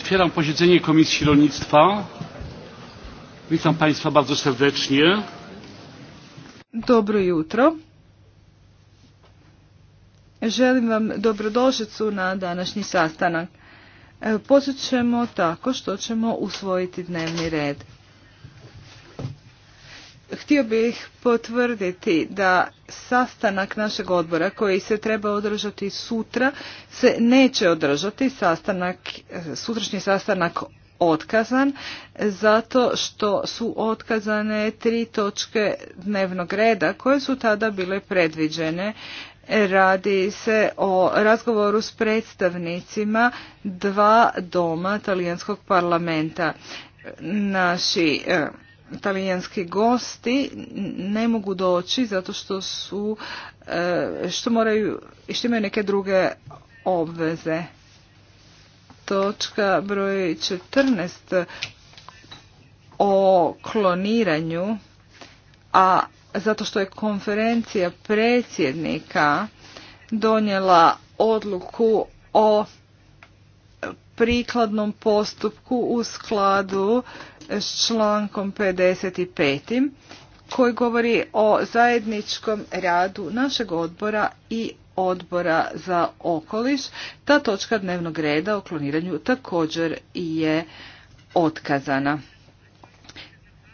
otwieram posiedzenie komisji rolnictwa witam państwa bardzo serdecznie dobro jutro želim vam dobrodošlicu na današnji sastanak počet ćemo tako što ćemo usvojiti dnevni red Htio bih potvrditi da sastanak našeg odbora koji se treba održati sutra se neće održati sastanak, sutrašnji sastanak otkazan zato što su otkazane tri točke dnevnog reda koje su tada bile predviđene. Radi se o razgovoru s predstavnicima dva doma talijanskog parlamenta. Naši eh, talijanski gosti ne mogu doći zato što su e, što moraju i što imaju neke druge obveze. Točka broj 14 o kloniranju a zato što je konferencija predsjednika donijela odluku o prikladnom postupku u skladu s člankom 55. koji govori o zajedničkom radu našeg odbora i odbora za okoliš. Ta točka dnevnog reda o kloniranju također je otkazana.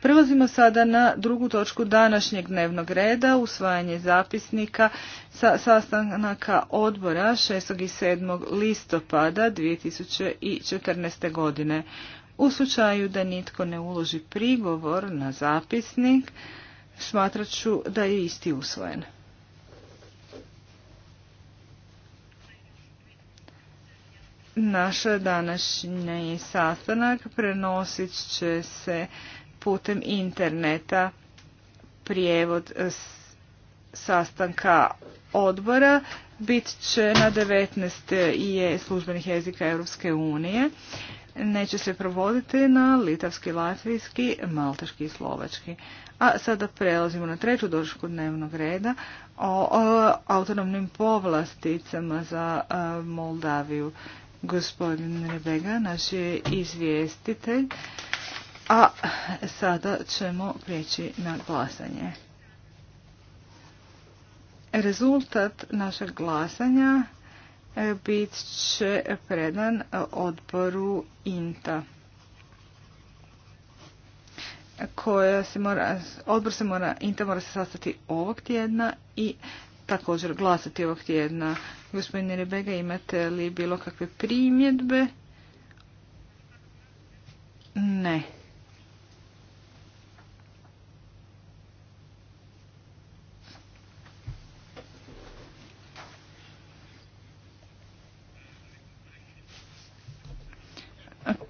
Prelazimo sada na drugu točku današnjeg dnevnog reda, usvajanje zapisnika sa sastanaka odbora 6. i 7. listopada 2014. godine. U slučaju da nitko ne uloži prigovor na zapisnik, smatrat ću da je isti usvojen. Naš današnji sastanak prenosit će se putem interneta prijevod e, sastanka odbora bit će na 19. je službenih jezika Europske unije. Neće se provoditi na litavski, latvijski, maltaški i slovački. A sada prelazimo na treću točku dnevnog reda o, autonomnim povlasticama za e, Moldaviju. Gospodin Rebega, naš je izvjestitelj. A sada ćemo prijeći na glasanje. Rezultat našeg glasanja e, bit će predan odboru INTA. Koja se mora, odbor se mora, INTA mora se sastati ovog tjedna i također glasati ovog tjedna. Gospodine Rebega, imate li bilo kakve primjedbe? Ne.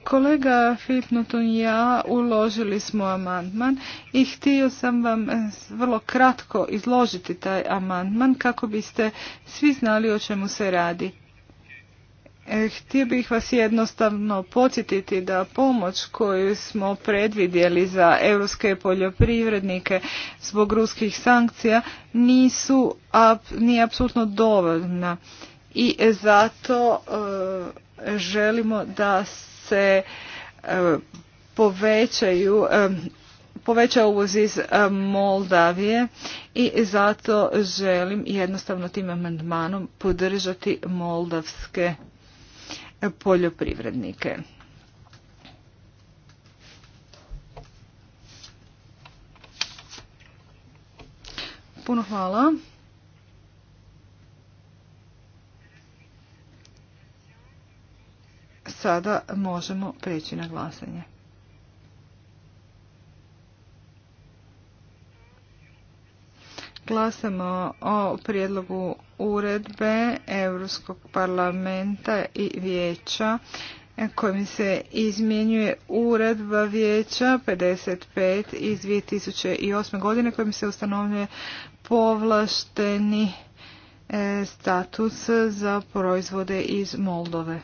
Kolega Filip i ja uložili smo amandman i htio sam vam eh, vrlo kratko izložiti taj amandman kako biste svi znali o čemu se radi. Eh, htio bih vas jednostavno podsjetiti da pomoć koju smo predvidjeli za europske poljoprivrednike zbog ruskih sankcija nisu, nije apsolutno dovoljna i zato eh, želimo da se e, povećaju e, poveća uvoz iz e, Moldavije i zato želim jednostavno tim amandmanom podržati moldavske poljoprivrednike. Puno hvala. sada možemo preći na glasanje. Glasamo o prijedlogu uredbe Europskog parlamenta i vijeća kojim se izmjenjuje uredba vijeća 55 iz 2008. godine kojim se ustanovljuje povlašteni e, status za proizvode iz Moldove.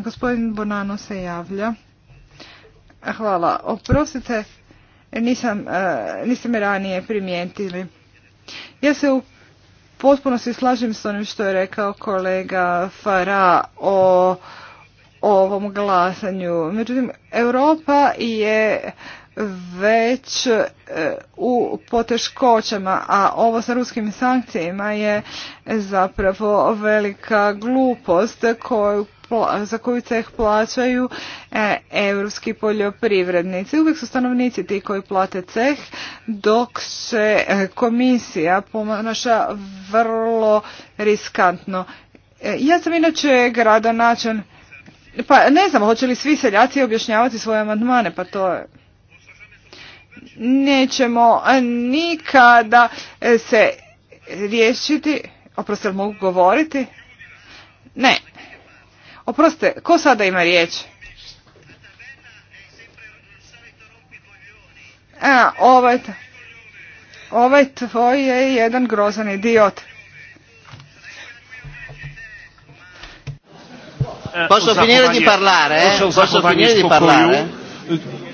Gospodin Bonano se javlja. Hvala. Oprostite, nisam, e, niste me ranije primijetili. Ja se u potpunosti slažem s onim što je rekao kolega Fara o ovom glasanju. Međutim, Europa je već e, u poteškoćama, a ovo sa ruskim sankcijama je zapravo velika glupost koju za koju ceh plaćaju europski poljoprivrednici. Uvijek su stanovnici ti koji plate ceh dok se e, komisija ponaša vrlo riskantno. E, ja sam inače gradonačelnik pa ne znam, hoće li svi seljaci objašnjavati svoje amandmane, pa to je... Nećemo e, nikada se riješiti... Oprosti, mogu govoriti? Ne, Oprostite, ko sada ima riječ? A, e, ovaj, ovaj tvoj je jedan grozan idiot. Posso finire di parlare? Eh? Posso finire di parlare?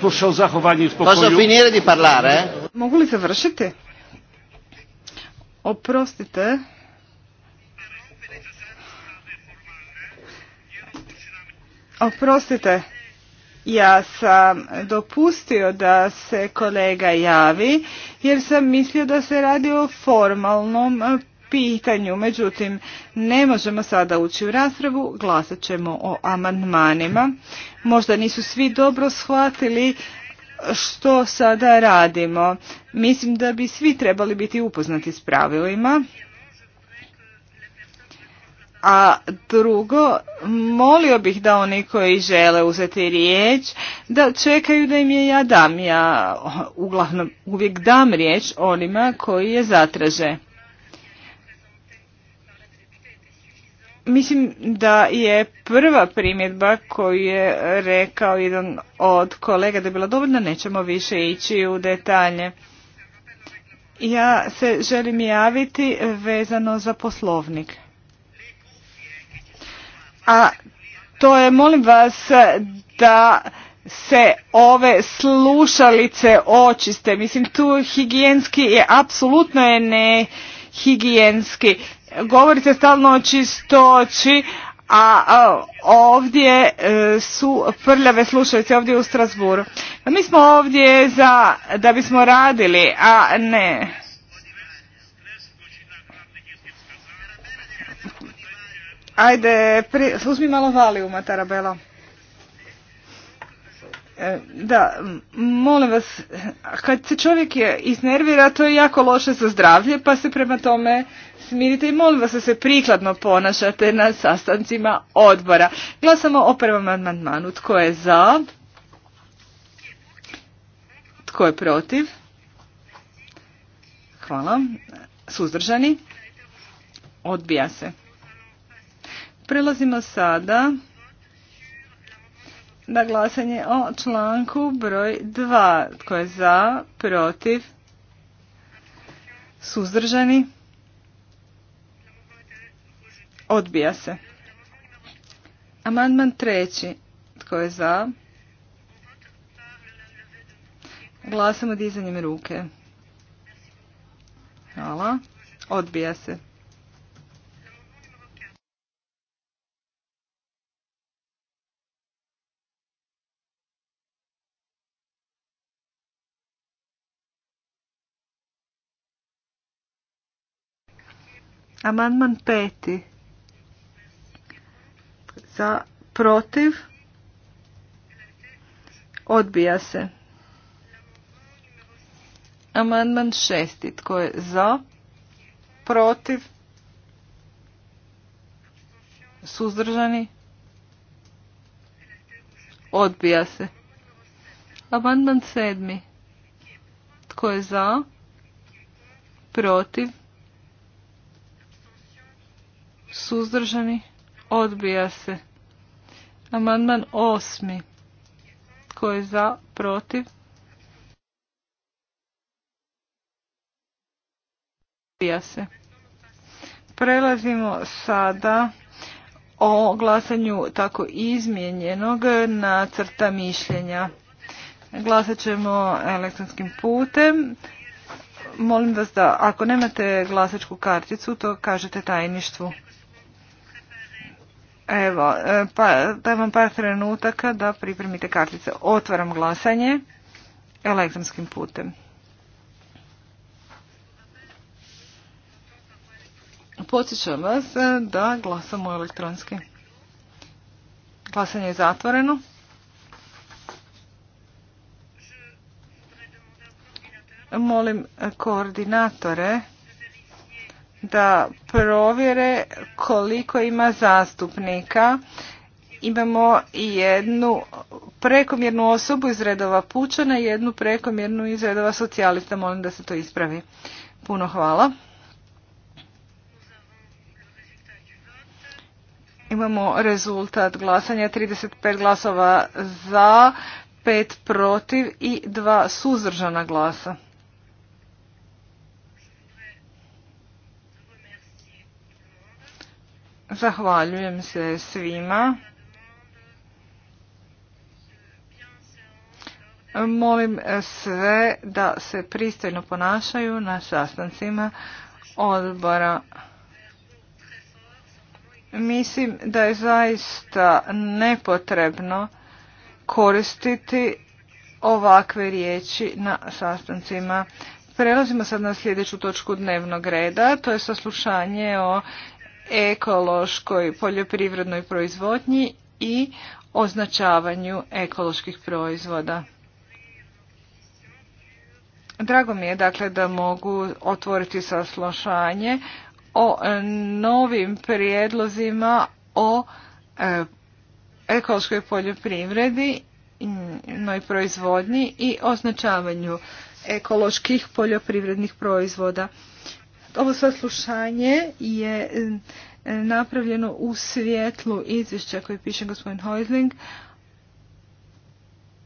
Posso finire di parlare? Mogu li završiti? Oprostite. Oprostite, ja sam dopustio da se kolega javi jer sam mislio da se radi o formalnom pitanju. Međutim, ne možemo sada ući u raspravu, glasat ćemo o amandmanima. Možda nisu svi dobro shvatili što sada radimo. Mislim da bi svi trebali biti upoznati s pravilima. A drugo, molio bih da oni koji žele uzeti riječ, da čekaju da im je ja dam. Ja uglavnom uvijek dam riječ onima koji je zatraže. Mislim da je prva primjedba koju je rekao jedan od kolega da je bila dovoljna, nećemo više ići u detalje. Ja se želim javiti vezano za poslovnik. A to je, molim vas, da se ove slušalice očiste. Mislim, tu higijenski je, apsolutno je ne higijenski. Govorite stalno o čistoći, a, ovdje e, su prljave slušalice ovdje u Strasburu. Pa mi smo ovdje za, da bismo radili, a ne Ajde, uzmi malo valiuma, Tarabela. E, da, molim vas, kad se čovjek je iznervira, to je jako loše za zdravlje, pa se prema tome smirite i molim vas da se prikladno ponašate na sastancima odbora. Glasamo o prvom amandmanu. Tko je za? Tko je protiv? Hvala. Suzdržani? Odbija se. Prelazimo sada na glasanje o članku broj 2. Tko je za, protiv, suzdržani, odbija se. Amandman treći. Tko je za? Glasamo dizanjem ruke. Hvala. Odbija se. Amandman peti. Za, protiv. Odbija se. Amandman šesti. Tko je za? Protiv? Suzdržani? Odbija se. Amandman sedmi. Tko je za? Protiv? suzdržani, odbija se. Amandman osmi. Tko je za, protiv? Odbija se. Prelazimo sada o glasanju tako izmijenjenog nacrta mišljenja. Glasat ćemo elektronskim putem. Molim vas da ako nemate glasačku karticu to kažete tajništvu. Evo, e, pa vam par trenutaka da pripremite kartice. Otvaram glasanje elektronskim putem. Podsjećam vas e, da glasamo elektronski. Glasanje je zatvoreno. Molim koordinatore da provjere koliko ima zastupnika. Imamo jednu prekomjernu osobu iz redova pučana, jednu prekomjernu iz redova socijalista. Molim da se to ispravi. Puno hvala. Imamo rezultat glasanja 35 glasova za, 5 protiv i 2 suzdržana glasa. Zahvaljujem se svima. Molim sve da se pristojno ponašaju na sastancima odbora. Mislim da je zaista nepotrebno koristiti ovakve riječi na sastancima. Prelazimo sad na sljedeću točku dnevnog reda, to je saslušanje o ekološkoj poljoprivrednoj proizvodnji i označavanju ekoloških proizvoda. Drago mi je dakle da mogu otvoriti saslušanje o novim prijedlozima o e, ekološkoj poljoprivredi noj proizvodnji i označavanju ekoloških poljoprivrednih proizvoda. Ovo saslušanje je e, napravljeno u svjetlu izvješća koje piše gospodin Hojzling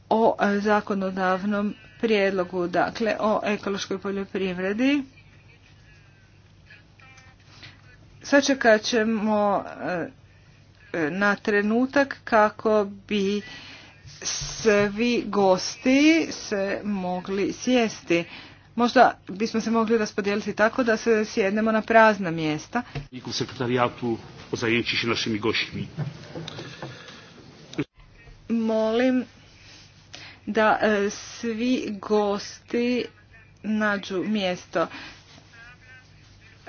o e, zakonodavnom prijedlogu, dakle o ekološkoj poljoprivredi. Sačekat ćemo e, na trenutak kako bi svi gosti se mogli sjesti. Možda bismo se mogli raspodijeliti tako da se sjednemo na prazna mjesta. sekretarijatu našimi Molim da e, svi gosti nađu mjesto.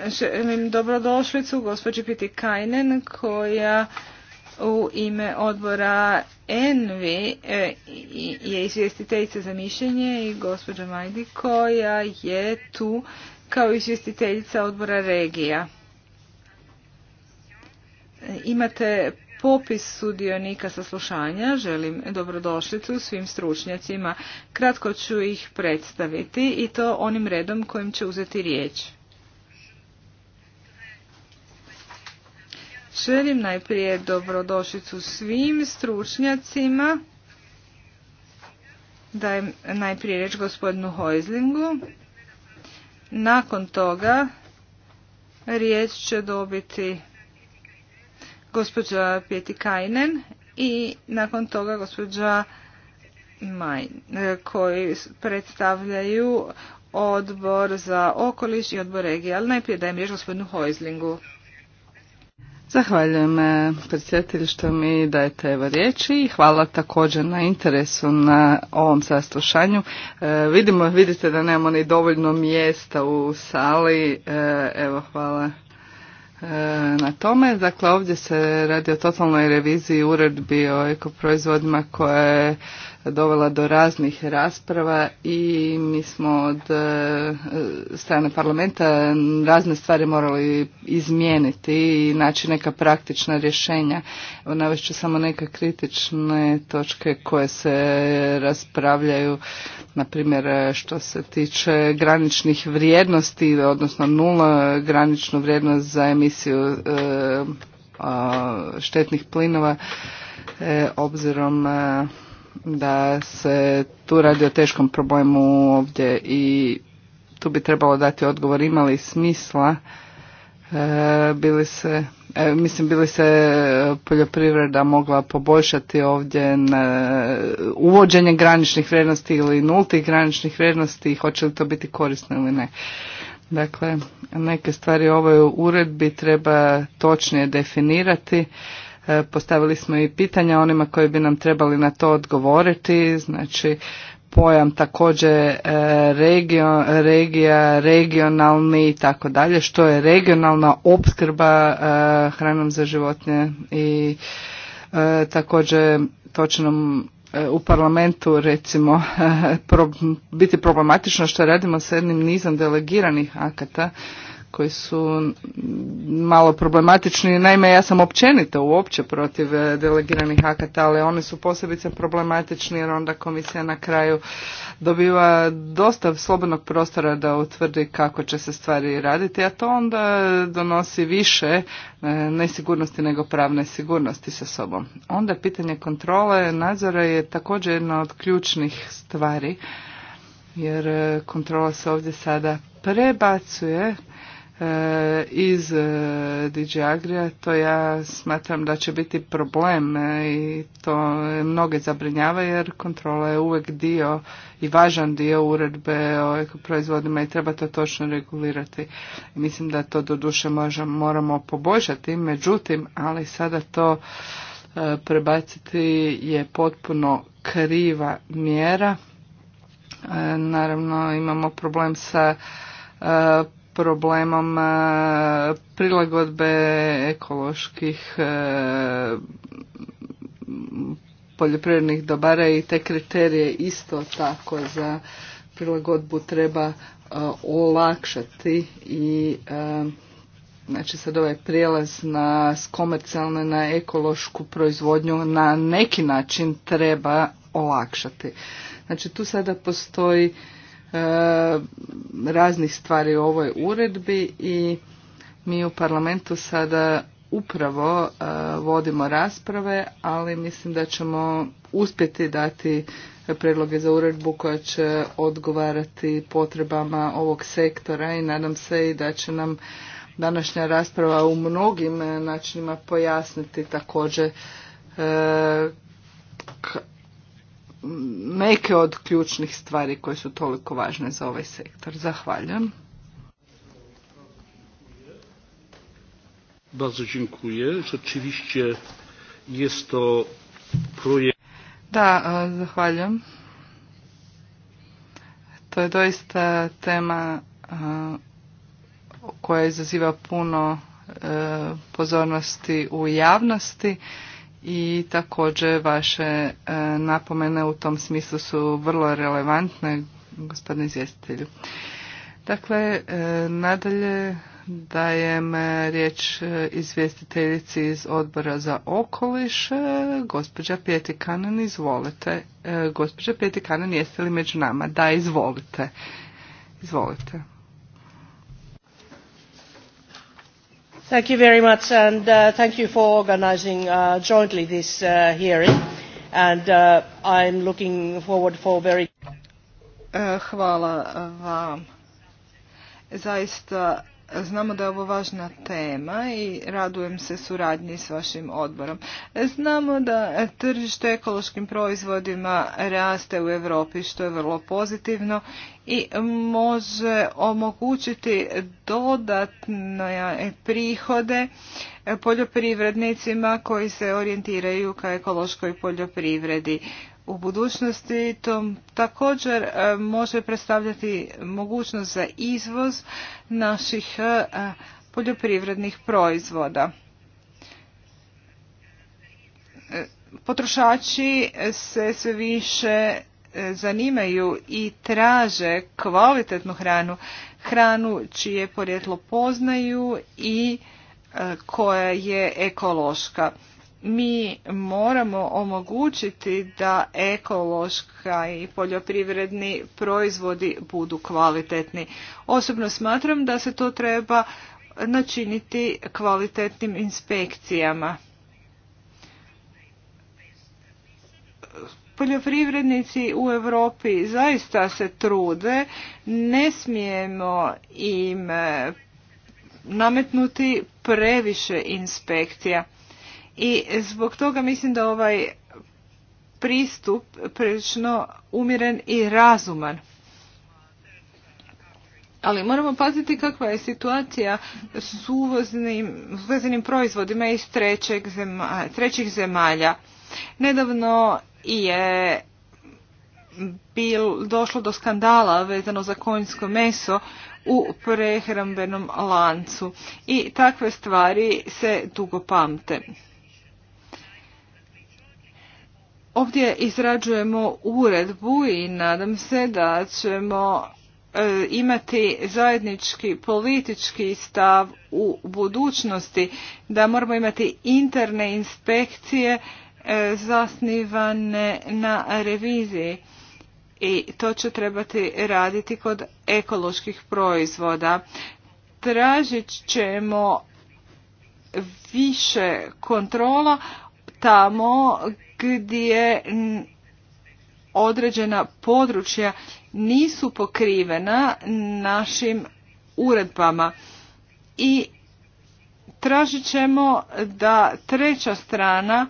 Želim dobrodošlicu gospođi Piti Kajnen koja u ime odbora ENVI e, je izvjestiteljica za mišljenje i gospođa Majdi koja je tu kao izvjestiteljica odbora regija. E, imate popis sudionika saslušanja. Želim dobrodošlicu svim stručnjacima. Kratko ću ih predstaviti i to onim redom kojim će uzeti riječ. Želim najprije dobrodošlicu svim stručnjacima. Dajem najprije reč gospodinu Hojzlingu. Nakon toga riječ će dobiti gospođa Pjeti Kajnen i nakon toga gospođa Majn, e, koji predstavljaju odbor za okoliš i odbor regije. Ali najprije dajem riječ gospodinu Hojzlingu. Zahvaljujem eh, predsjedatelju što mi dajete evo riječi i hvala također na interesu na ovom saslušanju. Eh, vidimo, vidite da nemamo ni dovoljno mjesta u sali, eh, evo hvala na tome. Dakle, ovdje se radi o totalnoj reviziji uredbi o ekoproizvodima koje... je dovela do raznih rasprava i mi smo od e, strane parlamenta razne stvari morali izmijeniti i naći neka praktična rješenja. Navešću samo neke kritične točke koje se raspravljaju, na primjer što se tiče graničnih vrijednosti, odnosno nula graničnu vrijednost za emisiju e, štetnih plinova e, obzirom da se tu radi o teškom problemu ovdje i tu bi trebalo dati odgovor imali smisla e, bili se e, mislim bili se poljoprivreda mogla poboljšati ovdje na uvođenje graničnih vrijednosti ili nultih graničnih vrijednosti i hoće li to biti korisno ili ne dakle neke stvari u ovoj uredbi treba točnije definirati E, postavili smo i pitanja onima koji bi nam trebali na to odgovoriti, znači pojam također e, regija, regionalni i tako dalje, što je regionalna opskrba e, hranom za životnje i također točno u parlamentu recimo biti problematično što radimo sa jednim nizom delegiranih akata koji su malo problematični. Naime, ja sam općenito uopće protiv e, delegiranih akata, ali oni su posebice problematični jer onda komisija na kraju dobiva dosta slobodnog prostora da utvrdi kako će se stvari raditi, a to onda donosi više e, nesigurnosti nego pravne sigurnosti sa sobom. Onda pitanje kontrole nadzora je također jedna od ključnih stvari jer e, kontrola se ovdje sada prebacuje E, iz e, DJ Agrija, to ja smatram da će biti problem e, i to mnoge zabrinjava jer kontrola je uvijek dio i važan dio uredbe o proizvodima i treba to točno regulirati. Mislim da to do duše možemo, moramo poboljšati, međutim, ali sada to prebaciti je potpuno kriva mjera. Naravno imamo problem sa problemom e, prilagodbe ekoloških e, poljoprivrednih dobara i te kriterije isto tako za prilagodbu treba e, olakšati i znači sad ovaj prijelaz na komercijalne na ekološku proizvodnju na neki način treba olakšati. Znači tu sada postoji E, raznih stvari u ovoj uredbi i mi u parlamentu sada upravo e, vodimo rasprave, ali mislim da ćemo uspjeti dati predloge za uredbu koja će odgovarati potrebama ovog sektora i nadam se i da će nam današnja rasprava u mnogim načinima pojasniti također e, neke od ključnih stvari koje su toliko važne za ovaj sektor. Zahvaljujem. Bardzo dziękuję. Rzeczywiście jest to projekt. Da, e, zahvaljujem. To je doista tema e, koja izaziva puno e, pozornosti u javnosti i također vaše e, napomene u tom smislu su vrlo relevantne, gospodine izvjestitelju. Dakle, e, nadalje dajem e, riječ izvjestiteljici iz odbora za okoliš, gospođa kanan izvolite. Gospođa kanan jeste li među nama? Da, izvolite. Izvolite. Thank you very much and uh, thank you for organising uh, jointly this uh, hearing and uh, I'm looking forward for very... Eh, hvala eh, vam. Zaista Znamo da je ovo važna tema i radujem se suradnji s vašim odborom. Znamo da tržište ekološkim proizvodima raste u Europi što je vrlo pozitivno i može omogućiti dodatne prihode poljoprivrednicima koji se orijentiraju ka ekološkoj poljoprivredi u budućnosti to također e, može predstavljati mogućnost za izvoz naših e, poljoprivrednih proizvoda. E, potrošači se sve više zanimaju i traže kvalitetnu hranu, hranu čije porijeklo poznaju i koja je ekološka mi moramo omogućiti da ekološka i poljoprivredni proizvodi budu kvalitetni. Osobno smatram da se to treba načiniti kvalitetnim inspekcijama. Poljoprivrednici u Europi zaista se trude, ne smijemo im eh, nametnuti previše inspekcija i zbog toga mislim da ovaj pristup prilično umjeren i razuman. Ali moramo paziti kakva je situacija s uvoznim, s proizvodima iz trećih zemalja. Nedavno je bil, došlo do skandala vezano za konjsko meso u prehrambenom lancu i takve stvari se dugo pamte. Ovdje izrađujemo uredbu i nadam se da ćemo e, imati zajednički politički stav u budućnosti, da moramo imati interne inspekcije e, zasnivane na reviziji i to će trebati raditi kod ekoloških proizvoda. Tražit ćemo više kontrola tamo gdje određena područja nisu pokrivena našim uredbama i tražit ćemo da treća strana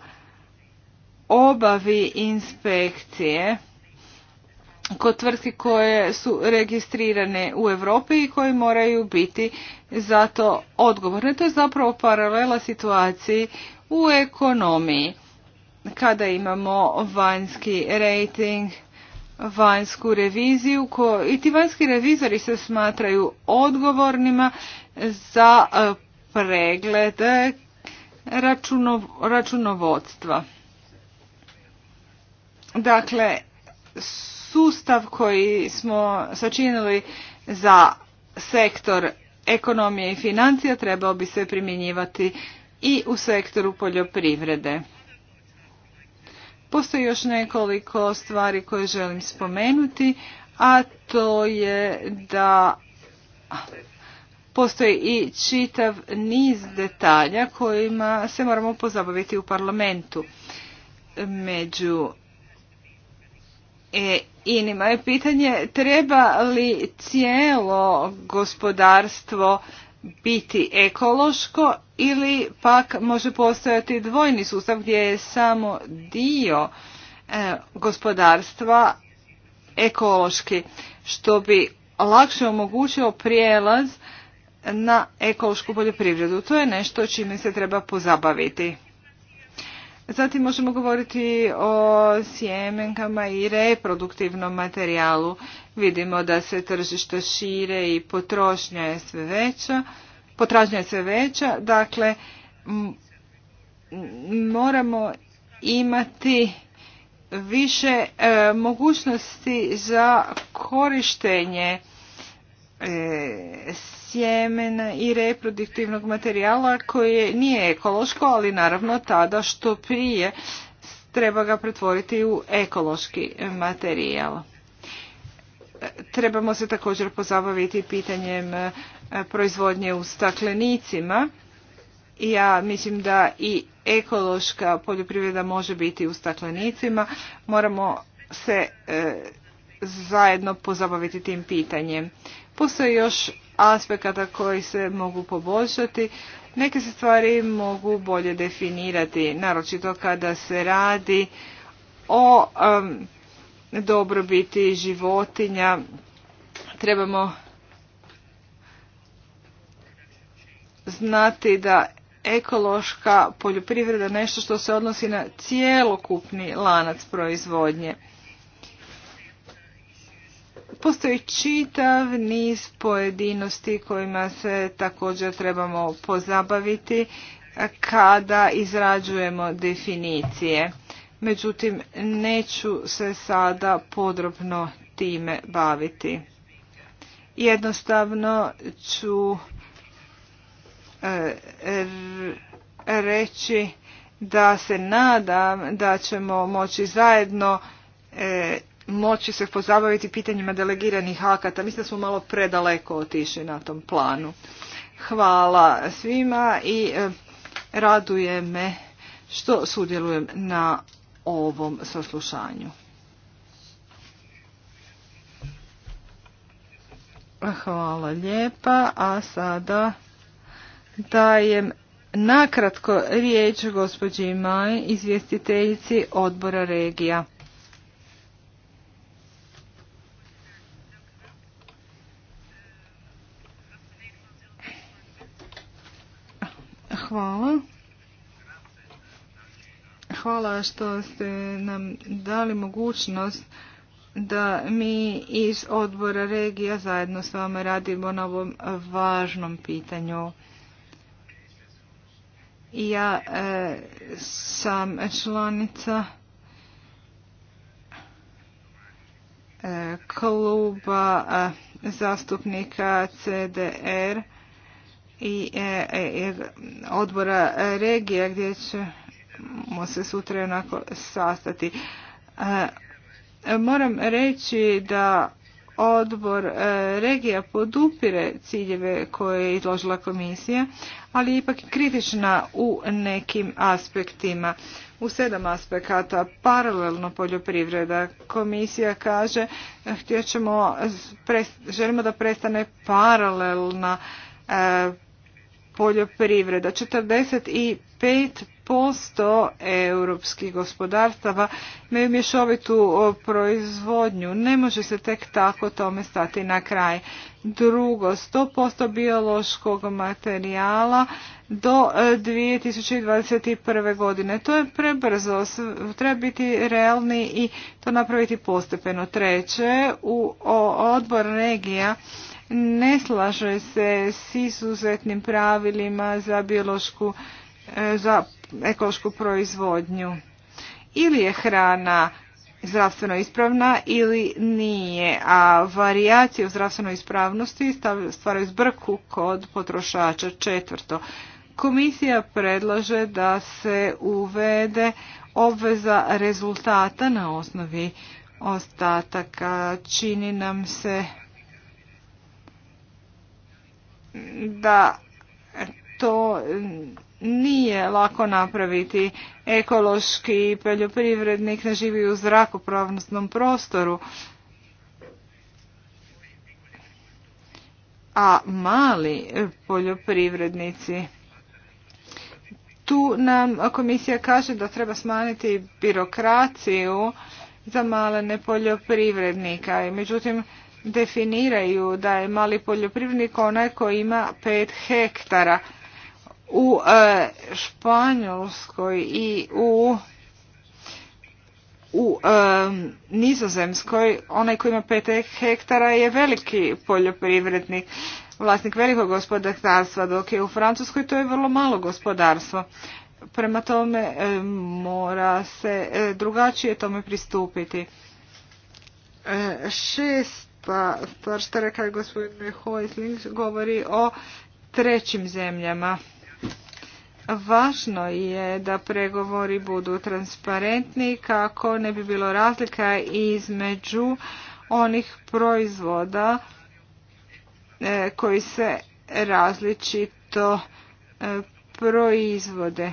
obavi inspekcije kod tvrtki koje su registrirane u Europi i koje moraju biti za to odgovorne. To je zapravo paralela situaciji u ekonomiji kada imamo vanjski rating, vanjsku reviziju ko, i ti vanjski revizori se smatraju odgovornima za e, pregled računovodstva. Dakle, sustav koji smo sačinili za sektor ekonomije i financija trebao bi se primjenjivati i u sektoru poljoprivrede. Postoji još nekoliko stvari koje želim spomenuti, a to je da postoji i čitav niz detalja kojima se moramo pozabaviti u parlamentu. Među e, inima je pitanje treba li cijelo gospodarstvo biti ekološko ili pak može postojati dvojni sustav gdje je samo dio e, gospodarstva ekološki što bi lakše omogućio prijelaz na ekološku poljoprivredu. To je nešto čime se treba pozabaviti. Zatim možemo govoriti o sjemenkama i reproduktivnom materijalu. Vidimo da se tržište šire i potrošnja je sve veća potražnja je sve veća, dakle moramo imati više e, mogućnosti za korištenje e, sjemena i reproduktivnog materijala koje nije ekološko, ali naravno tada što prije treba ga pretvoriti u ekološki materijal. E, trebamo se također pozabaviti pitanjem E, proizvodnje u staklenicima. Ja mislim da i ekološka poljoprivreda može biti u staklenicima. Moramo se e, zajedno pozabaviti tim pitanjem. Postoje još aspekata koji se mogu poboljšati. Neke se stvari mogu bolje definirati, naročito kada se radi o dobrobiti životinja. Trebamo znati da ekološka poljoprivreda nešto što se odnosi na cjelokupni lanac proizvodnje. Postoji čitav niz pojedinosti kojima se također trebamo pozabaviti kada izrađujemo definicije. Međutim, neću se sada podrobno time baviti. Jednostavno ću E, reći da se nadam da ćemo moći zajedno e, moći se pozabaviti pitanjima delegiranih akata. Mislim da smo malo predaleko otišli na tom planu. Hvala svima i e, raduje me što sudjelujem na ovom saslušanju. Hvala lijepa, a sada dajem nakratko riječ gospođi Maj, izvjestiteljici odbora regija. Hvala. Hvala što ste nam dali mogućnost da mi iz odbora regija zajedno s vama radimo na ovom važnom pitanju. Ja e, sam članica e, kluba e, zastupnika CDR i odbora regija gdje ćemo se sutra onako sastati. Moram reći da odbor e, regija podupire ciljeve koje je izložila komisija, ali je ipak kritična u nekim aspektima. U sedam aspekata paralelno poljoprivreda komisija kaže ćemo, želimo da prestane paralelna e, poljoprivreda. 45 posto europskih gospodarstava imaju mješovitu proizvodnju. Ne može se tek tako tome stati na kraj. Drugo, sto posto biološkog materijala do 2021. E, godine. To je prebrzo, treba biti realni i to napraviti postepeno. Treće, u odbor regija ne slaže se s izuzetnim pravilima za biološku E, za ekološku proizvodnju. Ili je hrana zdravstveno ispravna ili nije, a varijacije u zdravstvenoj ispravnosti stvaraju zbrku kod potrošača četvrto. Komisija predlaže da se uvede obveza rezultata na osnovi ostataka. Čini nam se da to nije lako napraviti. Ekološki poljoprivrednik ne živi u zrakopravnostnom prostoru. A mali poljoprivrednici tu nam komisija kaže da treba smanjiti birokraciju za malene poljoprivrednika. međutim, definiraju da je mali poljoprivrednik onaj koji ima pet hektara u e, Španjolskoj i u u e, Nizozemskoj onaj koji ima 5 hektara je veliki poljoprivrednik, vlasnik velikog gospodarstva, dok je u Francuskoj to je vrlo malo gospodarstvo. Prema tome e, mora se drugačije tome pristupiti. šesta stvar što rekao govori o trećim zemljama. Važno je da pregovori budu transparentni kako ne bi bilo razlika između onih proizvoda e, koji se različito e, proizvode.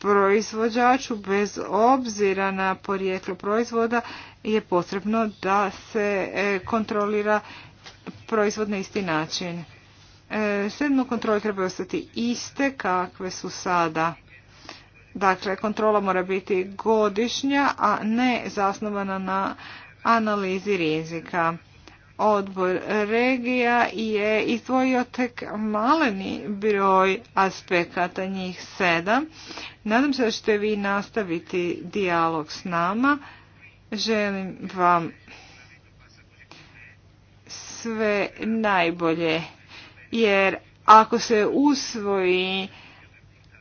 Proizvođaču bez obzira na porijeklo proizvoda je potrebno da se e, kontrolira proizvod na isti način. Sedmo kontrole treba ostati iste kakve su sada. Dakle, kontrola mora biti godišnja, a ne zasnovana na analizi rizika. Odbor regija je izdvojio tek maleni broj aspekata, njih sedam. Nadam se da ćete vi nastaviti dijalog s nama. Želim vam sve najbolje jer ako se usvoji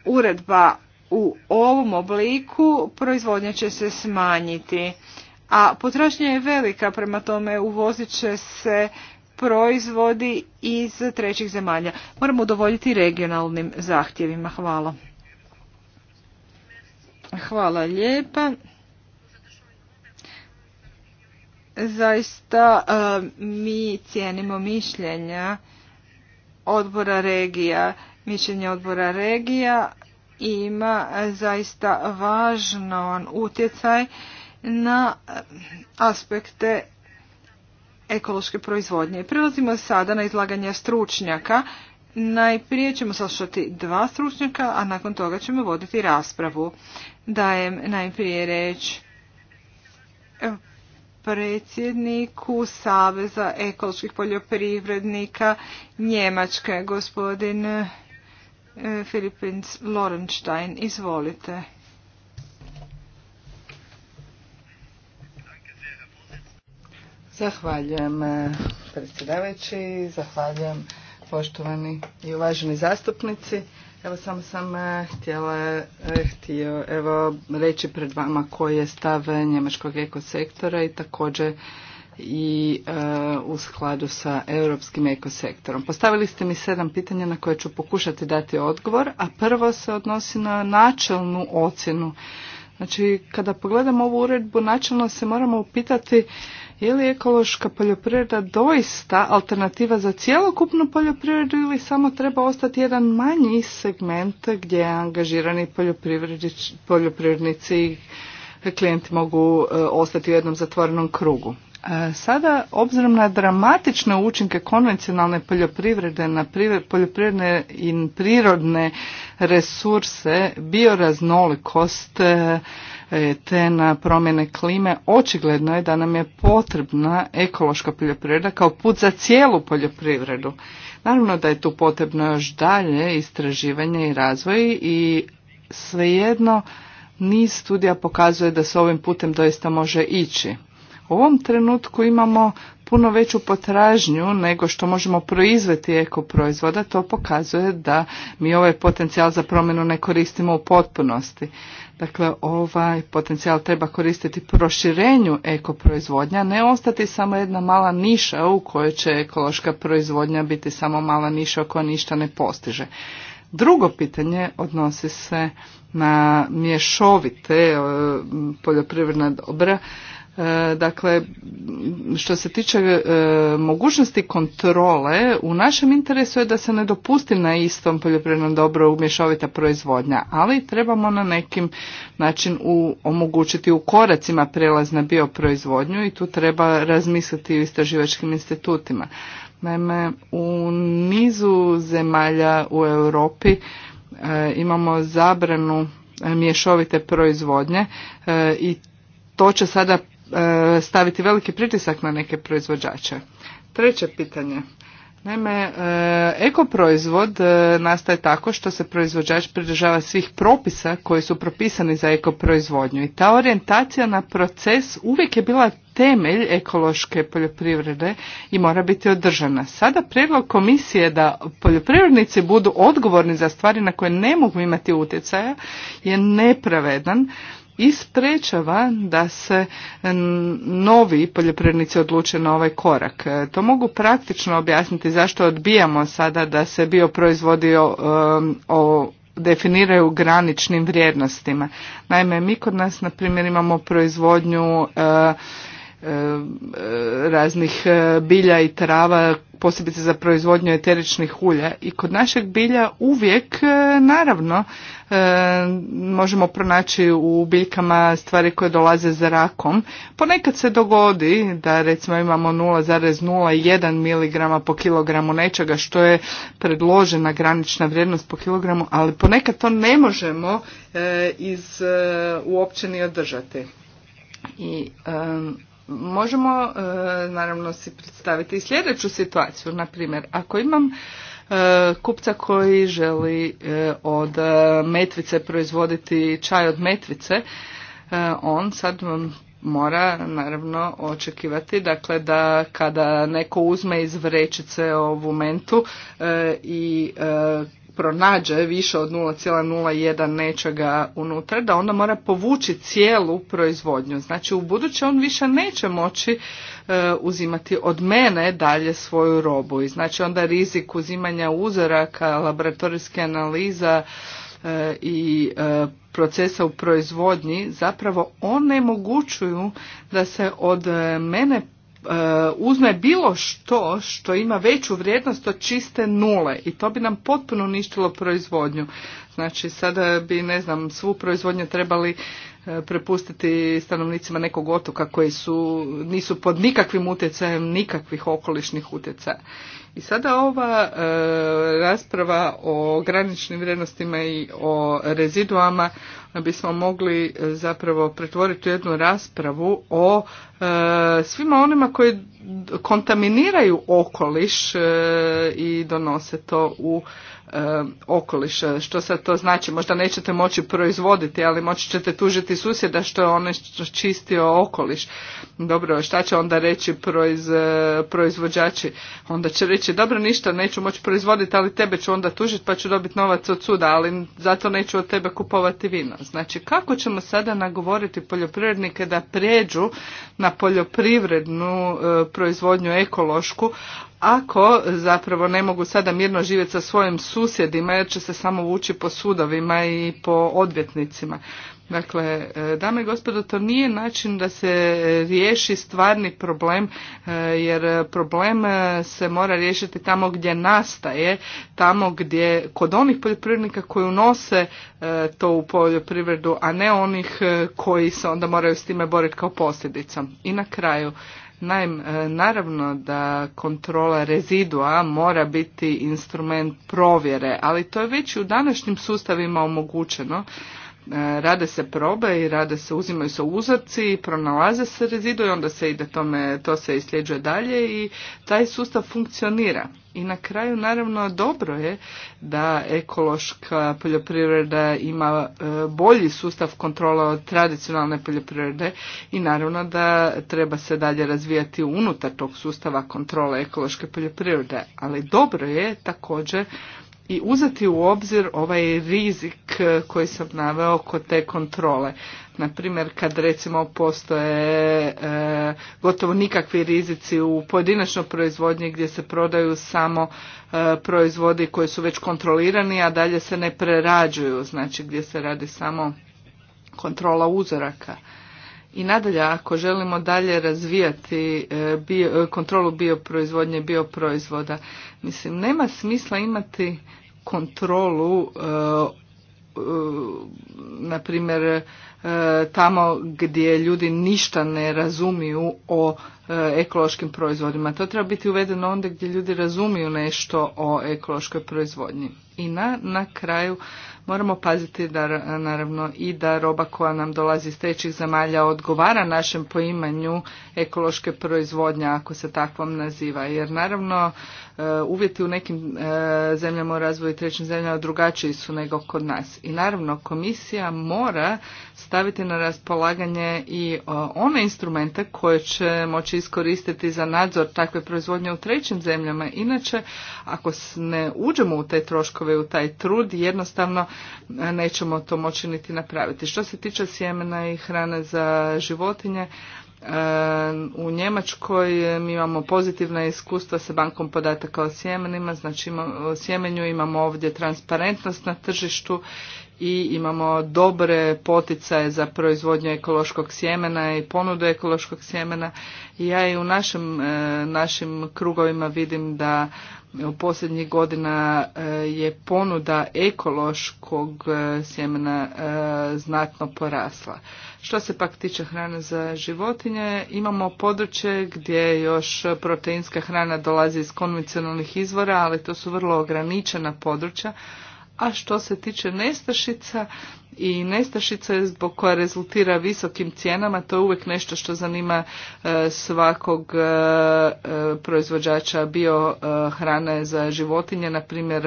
uredba u ovom obliku, proizvodnja će se smanjiti. A potražnja je velika, prema tome uvozit će se proizvodi iz trećih zemalja. Moramo udovoljiti regionalnim zahtjevima. Hvala. Hvala lijepa. Zaista e, mi cijenimo mišljenja odbora regija. Mišljenje odbora regija ima zaista važan utjecaj na aspekte ekološke proizvodnje. Prelazimo sada na izlaganje stručnjaka. Najprije ćemo slušati dva stručnjaka, a nakon toga ćemo voditi raspravu. Dajem najprije reč predsjedniku Saveza ekoloških poljoprivrednika Njemačke, gospodin Filipins eh, Lorenstein. Izvolite. Zahvaljujem eh, predsjedavajući, zahvaljujem poštovani i uvaženi zastupnici. Evo samo sam e, htjela e, htio evo reći pred vama koji je stav njemačkog ekosektora i također i e, u skladu sa europskim ekosektorom. Postavili ste mi sedam pitanja na koje ću pokušati dati odgovor, a prvo se odnosi na načelnu ocjenu. Znači, kada pogledamo ovu uredbu, načelno se moramo upitati je li ekološka poljoprivreda doista alternativa za cjelokupnu poljoprivredu ili samo treba ostati jedan manji segment gdje angažirani poljoprivrednici i klijenti mogu e, ostati u jednom zatvorenom krugu? E, sada, obzirom na dramatične učinke konvencionalne poljoprivrede na poljoprivredne i prirodne resurse, bioraznolikost, e, E, te na promjene klime, očigledno je da nam je potrebna ekološka poljoprivreda kao put za cijelu poljoprivredu. Naravno da je tu potrebno još dalje istraživanje i razvoj i svejedno niz studija pokazuje da se ovim putem doista može ići. U ovom trenutku imamo puno veću potražnju nego što možemo proizvesti eko proizvoda, to pokazuje da mi ovaj potencijal za promjenu ne koristimo u potpunosti. Dakle, ovaj potencijal treba koristiti proširenju ekoproizvodnja, ne ostati samo jedna mala niša u kojoj će ekološka proizvodnja biti samo mala niša koja ništa ne postiže. Drugo pitanje odnosi se na mješovite e, poljoprivredna dobra E, dakle, što se tiče e, mogućnosti kontrole, u našem interesu je da se ne dopusti na istom poljoprivrednom dobro umješovita proizvodnja, ali trebamo na nekim način omogućiti u koracima prelaz na bioproizvodnju i tu treba razmisliti o istraživačkim institutima. Naime, u nizu zemalja u Europi e, imamo zabranu mješovite proizvodnje i to će sada E, staviti veliki pritisak na neke proizvođače. Treće pitanje. Naime, e, ekoproizvod e, nastaje tako što se proizvođač pridržava svih propisa koji su propisani za ekoproizvodnju i ta orijentacija na proces uvijek je bila temelj ekološke poljoprivrede i mora biti održana. Sada prijedlog komisije da poljoprivrednici budu odgovorni za stvari na koje ne mogu imati utjecaja je nepravedan i sprečava da se novi poljoprivrednici odluče na ovaj korak. E, to mogu praktično objasniti zašto odbijamo sada da se bio proizvodio, o definiraju graničnim vrijednostima. Naime, mi kod nas, na primjer, imamo proizvodnju e, Eh, raznih eh, bilja i trava, posebice za proizvodnju eteričnih ulja. I kod našeg bilja uvijek, eh, naravno, možemo pronaći u biljkama stvari koje dolaze za rakom. Ponekad se dogodi da recimo imamo 0,01 mg po kilogramu nečega što je predložena granična vrijednost po kilogramu, ali ponekad to ne možemo iz, uopće ni održati. I možemo e, naravno si predstaviti i sljedeću situaciju. Na primjer, ako imam e, kupca koji želi e, od metvice proizvoditi čaj od metvice, on sad mora naravno očekivati dakle da kada neko uzme iz vrećice ovu mentu i pronađe više od 0,01 nečega unutra, da onda mora povući cijelu proizvodnju. Znači u buduće on više neće moći e, uzimati od mene dalje svoju robu. I znači onda rizik uzimanja uzoraka, laboratorijske analiza e, i e, procesa u proizvodnji zapravo onemogućuju da se od mene E, uzme bilo što što ima veću vrijednost od čiste nule i to bi nam potpuno uništilo proizvodnju. Znači sada e, bi ne znam svu proizvodnju trebali e, prepustiti stanovnicima nekog otoka koji su, nisu pod nikakvim utjecajem nikakvih okolišnih utjecaja. I sada ova rasprava o graničnim vrijednostima i o reziduama bismo mogli e, zapravo pretvoriti jednu raspravu o e, svima onima koji kontaminiraju okoliš e, i donose to u E, okoliš. Što sad to znači? Možda nećete moći proizvoditi, ali moći ćete tužiti susjeda što je on čistio okoliš. Dobro, šta će onda reći proiz, e, proizvođači? Onda će reći, dobro, ništa, neću moći proizvoditi, ali tebe ću onda tužiti pa ću dobiti novac od suda, ali zato neću od tebe kupovati vino. Znači, kako ćemo sada nagovoriti poljoprivrednike da prijeđu na poljoprivrednu e, proizvodnju ekološku, ako zapravo ne mogu sada mirno živjeti sa svojim susjedima jer će se samo vući po sudovima i po odvjetnicima. Dakle, e, dame i gospodo, to nije način da se riješi stvarni problem, e, jer problem e, se mora riješiti tamo gdje nastaje, tamo gdje, kod onih poljoprivrednika koji unose to u poljoprivredu, a ne onih koji se onda moraju s time boriti kao posljedicom. I na kraju, Naim, e, naravno da kontrola rezidua mora biti instrument provjere, ali to je već i u današnjim sustavima omogućeno, rade se probe i rade se, uzimaju se uzorci i pronalaze se rezidu i onda se ide tome, to se isljeđuje dalje i taj sustav funkcionira. I na kraju naravno dobro je da ekološka poljoprivreda ima e, bolji sustav kontrola od tradicionalne poljoprivrede i naravno da treba se dalje razvijati unutar tog sustava kontrole ekološke poljoprivrede. Ali dobro je također i uzeti u obzir ovaj rizik e, koji sam naveo kod te kontrole. Naprimjer, kad recimo postoje e, gotovo nikakvi rizici u pojedinačnoj proizvodnji gdje se prodaju samo e, proizvodi koji su već kontrolirani, a dalje se ne prerađuju, znači gdje se radi samo kontrola uzoraka. I nadalje, ako želimo dalje razvijati bio, kontrolu bioproizvodnje, bioproizvoda, mislim, nema smisla imati kontrolu e, e, na primjer e, tamo gdje ljudi ništa ne razumiju o ekološkim proizvodima. To treba biti uvedeno onda gdje ljudi razumiju nešto o ekološkoj proizvodnji. I na, na kraju moramo paziti da naravno i da roba koja nam dolazi iz trećih zemalja odgovara našem poimanju ekološke proizvodnje ako se takvom naziva. Jer naravno E, uvjeti u nekim e, zemljama u razvoju i trećim zemljama drugačiji su nego kod nas. I naravno komisija mora staviti na raspolaganje i e, one instrumente koje će moći iskoristiti za nadzor takve proizvodnje u trećim zemljama. Inače, ako ne uđemo u te troškove, u taj trud, jednostavno nećemo to moći niti napraviti. Što se tiče sjemena i hrane za životinje, u Njemačkoj mi imamo pozitivna iskustva sa bankom podataka o sjemenima, znači o sjemenju imamo ovdje transparentnost na tržištu i imamo dobre poticaje za proizvodnju ekološkog sjemena i ponudu ekološkog sjemena. Ja i u našim, e, našim krugovima vidim da u posljednjih godina e, je ponuda ekološkog e, sjemena e, znatno porasla. Što se pak tiče hrane za životinje, imamo područje gdje još proteinska hrana dolazi iz konvencionalnih izvora, ali to su vrlo ograničena područja, a što se tiče nestašica, i nestašica je zbog koja rezultira visokim cijenama, to je uvijek nešto što zanima e, svakog e, e, proizvođača bio hrane za životinje, na primjer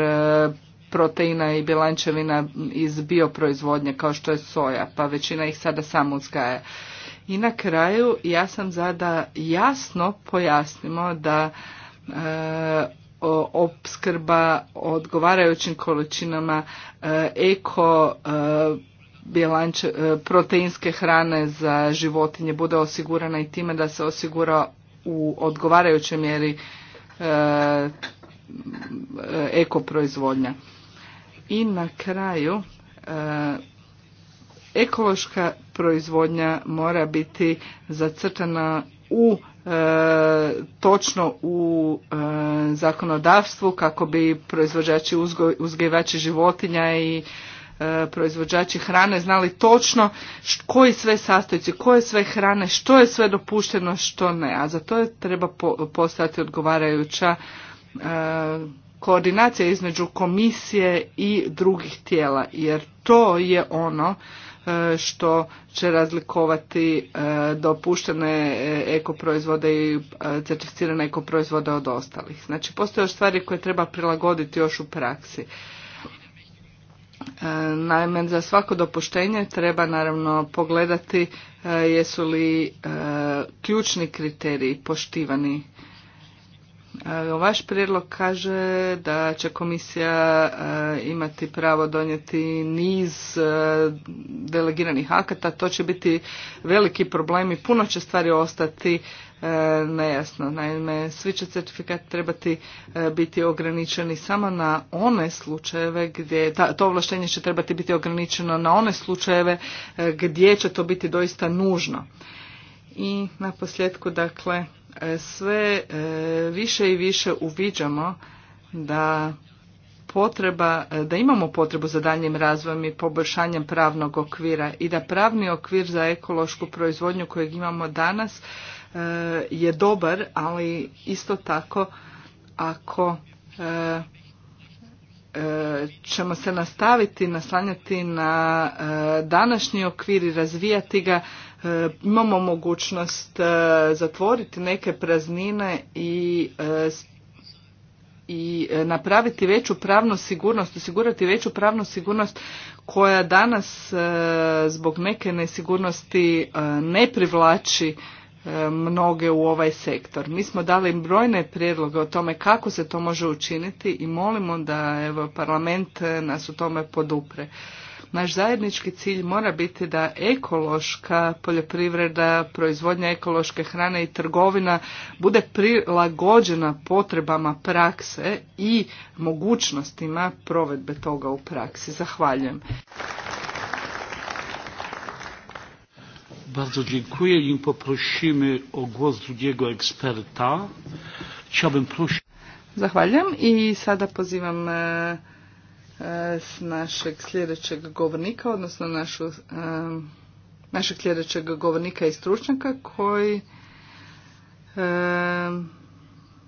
proteina i bjelančevina iz bioproizvodnje kao što je soja, pa većina ih sada samo uzgaja. I na kraju ja sam za da jasno pojasnimo da opskrba odgovarajućim količinama e, eko e, e, proteinske hrane za životinje bude osigurana i time da se osigura u odgovarajućoj mjeri eko proizvodnja. I na kraju ekološka proizvodnja mora biti zacrtana u E, točno u e, zakonodavstvu kako bi proizvođači uzgajivači životinja i e, proizvođači hrane znali točno koji sve sastojci, koje sve hrane, što je sve dopušteno, što ne. A za to je treba po, postati odgovarajuća koordinacija između komisije i drugih tijela, jer to je ono E, što će razlikovati e, dopuštene e, ekoproizvode i certificirane ekoproizvode od ostalih. Znači postoje još stvari koje treba prilagoditi još u praksi. Naime, za svako dopuštenje treba naravno pogledati jesu li ključni kriteriji poštivani Vaš prijedlog kaže da će komisija e, imati pravo donijeti niz e, delegiranih akata, to će biti veliki problem i puno će stvari ostati e, nejasno. Naime, svi će certifikati trebati biti ograničeni samo na one slučajeve gdje, to ovlaštenje će trebati biti ograničeno na one slučajeve gdje će to biti doista nužno. I na posljedku, dakle, sve e, više i više uviđamo da potreba, e, da imamo potrebu za daljnjim razvojem i poboljšanjem pravnog okvira i da pravni okvir za ekološku proizvodnju kojeg imamo danas e, je dobar, ali isto tako ako ćemo se nastaviti naslanjati na današnji okvir i razvijati ga E, imamo mogućnost e, zatvoriti neke praznine i e, i napraviti veću pravnu sigurnost, osigurati veću pravnu sigurnost koja danas zbog neke nesigurnosti ne privlači mnoge u ovaj sektor. Mi smo dali brojne prijedloge o tome kako se to može učiniti i molimo da evo, parlament nas u tome podupre. Naš zajednički cilj mora biti da ekološka poljoprivreda, proizvodnja ekološke hrane i trgovina bude prilagođena potrebama prakse i mogućnostima provedbe toga u praksi. Zahvaljujem. Bardzo dziękuję. i poprosimy o głos drugiego eksperta, chciałbym prosić... Zahvaljujem i sada pozivam e, E, s našeg sljedećeg govornika, odnosno našu, e, našeg sljedećeg govornika i stručnjaka koji e,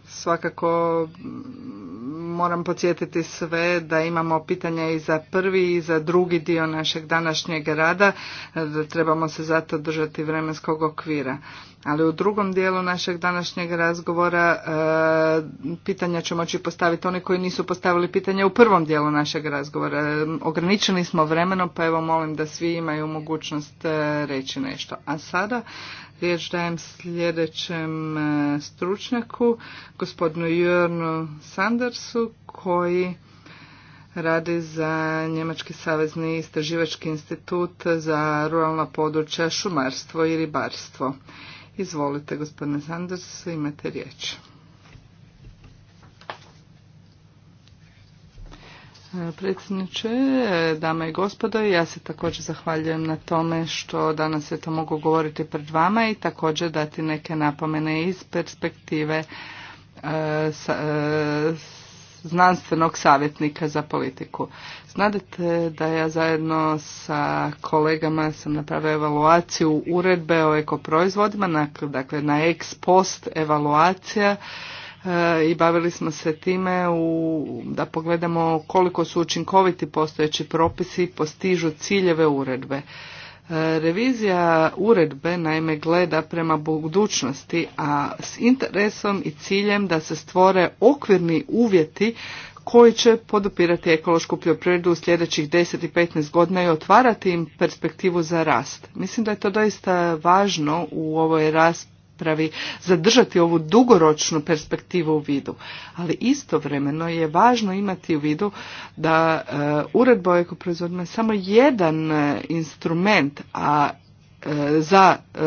svakako moram podsjetiti sve da imamo pitanja i za prvi i za drugi dio našeg današnjeg rada. Trebamo se zato držati vremenskog okvira. Ali u drugom dijelu našeg današnjeg razgovora e, pitanja ćemo moći postaviti oni koji nisu postavili pitanja u prvom dijelu našeg razgovora. E, Ograničeni smo vremenom pa evo molim da svi imaju mogućnost e, reći nešto. A sada Riječ dajem sljedećem e, stručnjaku, gospodinu Jörnu Sandersu, koji radi za Njemački savezni istraživački institut za ruralna područja, šumarstvo i ribarstvo. Izvolite, gospodine Sandersu, imate riječ. predsjedniče, dame i gospodo. Ja se također zahvaljujem na tome što danas je to mogu govoriti pred vama i također dati neke napomene iz perspektive e, e, znanstvenog savjetnika za politiku. Znadete da ja zajedno sa kolegama sam napravio evaluaciju uredbe o ekoproizvodima, dakle na ex post evaluacija i bavili smo se time u, da pogledamo koliko su učinkoviti postojeći propisi i postižu ciljeve uredbe. E, revizija uredbe naime gleda prema budućnosti, a s interesom i ciljem da se stvore okvirni uvjeti koji će podupirati ekološku poljoprivredu u sljedećih 10 i 15 godina i otvarati im perspektivu za rast. Mislim da je to doista važno u ovoj raspravi pravi zadržati ovu dugoročnu perspektivu u vidu. Ali istovremeno je važno imati u vidu da e, uredba o ekoproizvodima je samo jedan e, instrument, a E, za e,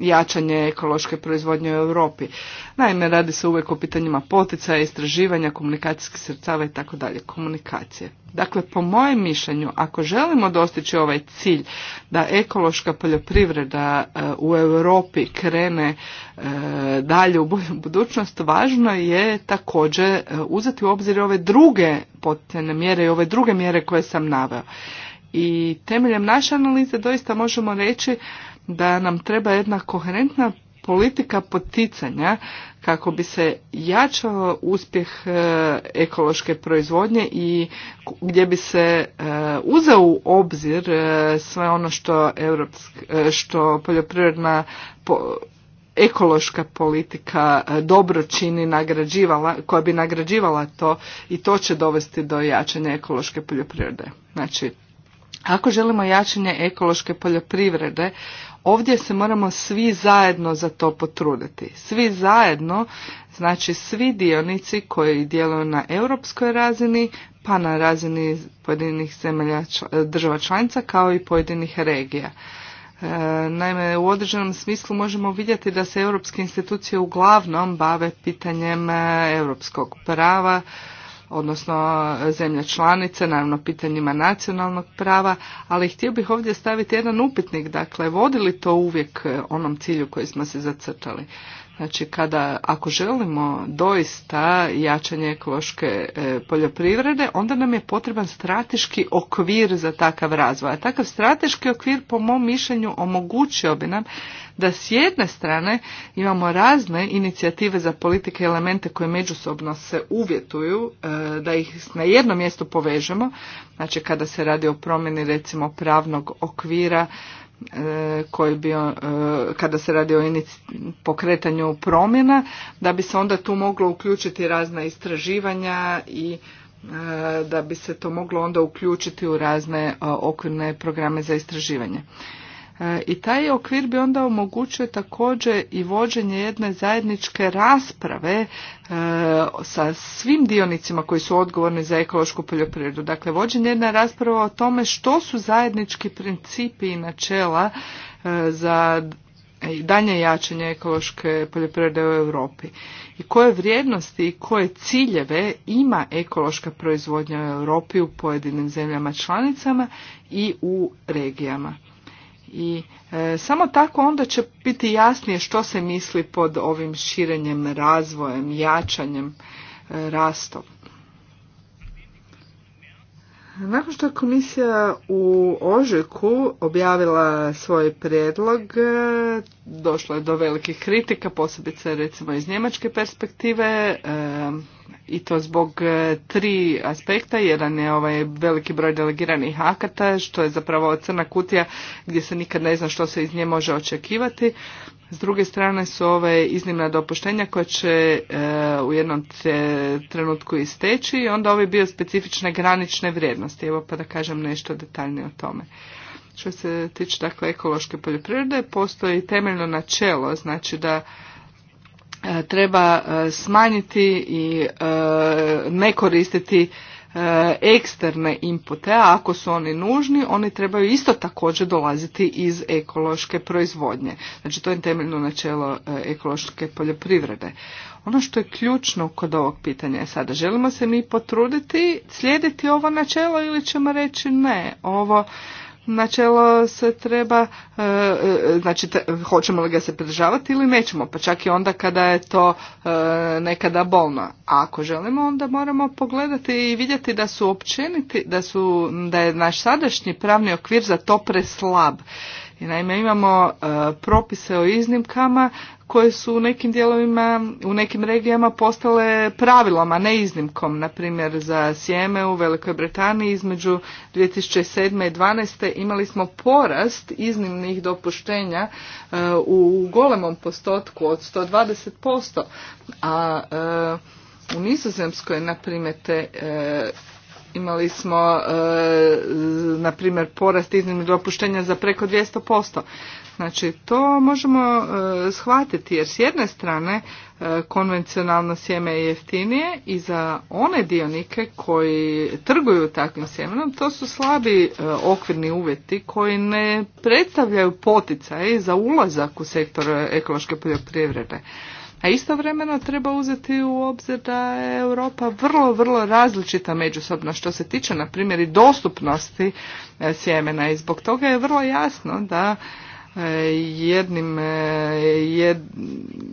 jačanje ekološke proizvodnje u Europi. Naime, radi se uvijek o pitanjima poticaja, istraživanja, komunikacijskih srcava i tako dalje, komunikacije. Dakle, po mojem mišljenju, ako želimo dostići ovaj cilj da ekološka poljoprivreda e, u Europi krene dalje u bolju budućnost, važno je također uzeti u obzir ove druge poticajne mjere i ove druge mjere koje sam naveo. I temeljem naše analize doista možemo reći da nam treba jedna koherentna politika poticanja kako bi se jačao uspjeh e, ekološke proizvodnje i gdje bi se e, uzeo u obzir e, sve ono što, evropsk, što poljoprivredna ekološka politika dobro čini nagrađivala, koja bi nagrađivala to i to će dovesti do jačanja ekološke poljoprivrede. Znači, ako želimo jačanje ekološke poljoprivrede, ovdje se moramo svi zajedno za to potruditi. Svi zajedno, znači svi dionici koji djeluju na europskoj razini, pa na razini pojedinih zemalja država članica kao i pojedinih regija. E, naime, u određenom smislu možemo vidjeti da se europske institucije uglavnom bave pitanjem e, europskog prava, odnosno zemlje članice, naravno pitanjima nacionalnog prava, ali htio bih ovdje staviti jedan upitnik, dakle, vodi li to uvijek e, onom cilju koji smo se zacrtali? Znači, kada, ako želimo doista jačanje ekološke e, poljoprivrede, onda nam je potreban strateški okvir za takav razvoj. A takav strateški okvir, po mom mišljenju, omogućio bi nam da s jedne strane imamo razne inicijative za politike i elemente koje međusobno se uvjetuju, e, da ih na jedno mjesto povežemo, znači kada se radi o promjeni recimo pravnog okvira, e, koji bio, e, kada se radi o pokretanju promjena, da bi se onda tu moglo uključiti razna istraživanja i da bi se to moglo onda uključiti u razne okvirne programe za istraživanje. E, I taj okvir bi onda omogućio također i vođenje jedne zajedničke rasprave e, sa svim dionicima koji su odgovorni za ekološku poljoprivredu. Dakle, vođenje jedne rasprave o tome što su zajednički principi i načela e, za dalje jačanje ekološke poljoprivrede u Europi i koje vrijednosti i koje ciljeve ima ekološka proizvodnja u Europi u pojedinim zemljama članicama i u regijama. I e, samo tako onda će biti jasnije što se misli pod ovim širenjem, razvojem, jačanjem, e, rastom. Nakon što je komisija u Ožujku objavila svoj prijedlog, e, došlo je do velikih kritika, posebice recimo iz njemačke perspektive e, i to zbog e, tri aspekta. Jedan je ovaj veliki broj delegiranih akata, što je zapravo crna kutija gdje se nikad ne zna što se iz nje može očekivati. S druge strane su ove iznimna dopuštenja koja će e, u jednom trenutku isteći i onda ove bio specifične granične vrijednosti. Evo pa da kažem nešto detaljnije o tome. Što se tiče dakle ekološke poljoprivrede, postoji temeljno načelo, znači da e, treba e, smanjiti i ne koristiti E, eksterne impute, a ako su oni nužni, oni trebaju isto također dolaziti iz ekološke proizvodnje. Znači to je temeljno načelo e, ekološke poljoprivrede. Ono što je ključno kod ovog pitanja je sada, želimo se mi potruditi, slijediti ovo načelo ili ćemo reći ne, ovo načelo se treba, e, e, znači hoćemo li ga se pridržavati ili nećemo, pa čak i onda kada je to e, nekada bolno. A ako želimo onda moramo pogledati i vidjeti da su općeniti, da, su, da je naš sadašnji pravni okvir za to preslab i naime imamo e, propise o iznimkama koje su u nekim dijelovima, u nekim regijama postale pravilom, a ne iznimkom. Na primjer za sjeme u Velikoj Britaniji između 2007. i 2012. imali smo porast iznimnih dopuštenja e, u golemom postotku od 120%, a e, u Nizozemskoj, na primjer, imali smo e, na primjer porast iznimnih dopuštenja za preko 200%. Znači to možemo e, shvatiti jer s jedne strane e, konvencionalno sjeme je jeftinije i za one dionike koji trguju takvim sjemenom to su slabi okvirni uvjeti koji ne predstavljaju poticaje za ulazak u sektor ekološke poljoprivrede. A istovremeno treba uzeti u obzir da je Europa vrlo, vrlo različita međusobno što se tiče, na primjer, i dostupnosti e, sjemena i zbog toga je vrlo jasno da jednim e,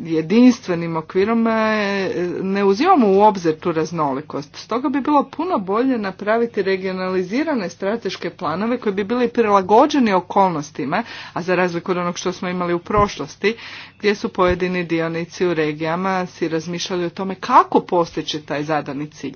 jedinstvenim okvirom e, ne uzimamo u obzir tu raznolikost. Stoga bi bilo puno bolje napraviti regionalizirane strateške planove koji bi bili prilagođeni okolnostima, a za razliku od onog što smo imali u prošlosti, gdje su pojedini dionici u regijama si razmišljali o tome kako postići taj zadani cilj.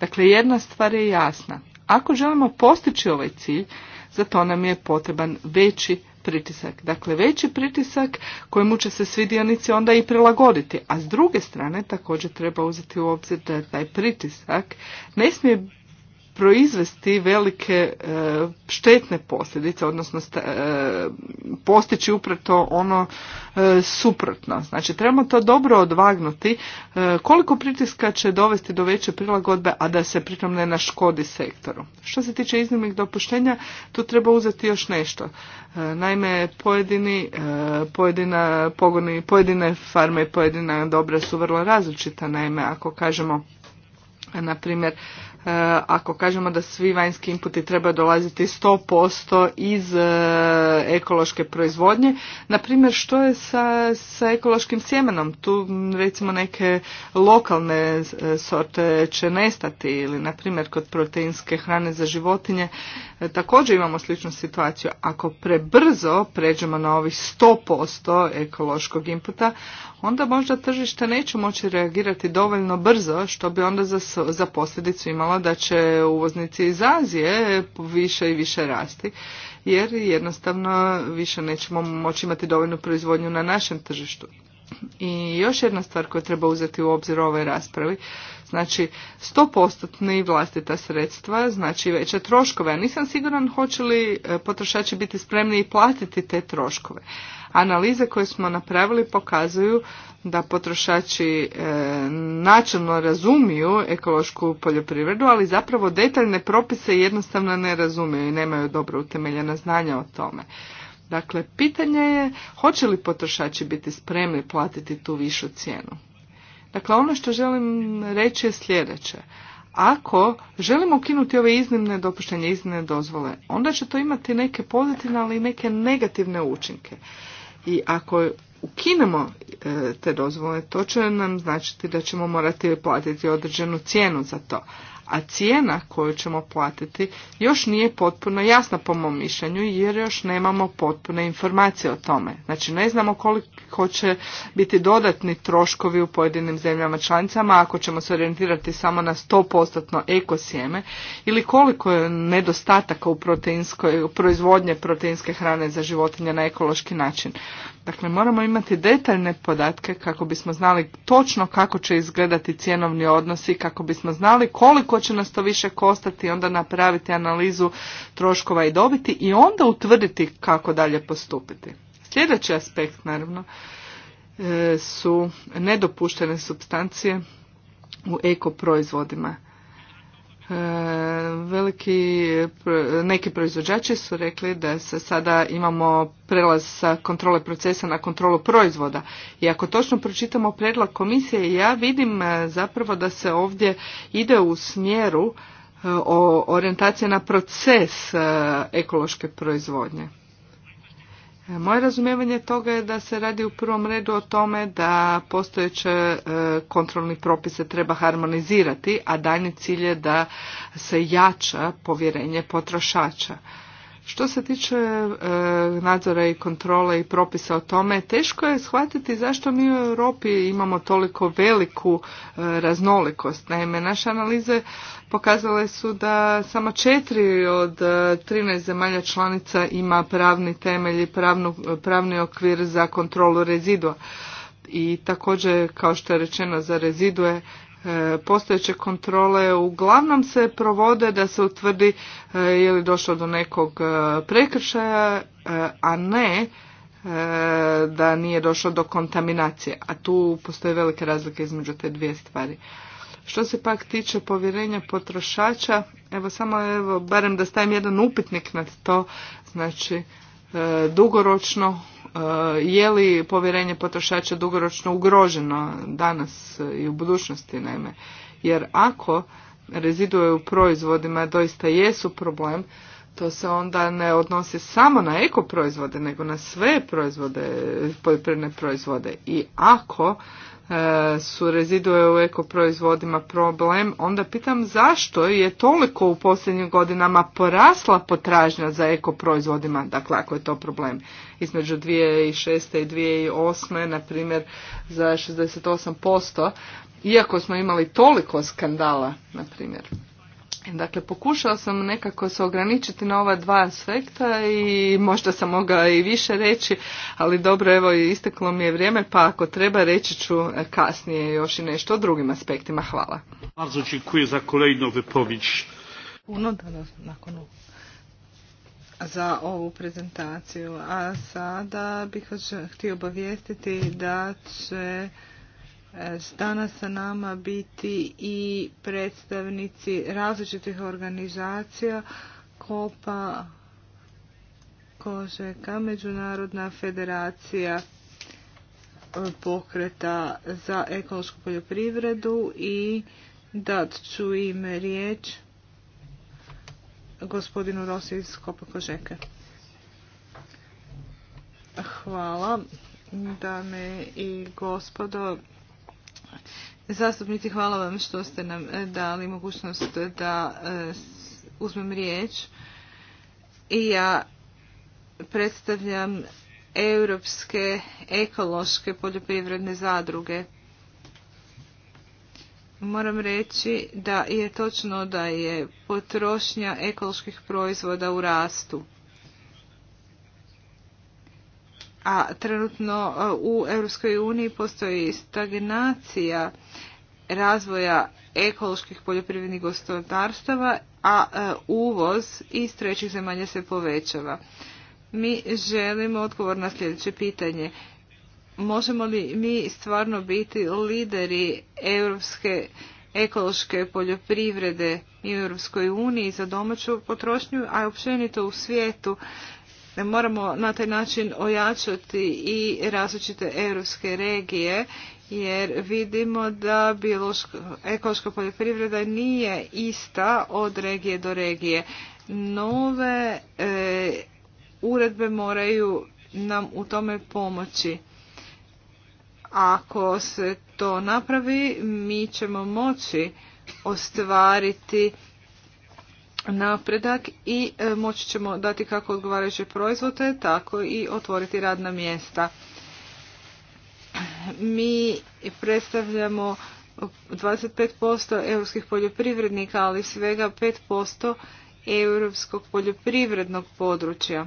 Dakle, jedna stvar je jasna. Ako želimo postići ovaj cilj, za to nam je potreban veći pritisak. Dakle, veći pritisak kojemu će se svi dionici onda i prilagoditi. A s druge strane također treba uzeti u obzir da taj pritisak ne smije proizvesti velike e, štetne posljedice, odnosno e, postići upravo ono e, suprotno. Znači trebamo to dobro odvagnuti koliko pritiska će dovesti do veće prilagodbe, a da se pritom ne naškodi sektoru. Što se tiče iznimnih dopuštenja, tu treba uzeti još nešto. Naime, pojedini, pojedina pogoni, pojedine farme i pojedina dobra su vrlo različita. Naime, ako kažemo na primjer E, ako kažemo da svi vanjski inputi treba dolaziti 100% iz e, ekološke proizvodnje, na što je sa, sa ekološkim sjemenom? Tu recimo neke lokalne e, sorte će nestati ili na kod proteinske hrane za životinje također imamo sličnu situaciju. Ako prebrzo pređemo na ovih 100% ekološkog inputa, onda možda tržište neće moći reagirati dovoljno brzo što bi onda za, za posljedicu imalo da će uvoznici iz Azije više i više rasti jer jednostavno više nećemo moći imati dovoljnu proizvodnju na našem tržištu. I još jedna stvar koju treba uzeti u obzir u ovoj raspravi, znači 100% vlastita sredstva, znači veće troškove. Ja nisam siguran hoće li eh, potrošači biti spremni i platiti te troškove. Analize koje smo napravili pokazuju da potrošači e, načelno razumiju ekološku poljoprivredu, ali zapravo detaljne propise jednostavno ne razumiju i nemaju dobro utemeljena znanja o tome. Dakle, pitanje je hoće li potrošači biti spremni platiti tu višu cijenu. Dakle, ono što želim reći je sljedeće. Ako želimo ukinuti ove iznimne dopuštenje, iznimne dozvole, onda će to imati neke pozitivne, ali i neke negativne učinke. I ako ukinemo e, te dozvole, to će nam značiti da ćemo morati platiti određenu cijenu za to a cijena koju ćemo platiti još nije potpuno jasna po mom mišljenju jer još nemamo potpune informacije o tome. Znači ne znamo koliko će biti dodatni troškovi u pojedinim zemljama članicama ako ćemo se orijentirati samo na 100% ekosjeme ili koliko je nedostataka u proteinskoj, u proizvodnje proteinske hrane za životinje na ekološki način. Dakle, moramo imati detaljne podatke kako bismo znali točno kako će izgledati cjenovni odnosi, kako bismo znali koliko će nas to više kostati, onda napraviti analizu troškova i dobiti i onda utvrditi kako dalje postupiti. Sljedeći aspekt, naravno, e, su nedopuštene substancije u ekoproizvodima. E, veliki, neki proizvođači su rekli da se sada imamo prelaz sa kontrole procesa na kontrolu proizvoda. I ako točno pročitamo predlog komisije, ja vidim e, zapravo da se ovdje ide u smjeru e, o orijentacije na proces ekološke proizvodnje. Moje razumijevanje toga je da se radi u prvom redu o tome da postojeće e, kontrolni propise treba harmonizirati, a daljni cilj je da se jača povjerenje potrošača. Što se tiče e, nadzora i kontrole i propisa o tome, teško je shvatiti zašto mi u Europi imamo toliko veliku e, raznolikost. Naime, naše analize pokazale su da samo četiri od 13 e, zemalja članica ima pravni temelj i pravni okvir za kontrolu rezidua. I također, kao što je rečeno za rezidue, E, postojeće kontrole uglavnom se provode da se utvrdi e, je li došlo do nekog e, prekršaja, a ne da nije došlo do kontaminacije. A tu postoje velike razlike između te dvije stvari. Što se pak tiče povjerenja potrošača, evo samo evo, barem da stavim jedan upitnik nad to, znači dugoročno E, je li povjerenje potrošača dugoročno ugroženo danas i u budućnosti naime. Jer ako rezidue u proizvodima doista jesu problem, to se onda ne odnosi samo na eko proizvode, nego na sve proizvode, poljoprivredne proizvode. I ako e, su rezidue u eko proizvodima problem, onda pitam zašto je toliko u posljednjim godinama porasla potražnja za eko proizvodima, dakle ako je to problem. Između 2006. i 2008. na primjer za 68%, iako smo imali toliko skandala, na primjer. Dakle, pokušao sam nekako se ograničiti na ova dva aspekta i možda sam mogao i više reći, ali dobro, evo, isteklo mi je vrijeme, pa ako treba reći ću e, kasnije još i nešto o drugim aspektima. Hvala. Bardzo dziękuję za kolejno wypowiedź. Puno danas nakon za ovu prezentaciju, a sada bih htio obavijestiti da će danas sa nama biti i predstavnici različitih organizacija Kopa Kožeka, Međunarodna federacija e, pokreta za ekološku poljoprivredu i dat ću im riječ gospodinu Rosi iz Kopa Kožeka. Hvala dame i gospodo Zastupnici, hvala vam što ste nam e, dali mogućnost da e, uzmem riječ. I ja predstavljam europske ekološke poljoprivredne zadruge. Moram reći da je točno da je potrošnja ekoloških proizvoda u rastu. a trenutno e, u Europskoj uniji postoji stagnacija razvoja ekoloških poljoprivrednih gospodarstava, a e, uvoz iz trećih zemalja se povećava. Mi želimo odgovor na sljedeće pitanje. Možemo li mi stvarno biti lideri europske ekološke poljoprivrede i u Europskoj uniji za domaću potrošnju, a općenito u svijetu Moramo na taj način ojačati i različite europske regije jer vidimo da biološko, ekološka poljoprivreda nije ista od regije do regije. Nove e, uredbe moraju nam u tome pomoći. Ako se to napravi, mi ćemo moći ostvariti napredak i e, moći ćemo dati kako odgovarajuće proizvode, tako i otvoriti radna mjesta. Mi predstavljamo 25% europskih poljoprivrednika, ali svega 5% europskog poljoprivrednog područja.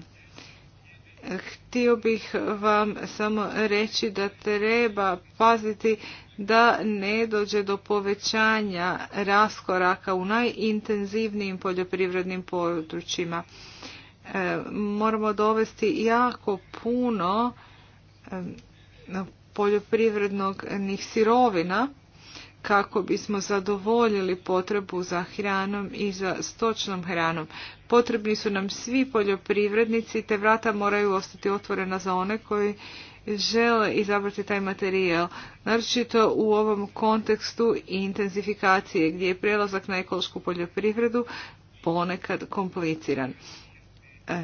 Htio bih vam samo reći da treba paziti da ne dođe do povećanja raskoraka u najintenzivnijim poljoprivrednim područjima. E, moramo dovesti jako puno e, njih sirovina kako bismo zadovoljili potrebu za hranom i za stočnom hranom. Potrebni su nam svi poljoprivrednici, te vrata moraju ostati otvorena za one koji žele izabrati taj materijal, naročito u ovom kontekstu intenzifikacije gdje je prelazak na ekološku poljoprivredu ponekad kompliciran. E,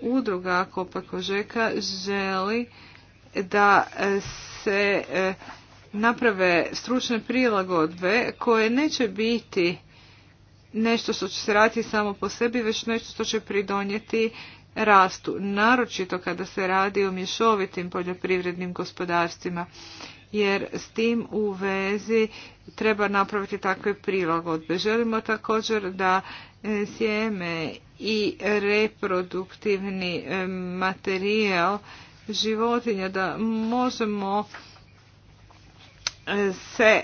udruga Kopa Kožeka želi da e, se e, naprave stručne prilagodbe koje neće biti nešto što će se raditi samo po sebi, već nešto što će pridonijeti rastu, naročito kada se radi o mješovitim poljoprivrednim gospodarstvima, jer s tim u vezi treba napraviti takve prilagodbe. Želimo također da e, sjeme i reproduktivni e, materijal životinja da možemo e, se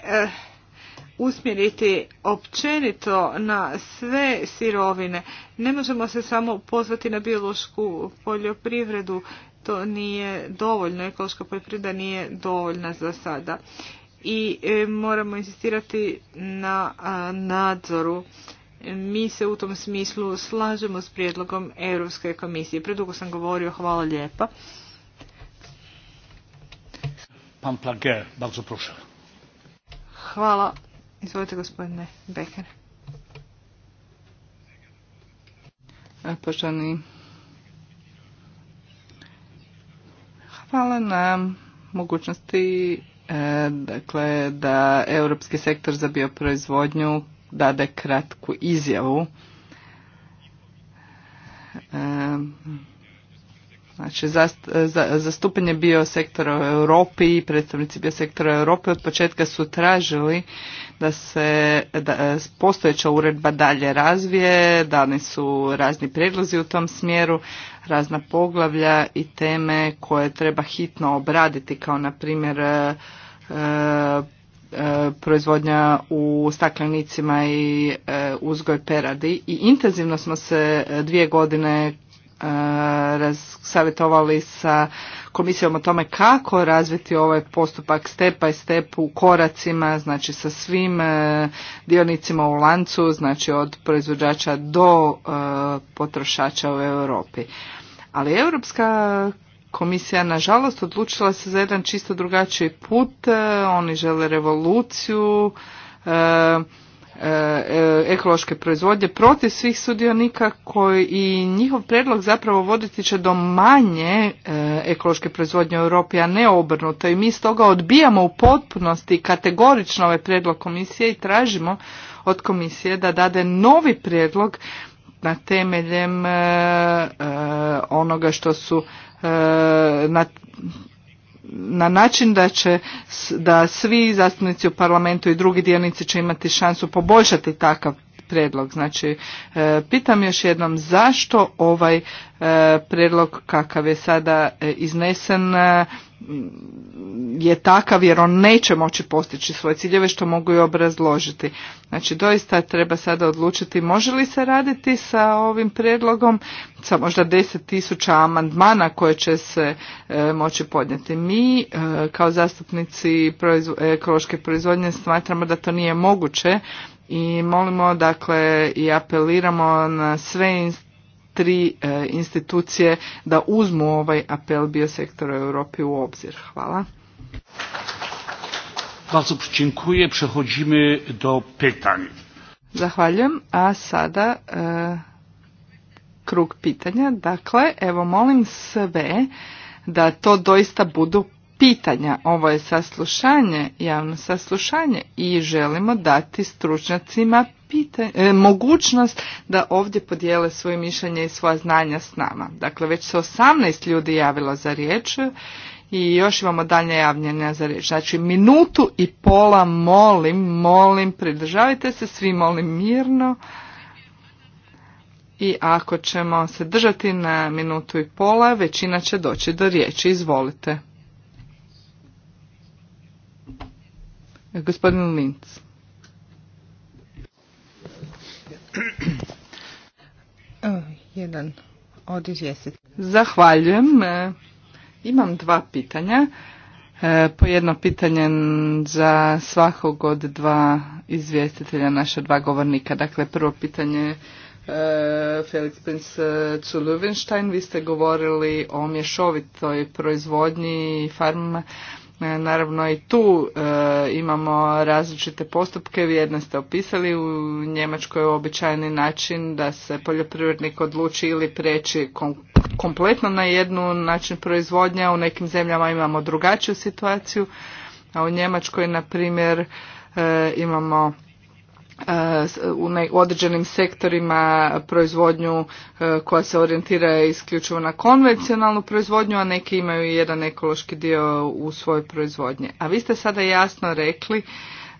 usmjeriti općenito na sve sirovine. Ne možemo se samo pozvati na biološku poljoprivredu, to nije dovoljno, ekološka poljoprivreda nije dovoljna za sada. I e, moramo insistirati na nadzoru. Mi se u tom smislu slažemo s prijedlogom Europske komisije. Predugo sam govorio, hvala lijepa. Pan Hvala. Izvolite gospodine Becker. E, poštovani, hvala na mogućnosti e, dakle, da Europski sektor za bioproizvodnju dade kratku izjavu. E, Znači, zastupanje za, sektora u Europi i predstavnici bio sektora Europi od početka su tražili da se da, postojeća uredba dalje razvije, dani su razni prijedlozi u tom smjeru, razna poglavlja i teme koje treba hitno obraditi, kao na primjer e, e, proizvodnja u staklenicima i e, uzgoj peradi. I intenzivno smo se dvije godine Eh, savjetovali sa komisijom o tome kako razviti ovaj postupak step by step u koracima, znači sa svim eh, dionicima u lancu, znači od proizvođača do eh, potrošača u Europi. Ali Europska komisija nažalost odlučila se za jedan čisto drugačiji put, oni žele revoluciju, E, e, ekološke proizvodnje protiv svih sudionika koji i njihov predlog zapravo voditi će do manje e, ekološke proizvodnje u Europi, a ne obrnuto. I mi stoga odbijamo u potpunosti kategorično ovaj predlog komisije i tražimo od komisije da dade novi prijedlog na temeljem onoga što su na na način da će da svi zastupnici u parlamentu i drugi dionici će imati šansu poboljšati takav prijedlog. Znači, e, pitam još jednom zašto ovaj e, prijedlog kakav je sada e, iznesen je takav jer on neće moći postići svoje ciljeve što mogu i obrazložiti. Znači doista treba sada odlučiti može li se raditi sa ovim predlogom sa možda tisuća amandmana koje će se e, moći podnijeti. Mi e, kao zastupnici proizvo ekološke proizvodnje smatramo da to nije moguće i molimo dakle i apeliramo na sve institucije tri e, institucije da uzmu ovaj apel biosektora u Europi u obzir. Hvala. Bardzo dziękuję. Przechodzimy do pytań. Zahvaljujem. A sada e, krug pitanja. Dakle, evo molim sve da to doista budu pitanja. Ovo je saslušanje, javno saslušanje i želimo dati stručnjacima pite, e, mogućnost da ovdje podijele svoje mišljenje i svoja znanja s nama. Dakle, već se 18 ljudi javilo za riječ i još imamo dalje javljanja za riječ. Znači, minutu i pola molim, molim, pridržavajte se svi, molim mirno. I ako ćemo se držati na minutu i pola, većina će doći do riječi. Izvolite. E, gospodin Linc. Jedan od Zahvaljujem. E, imam dva pitanja. E, po jedno pitanje za svakog od dva izvjestitelja, naša dva govornika. Dakle, prvo pitanje e, Felix Prinz vi ste govorili o mješovitoj proizvodnji i farmama. E, naravno i tu e, imamo različite postupke, vi jedne ste opisali, u Njemačkoj je običajni način da se poljoprivrednik odluči ili preći kompletno na jednu način proizvodnja, u nekim zemljama imamo drugačiju situaciju, a u Njemačkoj na primjer e, imamo u određenim sektorima proizvodnju e, koja se orijentira isključivo na konvencionalnu proizvodnju, a neki imaju i jedan ekološki dio u svojoj proizvodnji. A vi ste sada jasno rekli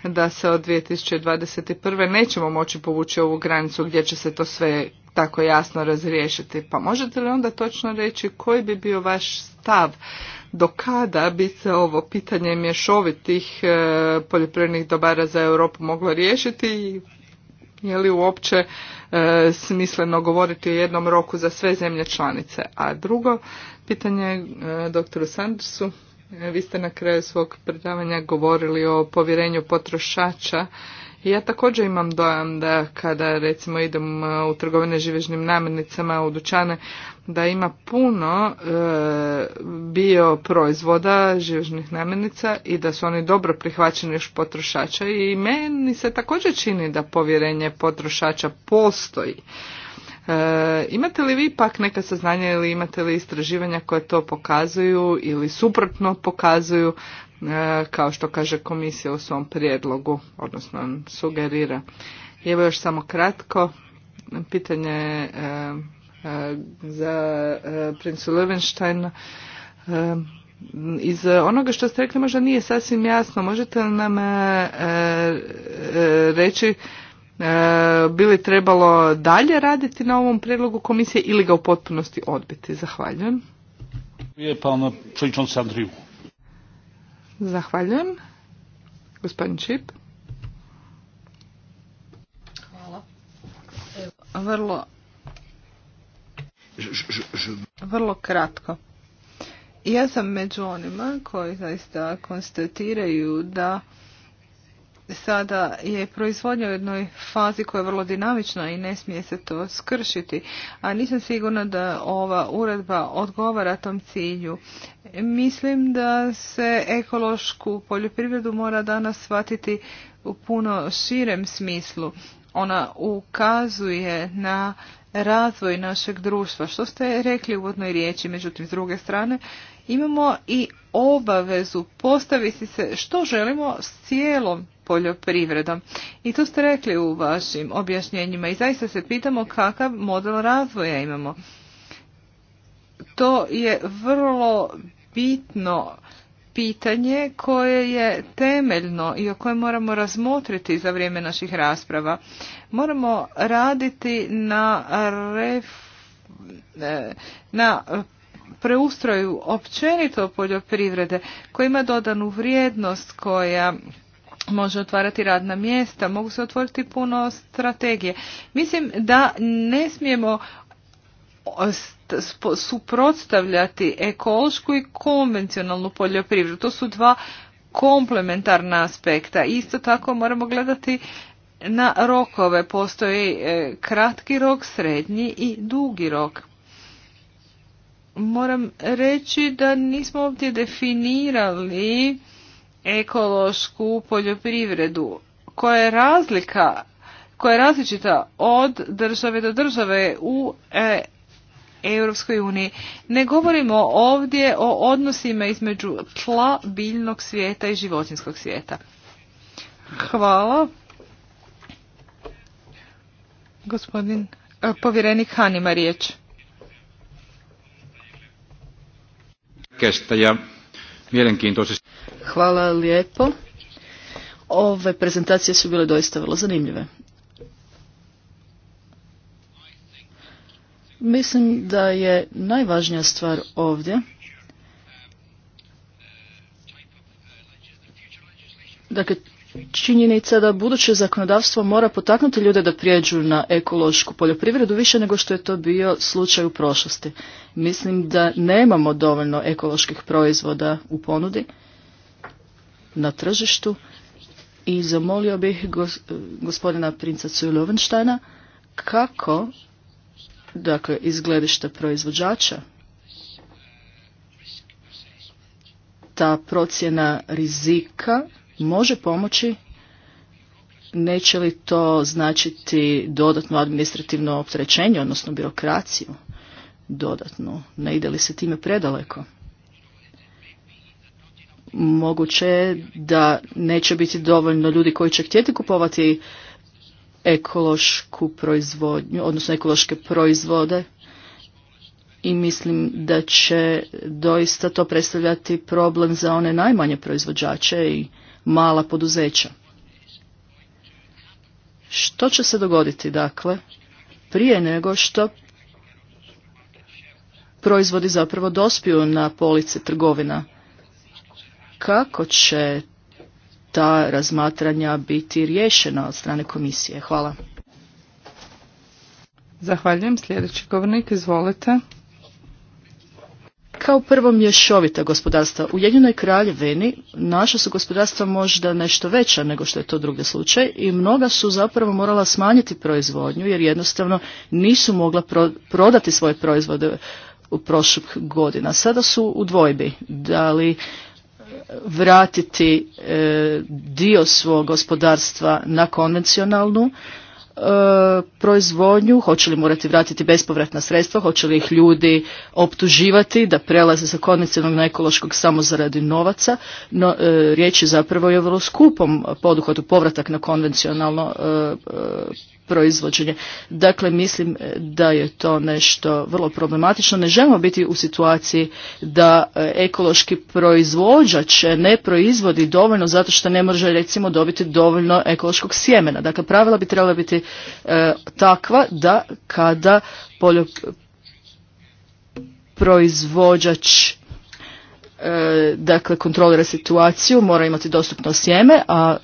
da se od 2021. nećemo moći povući ovu granicu gdje će se to sve tako jasno razriješiti. Pa možete li onda točno reći koji bi bio vaš stav do kada bi se ovo pitanje mješovitih e, poljoprivrednih dobara za Europu moglo riješiti i je li uopće e, smisleno govoriti o jednom roku za sve zemlje članice. A drugo pitanje e, doktoru Sandersu, vi ste na kraju svog predavanja govorili o povjerenju potrošača i ja također imam dojam da kada recimo idem u trgovine živežnim namirnicama u dućane da ima puno e, bio proizvoda živožnih namirnica i da su oni dobro prihvaćeni još potrošača i meni se također čini da povjerenje potrošača postoji. E, imate li vi pak neka saznanja ili imate li istraživanja koje to pokazuju ili suprotno pokazuju e, kao što kaže komisija u svom prijedlogu, odnosno sugerira. evo još samo kratko pitanje za eh, princu Löwenstein. Eh, iz onoga što ste rekli možda nije sasvim jasno. Možete li nam eh, reći bi li trebalo dalje raditi na ovom prijedlogu komisije ili ga u potpunosti odbiti? Zahvaljujem. Zahvaljujem. Gospodin Čip. Hvala. Vrlo vrlo kratko. Ja sam među onima koji zaista konstatiraju da sada je proizvodnja u jednoj fazi koja je vrlo dinamična i ne smije se to skršiti, a nisam sigurna da ova uredba odgovara tom cilju. Mislim da se ekološku poljoprivredu mora danas shvatiti u puno širem smislu ona ukazuje na razvoj našeg društva. Što ste rekli u uvodnoj riječi, međutim, s druge strane, imamo i obavezu postaviti se što želimo s cijelom poljoprivredom. I to ste rekli u vašim objašnjenjima i zaista se pitamo kakav model razvoja imamo. To je vrlo bitno pitanje koje je temeljno i o kojem moramo razmotriti za vrijeme naših rasprava. Moramo raditi na, ref, e, na preustroju općenito poljoprivrede koja ima dodanu vrijednost koja može otvarati radna mjesta, mogu se otvoriti puno strategije. Mislim da ne smijemo suprotstavljati ekološku i konvencionalnu poljoprivredu. To su dva komplementarna aspekta. Isto tako moramo gledati na rokove. Postoji e, kratki rok, srednji i dugi rok. Moram reći da nismo ovdje definirali ekološku poljoprivredu koja je razlika koja je različita od države do države u e, Europskoj uniji. Ne govorimo ovdje o odnosima između tla biljnog svijeta i životinskog svijeta. Hvala. Gospodin e, povjerenik Han ima riječ. Hvala lijepo. Ove prezentacije su bile doista vrlo zanimljive. Mislim da je najvažnija stvar ovdje dakle, činjenica da buduće zakonodavstvo mora potaknuti ljude da prijeđu na ekološku poljoprivredu više nego što je to bio slučaj u prošlosti. Mislim da nemamo dovoljno ekoloških proizvoda u ponudi na tržištu i zamolio bih gospodina princa Cujlovenštajna kako dakle iz gledišta proizvođača ta procjena rizika može pomoći neće li to značiti dodatno administrativno opterećenje odnosno birokraciju dodatnu ne ide li se time predaleko moguće je da neće biti dovoljno ljudi koji će htjeti kupovati ekološku proizvodnju, odnosno ekološke proizvode i mislim da će doista to predstavljati problem za one najmanje proizvođače i mala poduzeća. Što će se dogoditi, dakle, prije nego što proizvodi zapravo dospiju na police trgovina? Kako će ta razmatranja biti riješena od strane komisije. Hvala. Zahvaljujem. Sljedeći govornik, izvolite. Kao prvo mješovita gospodarstva. U Jedinoj kraljevini naša su gospodarstva možda nešto veća nego što je to drugi slučaj i mnoga su zapravo morala smanjiti proizvodnju jer jednostavno nisu mogla prodati svoje proizvode u prošlog godina. Sada su u dvojbi da li vratiti e, dio svog gospodarstva na konvencionalnu e, proizvodnju, hoće li morati vratiti bespovratna sredstva, hoće li ih ljudi optuživati da prelaze sa konvencionalnog na ekološkog samo zaradi novaca, no e, riječ je zapravo i o vrlo skupom poduhvatu povratak na konvencionalno proizvođenje. Dakle, mislim eh, da je to nešto vrlo problematično. Ne želimo biti u situaciji da eh, ekološki proizvođač ne proizvodi dovoljno zato što ne može recimo dobiti dovoljno ekološkog sjemena. Dakle, pravila bi trebala biti eh, takva da kada poljoprivrednik proizvođač E, dakle kontrolira situaciju, mora imati dostupno sjeme, a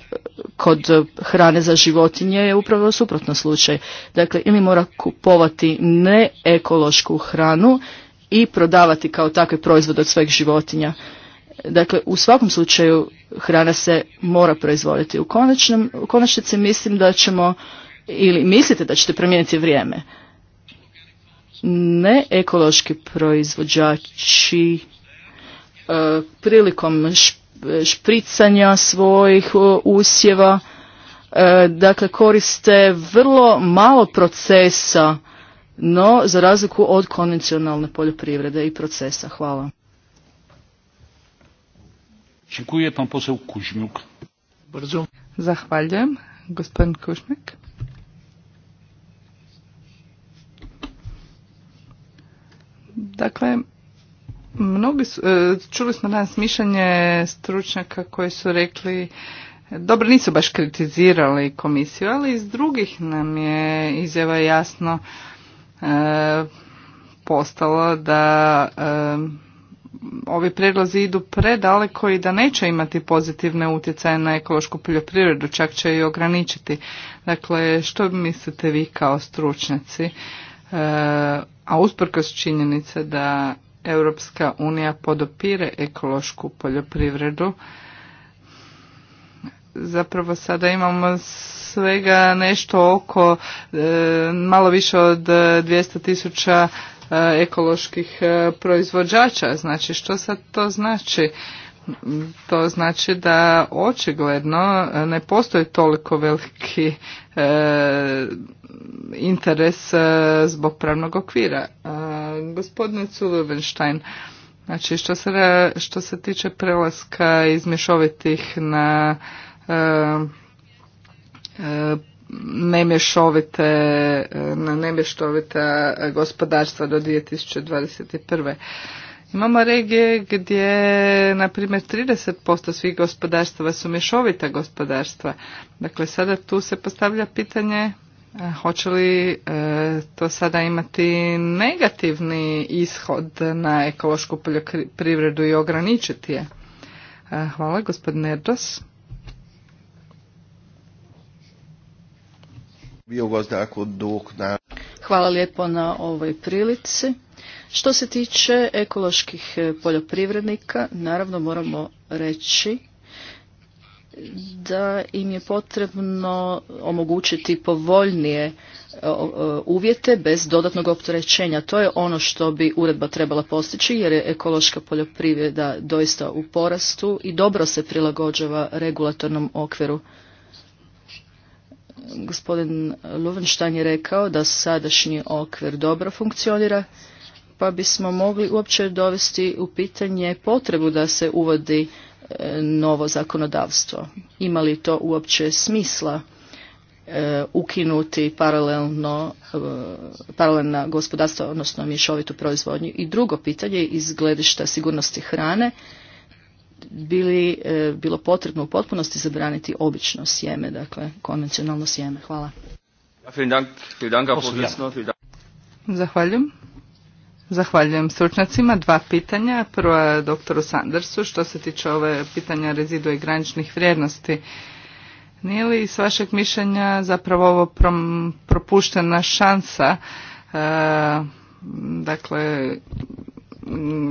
kod hrane za životinje je upravo suprotno slučaj. Dakle, ili mora kupovati neekološku hranu i prodavati kao takve proizvode od svojih životinja. Dakle, u svakom slučaju hrana se mora proizvoditi. U, konačnom, u konačnici mislim da ćemo, ili mislite da ćete promijeniti vrijeme. Ne ekološki proizvođači E, prilikom špricanja svojih e, usjeva, e, dakle koriste vrlo malo procesa, no za razliku od konvencionalne poljoprivrede i procesa. Hvala. Dziękuję pan poseł Kuźmiuk. Bardzo. Zahvaljujem. Gospodin Kuźmiuk. Dakle, Mnogi su, e, čuli smo danas mišljenje stručnjaka koji su rekli dobro, nisu baš kritizirali komisiju, ali iz drugih nam je izjava jasno e, postalo da e, ovi predlozi idu predaleko i da neće imati pozitivne utjecaje na ekološku poljoprivredu, čak će i ograničiti. Dakle, što mislite vi kao stručnjaci? E, a usprkos činjenice da Europska unija podopire ekološku poljoprivredu. Zapravo sada imamo svega nešto oko e, malo više od 200 tisuća e, ekoloških e, proizvođača. Znači što sad to znači? To znači da očigledno ne postoji toliko veliki interes zbog pravnog okvira. E, Gospodine Culovenštajn, znači što se, što se tiče prelaska iz mješovitih na e, e, nemješovite, na nemješovita gospodarstva do 2021. Imamo regije gdje, na primjer, 30% svih gospodarstava su mješovita gospodarstva. Dakle, sada tu se postavlja pitanje E, hoće li e, to sada imati negativni ishod na ekološku poljoprivredu i ograničiti je? E, hvala, gospodin Erdos. Hvala lijepo na ovoj prilici. Što se tiče ekoloških poljoprivrednika, naravno moramo reći da im je potrebno omogućiti povoljnije e, e, uvjete bez dodatnog opterećenja. To je ono što bi uredba trebala postići jer je ekološka poljoprivreda doista u porastu i dobro se prilagođava regulatornom okviru. Gospodin Luvenštajn je rekao da sadašnji okvir dobro funkcionira pa bismo mogli uopće dovesti u pitanje potrebu da se uvodi E, novo zakonodavstvo. Ima li to uopće smisla e, ukinuti paralelno, e, paralelna gospodarstva, odnosno mješovitu proizvodnju? I drugo pitanje iz gledišta sigurnosti hrane, bili e, bilo potrebno u potpunosti zabraniti obično sjeme, dakle konvencionalno sjeme. Hvala. Zahvaljujem. Zahvaljujem stručnjacima. Dva pitanja. Prvo je doktoru Sandersu što se tiče ove pitanja rezidua i graničnih vrijednosti. Nije li s vašeg mišljenja zapravo ovo propuštena šansa, e, dakle,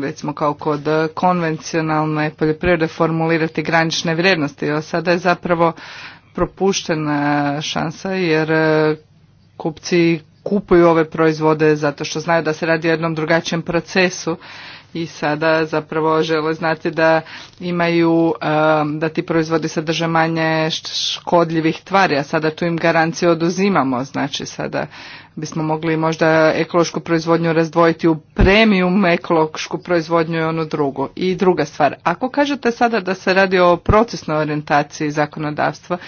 recimo kao kod konvencionalne poljoprivrede formulirati granične vrijednosti, a sada je zapravo propuštena šansa jer e, kupci kupuju ove proizvode zato što znaju da se radi o jednom drugačijem procesu i sada zapravo žele znati da imaju, um, da ti proizvodi sadrže manje škodljivih tvari, a sada tu im garanciju oduzimamo, znači sada bismo mogli možda ekološku proizvodnju razdvojiti u premium ekološku proizvodnju i onu drugu. I druga stvar, ako kažete sada da se radi o procesnoj orijentaciji zakonodavstva,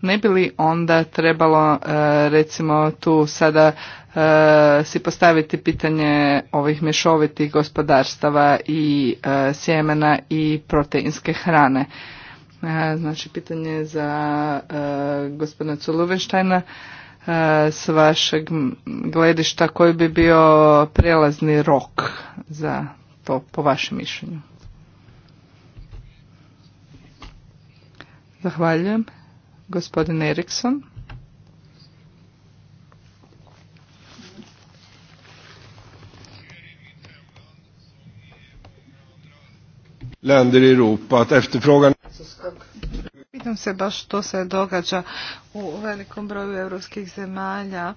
ne bi li onda trebalo e, recimo tu sada e, si postaviti pitanje ovih mješovitih gospodarstava i e, sjemena i proteinske hrane? Znači pitanje za gospodina Culuvenštajna s vašeg gledišta koji bi bio prelazni rok za to po vašem mišljenju. Zahvaljujem. Gospodin Eriksson? Länder i Europa att efterfrågan Pitam se baš što se događa u velikom broju evropskih zemalja.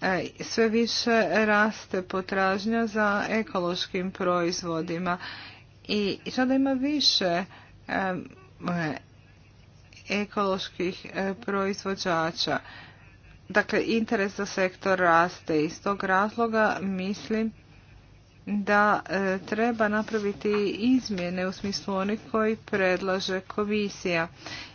E, sve više raste potražnja za ekološkim proizvodima i sada ima više ekoloških e, proizvođača. Dakle, interes za sektor raste. Iz tog razloga mislim da e, treba napraviti izmjene u smislu onih koji predlaže komisija.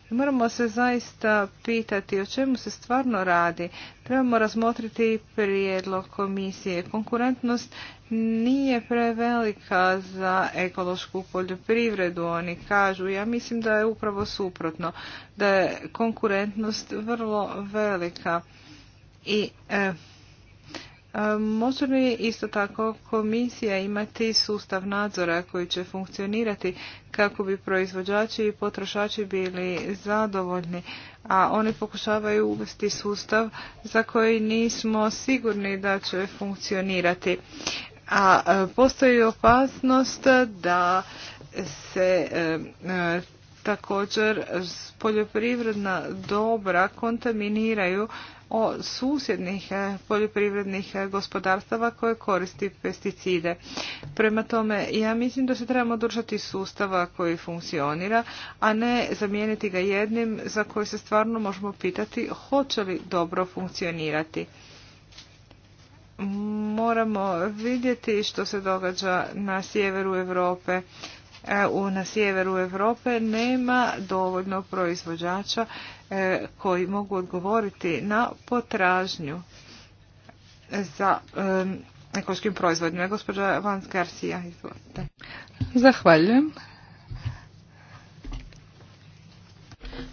Moramo se zaista pitati o čemu se stvarno radi. Trebamo razmotriti prijedlog komisije. Konkurentnost nije prevelika za ekološku poljoprivredu, oni kažu. Ja mislim da je upravo suprotno, da je konkurentnost vrlo velika. I e, e, može li isto tako komisija imati sustav nadzora koji će funkcionirati kako bi proizvođači i potrošači bili zadovoljni, a oni pokušavaju uvesti sustav za koji nismo sigurni da će funkcionirati a e, postoji opasnost da se e, e, također poljoprivredna dobra kontaminiraju od susjednih poljoprivrednih gospodarstava koje koristi pesticide. Prema tome, ja mislim da se trebamo držati sustava koji funkcionira, a ne zamijeniti ga jednim za koji se stvarno možemo pitati hoće li dobro funkcionirati moramo vidjeti što se događa na sjeveru Europe. E, na sjeveru Europe nema dovoljno proizvođača e, koji mogu odgovoriti na potražnju za e, ekološkim proizvodima. Gospođa Van Garcia, izvolite. Zahvaljujem.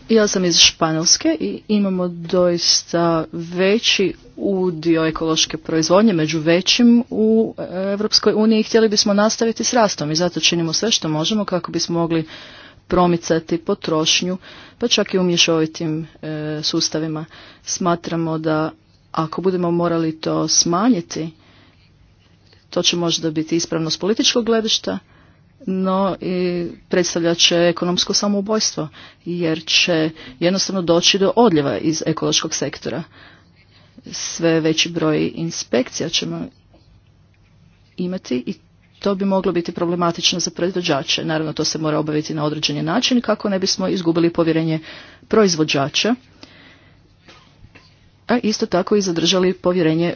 Ja sam iz Španjolske i imamo doista veći udio ekološke proizvodnje među većim u Europskoj uniji i htjeli bismo nastaviti s rastom i zato činimo sve što možemo kako bismo mogli promicati potrošnju, pa čak i u mješovitim e, sustavima. Smatramo da ako budemo morali to smanjiti, to će možda biti ispravno s političkog gledišta, no i predstavljat će ekonomsko samoubojstvo jer će jednostavno doći do odljeva iz ekološkog sektora. Sve veći broj inspekcija ćemo imati i to bi moglo biti problematično za proizvođače. Naravno, to se mora obaviti na određeni način kako ne bismo izgubili povjerenje proizvođača, a isto tako i zadržali povjerenje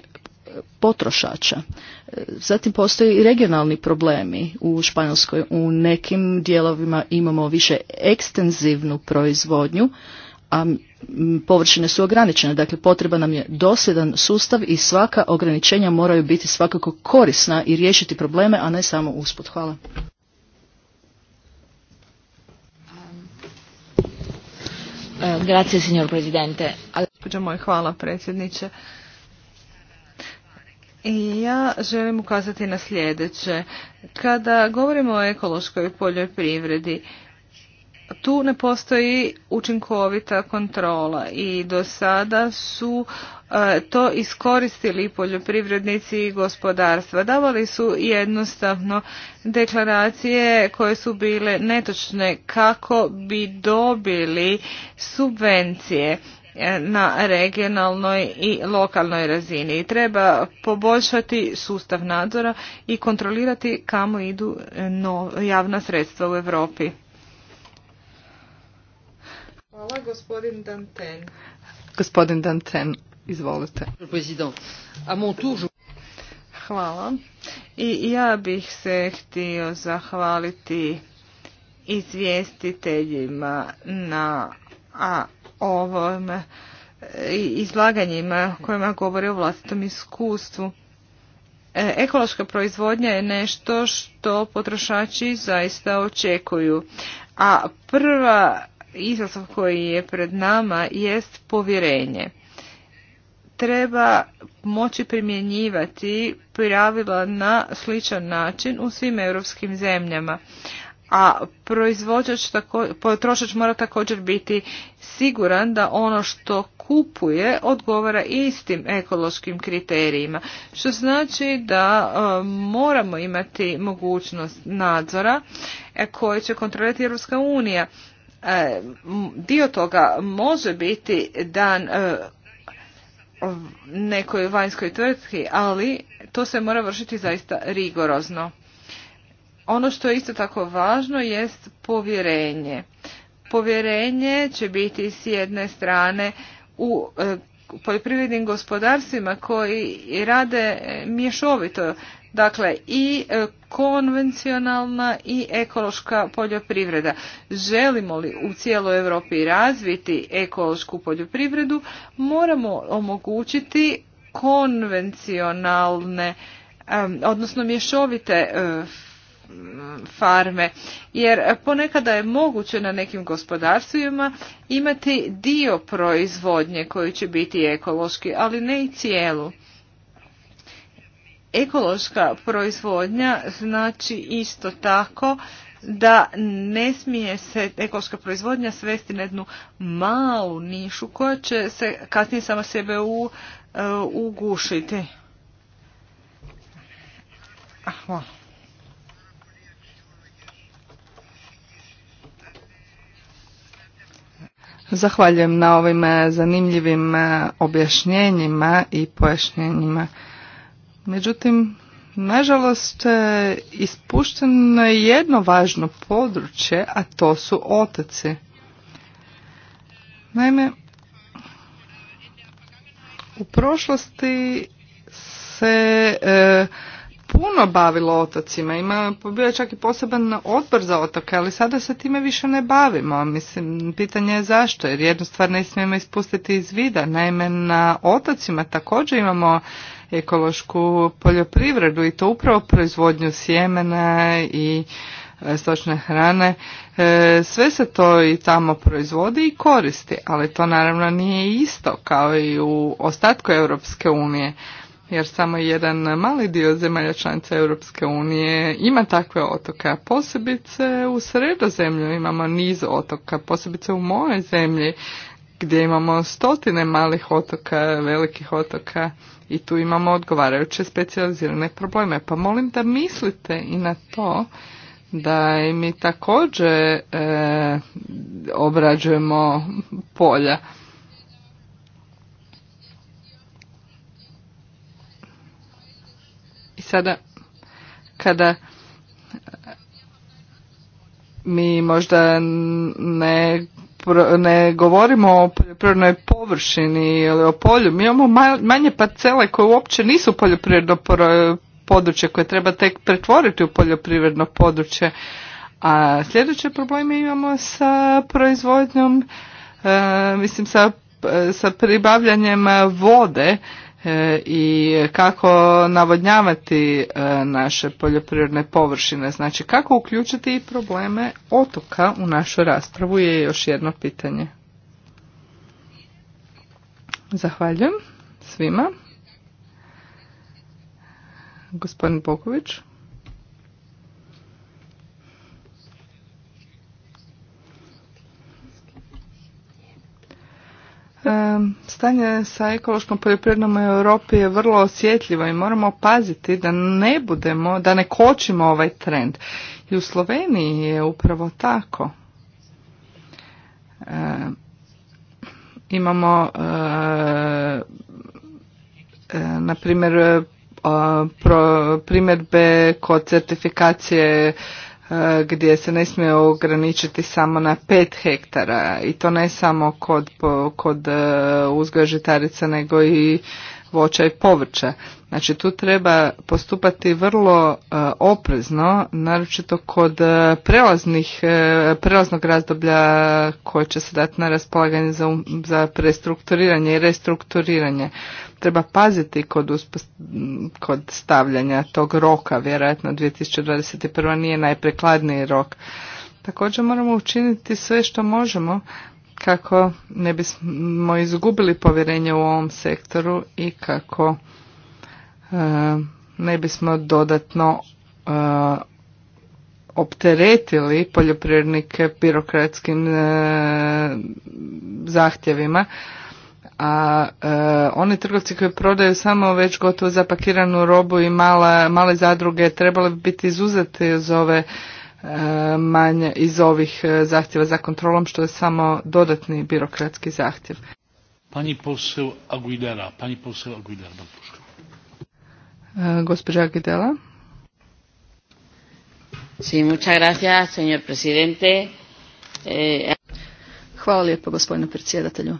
potrošača. Zatim postoji i regionalni problemi u Španjolskoj. U nekim dijelovima imamo više ekstenzivnu proizvodnju, a površine su ograničene. Dakle, potreba nam je dosjedan sustav i svaka ograničenja moraju biti svakako korisna i riješiti probleme, a ne samo usput. Hvala. Grazie, signor Presidente. Moj, hvala, predsjedniče ja želim ukazati na sljedeće. Kada govorimo o ekološkoj poljoprivredi, tu ne postoji učinkovita kontrola i do sada su e, to iskoristili poljoprivrednici i gospodarstva. Davali su jednostavno deklaracije koje su bile netočne kako bi dobili subvencije na regionalnoj i lokalnoj razini. treba poboljšati sustav nadzora i kontrolirati kamo idu e, javna sredstva u Europi. Hvala gospodin Danten. Gospodin Danten, izvolite. Hvala. I ja bih se htio zahvaliti izvjestiteljima na a ovom e, izlaganjima kojima govore o vlastitom iskustvu. E, ekološka proizvodnja je nešto što potrošači zaista očekuju, a prva izazov koji je pred nama jest povjerenje. Treba moći primjenjivati pravila na sličan način u svim europskim zemljama, a proizvođač tako, potrošač mora također biti siguran da ono što kupuje odgovara istim ekološkim kriterijima što znači da e, moramo imati mogućnost nadzora e, koje će kontrolirati Europska unija e, dio toga može biti dan e, nekoj vanjskoj tvrtki ali to se mora vršiti zaista rigorozno ono što je isto tako važno jest povjerenje. Povjerenje će biti s jedne strane u e, poljoprivrednim gospodarstvima koji rade mješovito, dakle i e, konvencionalna i ekološka poljoprivreda. Želimo li u cijeloj Europi razviti ekološku poljoprivredu, moramo omogućiti konvencionalne e, odnosno mješovite farme. Jer ponekada je moguće na nekim gospodarstvima imati dio proizvodnje koji će biti ekološki, ali ne i cijelu. Ekološka proizvodnja znači isto tako da ne smije se ekološka proizvodnja svesti na jednu malu nišu koja će se kasnije sama sebe u, e, ugušiti. Ah, hvala. Zahvaljujem na ovim e, zanimljivim e, objašnjenjima i pojašnjenjima. Međutim, nažalost, e, ispušteno je jedno važno područje, a to su otoci. Naime, u prošlosti se puno bavilo otocima, ima bio je čak i poseban odbor za otoke, ali sada se time više ne bavimo. Mislim, pitanje je zašto, jer jednu stvar ne smijemo ispustiti iz vida. Naime, na otocima također imamo ekološku poljoprivredu i to upravo proizvodnju sjemena i e, stočne hrane. E, sve se to i tamo proizvodi i koristi, ali to naravno nije isto kao i u ostatku Europske unije jer samo jedan mali dio zemalja članica Europske unije ima takve otoka. Posebice u sredozemlju imamo niz otoka, posebice u mojoj zemlji gdje imamo stotine malih otoka, velikih otoka i tu imamo odgovarajuće specijalizirane probleme. Pa molim da mislite i na to da i mi također e, obrađujemo polja sada kada mi možda ne, ne govorimo o poljoprivrednoj površini ili o polju, mi imamo manje parcele koje uopće nisu poljoprivredno područje koje treba tek pretvoriti u poljoprivredno područje. A sljedeće probleme imamo sa proizvodnjom, e, mislim sa, e, sa pribavljanjem vode E, i kako navodnjavati e, naše poljoprivredne površine. Znači kako uključiti i probleme otoka u našu raspravu je još jedno pitanje. Zahvaljujem svima. Gospodin Boković. E, stanje sa ekološkom poljoprivrednom u Europi je vrlo osjetljivo i moramo paziti da ne budemo, da ne kočimo ovaj trend. I u Sloveniji je upravo tako. E, imamo e, e na primjer e, primjerbe kod certifikacije gdje se ne smije ograničiti samo na pet hektara i to ne samo kod, kod e, uzgoja žitarica nego i voća i povrća. Znači tu treba postupati vrlo e, oprezno, naročito kod e, prelaznih, e, prelaznog razdoblja koje će se dati na raspolaganje za, um, za prestrukturiranje i restrukturiranje. Treba paziti kod, kod stavljanja tog roka, vjerojatno 2021. nije najprekladniji rok. Također moramo učiniti sve što možemo kako ne bismo izgubili povjerenje u ovom sektoru i kako e, ne bismo dodatno e, opteretili poljoprivrednike birokratskim e, zahtjevima a e, oni trgovci koji prodaju samo već gotovo zapakiranu robu i mala, male zadruge trebali bi biti izuzeti iz ove E, manje iz ovih e, zahtjeva za kontrolom, što je samo dodatni birokratski zahtjev. Pani poseo Aguilera, pani posel Aguilera, puška. E, gospođa Aguilera. Sí, muchas gracias, señor presidente. Eh, Hvala lijepo, gospodine predsjedatelju.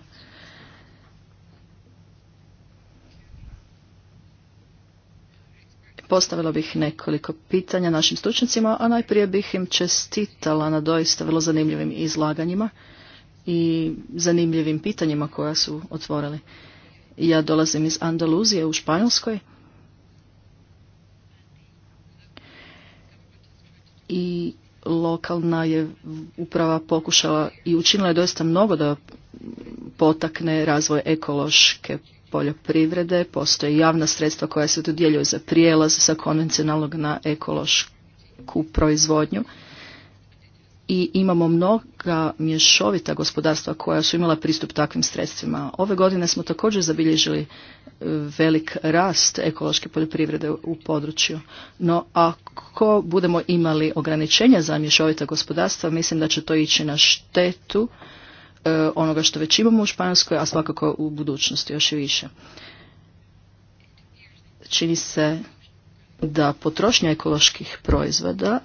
Postavila bih nekoliko pitanja našim stručnicima, a najprije bih im čestitala na doista vrlo zanimljivim izlaganjima i zanimljivim pitanjima koja su otvorili. Ja dolazim iz Andaluzije u Španjolskoj i lokalna je uprava pokušala i učinila je doista mnogo da potakne razvoj ekološke poljoprivrede, postoje javna sredstva koja se dodjeljuju za prijelaz sa konvencionalnog na ekološku proizvodnju i imamo mnoga mješovita gospodarstva koja su imala pristup takvim sredstvima. Ove godine smo također zabilježili e, velik rast ekološke poljoprivrede u području. No ako budemo imali ograničenja za mješovita gospodarstva, mislim da će to ići na štetu E, onoga što već imamo u Španjolskoj, a svakako u budućnosti još i više. Čini se da potrošnja ekoloških proizvoda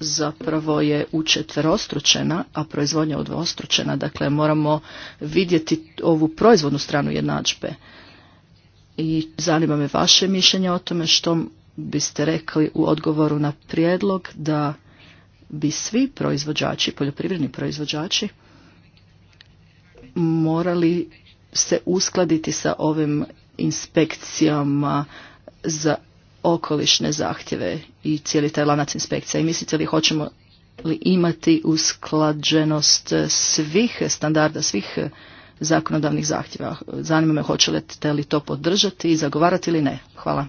zapravo je učetverostručena, a proizvodnja odvostručena. Dakle, moramo vidjeti ovu proizvodnu stranu jednadžbe. I zanima me vaše mišljenje o tome što biste rekli u odgovoru na prijedlog da bi svi proizvođači, poljoprivredni proizvođači, morali se uskladiti sa ovim inspekcijama za okolišne zahtjeve i cijeli taj lanac inspekcija. I mislite li hoćemo li imati usklađenost svih standarda, svih zakonodavnih zahtjeva. Zanima me hoćete li li to podržati i zagovarati ili ne. Hvala.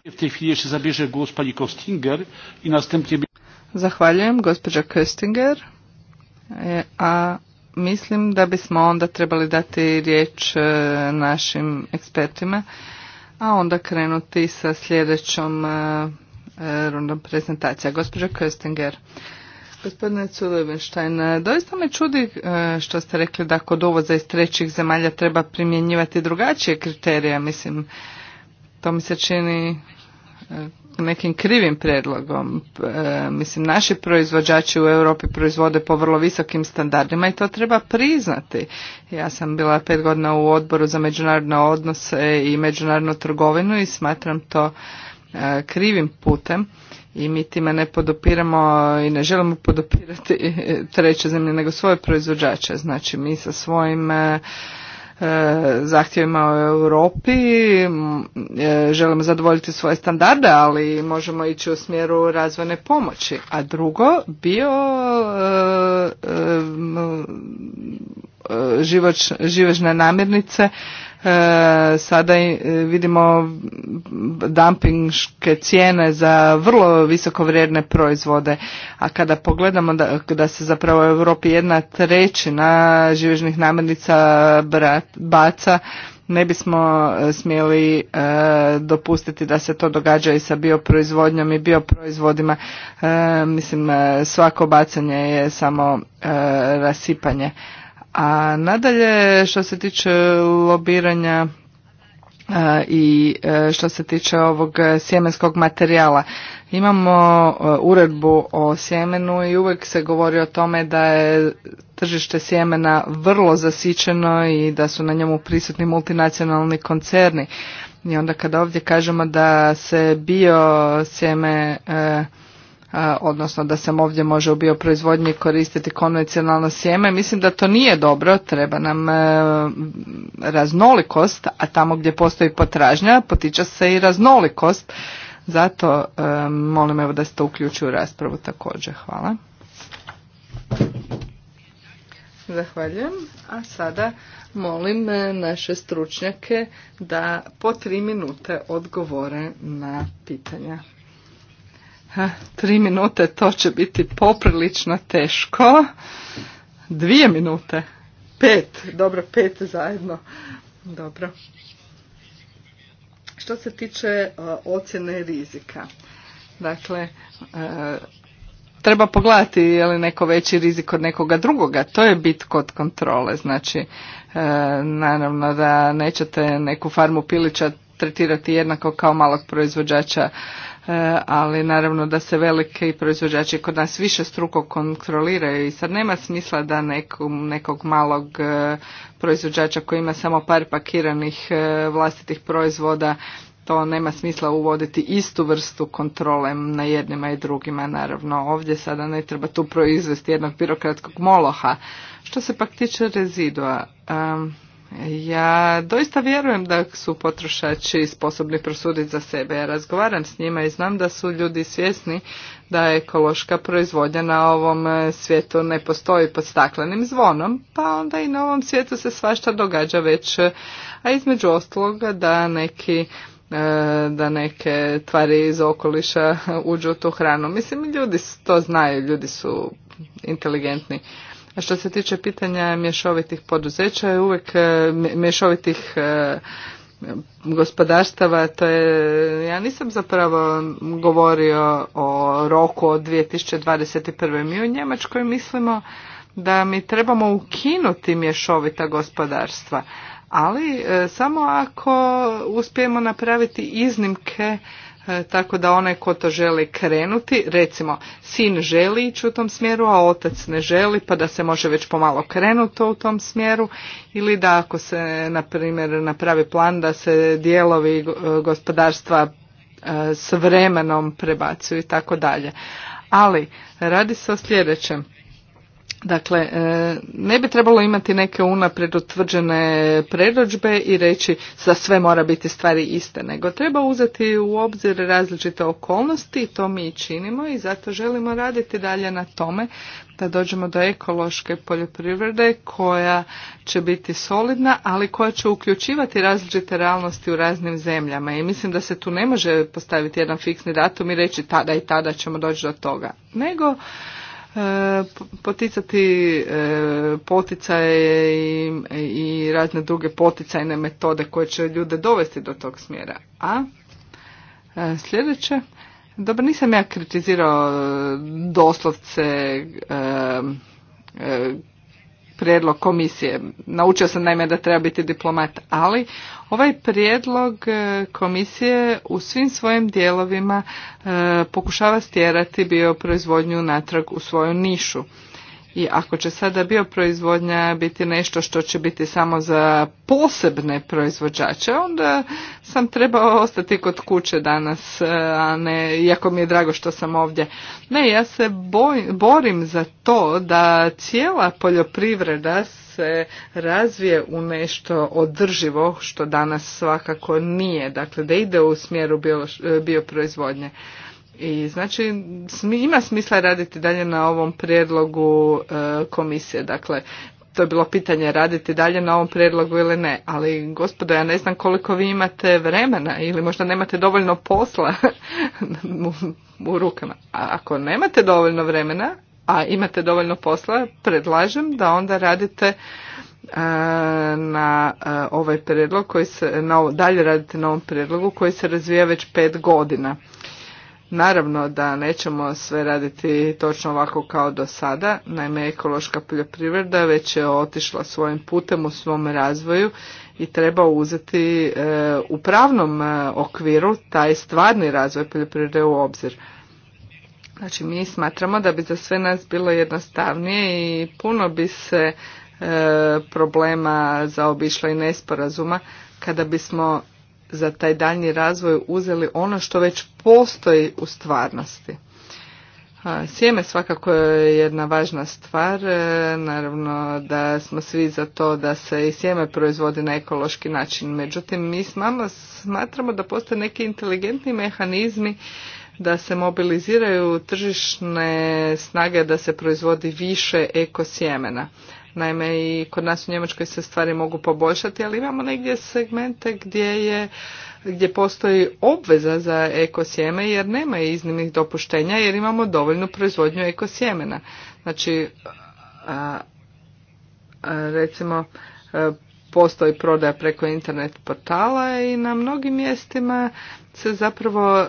Zahvaljujem, gospođa Köstinger. E, a mislim da bismo onda trebali dati riječ e, našim ekspertima, a onda krenuti sa sljedećom e, e, rundom prezentacija. Gospođa Köstinger. Gospodine Culevenštajn, doista me čudi što ste rekli da kod uvoza iz trećih zemalja treba primjenjivati drugačije kriterije. Mislim, to mi se čini E, nekim krivim predlogom. E, mislim, naši proizvođači u Europi proizvode po vrlo visokim standardima i to treba priznati. Ja sam bila pet godina u odboru za međunarodne odnose i međunarodnu trgovinu i smatram to e, krivim putem i mi time ne podopiramo i ne želimo podopirati treće zemlje nego svoje proizvođače. Znači, mi sa svojim E, zahtjevima u Europi, e, želimo zadovoljiti svoje standarde, ali možemo ići u smjeru razvojne pomoći. A drugo, bio e, živežne namirnice E, sada e, vidimo dumpingške cijene za vrlo visoko vrijedne proizvode, a kada pogledamo da, da se zapravo u Europi jedna trećina živežnih namirnica baca, ne bismo e, smjeli dopustiti da se to događa i sa bioproizvodnjom i bioproizvodima. E, mislim, svako bacanje je samo e, rasipanje. A nadalje što se tiče lobiranja e, i e, što se tiče ovog sjemenskog materijala. Imamo e, uredbu o sjemenu i uvijek se govori o tome da je tržište sjemena vrlo zasićeno i da su na njemu prisutni multinacionalni koncerni. I onda kada ovdje kažemo da se bio sjeme odnosno da se ovdje može u bioproizvodnji koristiti konvencionalno sjeme. Mislim da to nije dobro, treba nam e, raznolikost, a tamo gdje postoji potražnja potiče se i raznolikost. Zato e, molim evo da se to uključi u raspravu također. Hvala. Zahvaljujem. A sada molim e, naše stručnjake da po tri minute odgovore na pitanja. Tri minute, to će biti poprilično teško. Dvije minute. Pet, dobro, pet zajedno. Dobro. Što se tiče uh, ocjene rizika. Dakle, uh, treba pogledati je li neko veći rizik od nekoga drugoga. To je bit kod kontrole. Znači, uh, naravno da nećete neku farmu pilića tretirati jednako kao malog proizvođača E, ali naravno da se veliki proizvođači kod nas više struko kontroliraju i sad nema smisla da nekog, nekog malog e, proizvođača koji ima samo par pakiranih e, vlastitih proizvoda to nema smisla uvoditi istu vrstu kontrole na jednima i drugima naravno ovdje sada ne treba tu proizvesti jednog birokratskog moloha što se pak tiče rezidua ja doista vjerujem da su potrošači sposobni prosuditi za sebe. Ja razgovaram s njima i znam da su ljudi svjesni da ekološka proizvodnja na ovom e, svijetu ne postoji pod staklenim zvonom, pa onda i na ovom svijetu se svašta događa već, e, a između ostaloga da neki e, da neke tvari iz okoliša uđu u tu hranu. Mislim, ljudi to znaju, ljudi su inteligentni. Što se tiče pitanja mješovitih poduzeća, uvijek e, mješovitih e, gospodarstava, to je, ja nisam zapravo govorio o roku od 2021. Mi u Njemačkoj mislimo da mi trebamo ukinuti mješovita gospodarstva, ali e, samo ako uspijemo napraviti iznimke E, tako da onaj ko to želi krenuti, recimo sin želi ići u tom smjeru, a otac ne želi, pa da se može već pomalo krenuti u tom smjeru, ili da ako se, na primjer, napravi plan da se dijelovi e, gospodarstva e, s vremenom prebacuju i tako dalje. Ali, radi se o sljedećem. Dakle, e, ne bi trebalo imati neke unaprijed utvrđene predođbe i reći za sve mora biti stvari iste, nego treba uzeti u obzir različite okolnosti i to mi i činimo i zato želimo raditi dalje na tome da dođemo do ekološke poljoprivrede koja će biti solidna, ali koja će uključivati različite realnosti u raznim zemljama i mislim da se tu ne može postaviti jedan fiksni datum i reći tada i tada ćemo doći do toga, nego E, poticati e, poticaje i razne druge poticajne metode koje će ljude dovesti do tog smjera. A e, sljedeće, dobro nisam ja kritizirao doslovce prijedlog komisije. Naučio sam naime da treba biti diplomat, ali ovaj prijedlog e, komisije u svim svojim dijelovima e, pokušava stjerati bioproizvodnju natrag u svoju nišu. I ako će sada bioproizvodnja biti nešto što će biti samo za posebne proizvođače, onda sam trebao ostati kod kuće danas, e, a ne, iako mi je drago što sam ovdje. Ne, ja se boj, borim za to da cijela poljoprivreda se razvije u nešto održivo, što danas svakako nije, dakle da ide u smjeru e, bioproizvodnje. I znači ima smisla raditi dalje na ovom prijedlogu e, komisije. Dakle, to je bilo pitanje raditi dalje na ovom prijedlogu ili ne. Ali gospodo, ja ne znam koliko vi imate vremena ili možda nemate dovoljno posla u, rukama. A ako nemate dovoljno vremena, a imate dovoljno posla, predlažem da onda radite e, na e, ovaj prijedlog koji se, na, dalje radite na ovom prijedlogu koji se razvija već pet godina. Naravno da nećemo sve raditi točno ovako kao do sada, naime ekološka poljoprivreda već je otišla svojim putem u svom razvoju i treba uzeti e, u pravnom e, okviru taj stvarni razvoj poljoprivrede u obzir. Znači mi smatramo da bi za sve nas bilo jednostavnije i puno bi se e, problema zaobišla i nesporazuma kada bismo za taj daljnji razvoj uzeli ono što već postoji u stvarnosti. Sjeme svakako je jedna važna stvar, e, naravno da smo svi za to da se i sjeme proizvodi na ekološki način, međutim mi smatramo da postoje neki inteligentni mehanizmi da se mobiliziraju tržišne snage da se proizvodi više ekosjemena. Naime, i kod nas u Njemačkoj se stvari mogu poboljšati, ali imamo negdje segmente gdje je gdje postoji obveza za ekosjeme jer nema iznimnih dopuštenja jer imamo dovoljnu proizvodnju ekosjemena. Znači, a, a, recimo, postoji prodaja preko internet portala i na mnogim mjestima se zapravo e,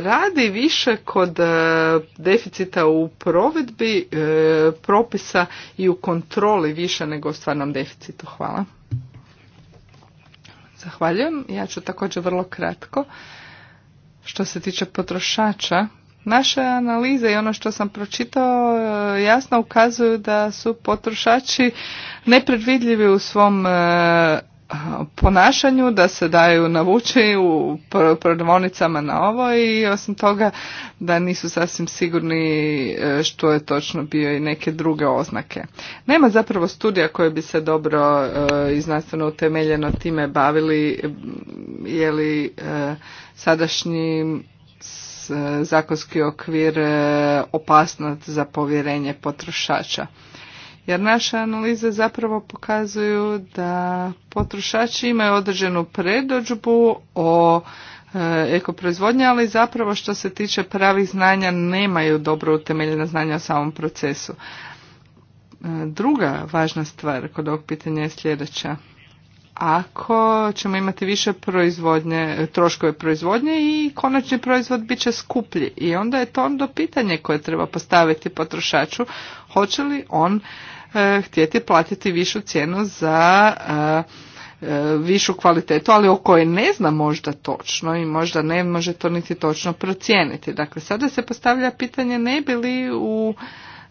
radi više kod e, deficita u provedbi e, propisa i u kontroli više nego u stvarnom deficitu. Hvala. Zahvaljujem. Ja ću također vrlo kratko. Što se tiče potrošača, naše analize i ono što sam pročitao jasno ukazuju da su potrošači nepredvidljivi u svom ponašanju, da se daju navući u prodavnicama na ovo i osim toga da nisu sasvim sigurni e, što je točno bio i neke druge oznake. Nema zapravo studija koje bi se dobro e, i znanstveno utemeljeno time bavili je li e, sadašnji zakonski okvir opasnost za povjerenje potrošača jer naše analize zapravo pokazuju da potrošači imaju određenu predođbu o e, ekoproizvodnje, ali zapravo što se tiče pravih znanja nemaju dobro utemeljena znanja o samom procesu. E, druga važna stvar kod ovog pitanja je sljedeća ako ćemo imati više proizvodnje, troškove proizvodnje i konačni proizvod bit će skuplji. I onda je to onda pitanje koje treba postaviti potrošaču, hoće li on e, htjeti platiti višu cijenu za e, e, višu kvalitetu, ali o kojoj ne zna možda točno i možda ne može to niti točno procijeniti. Dakle, sada se postavlja pitanje ne bi li u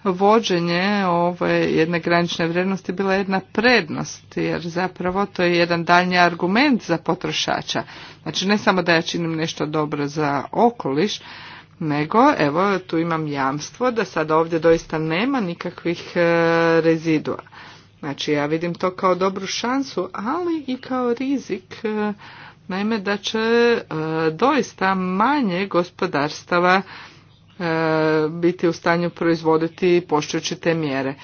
vođenje ove jedne granične vrijednosti bila jedna prednost, jer zapravo to je jedan daljnji argument za potrošača. Znači ne samo da ja činim nešto dobro za okoliš, nego evo tu imam jamstvo da sad ovdje doista nema nikakvih e, rezidua. Znači ja vidim to kao dobru šansu, ali i kao rizik, e, naime da će e, doista manje gospodarstava E, biti u stanju proizvoditi poštujući te mjere.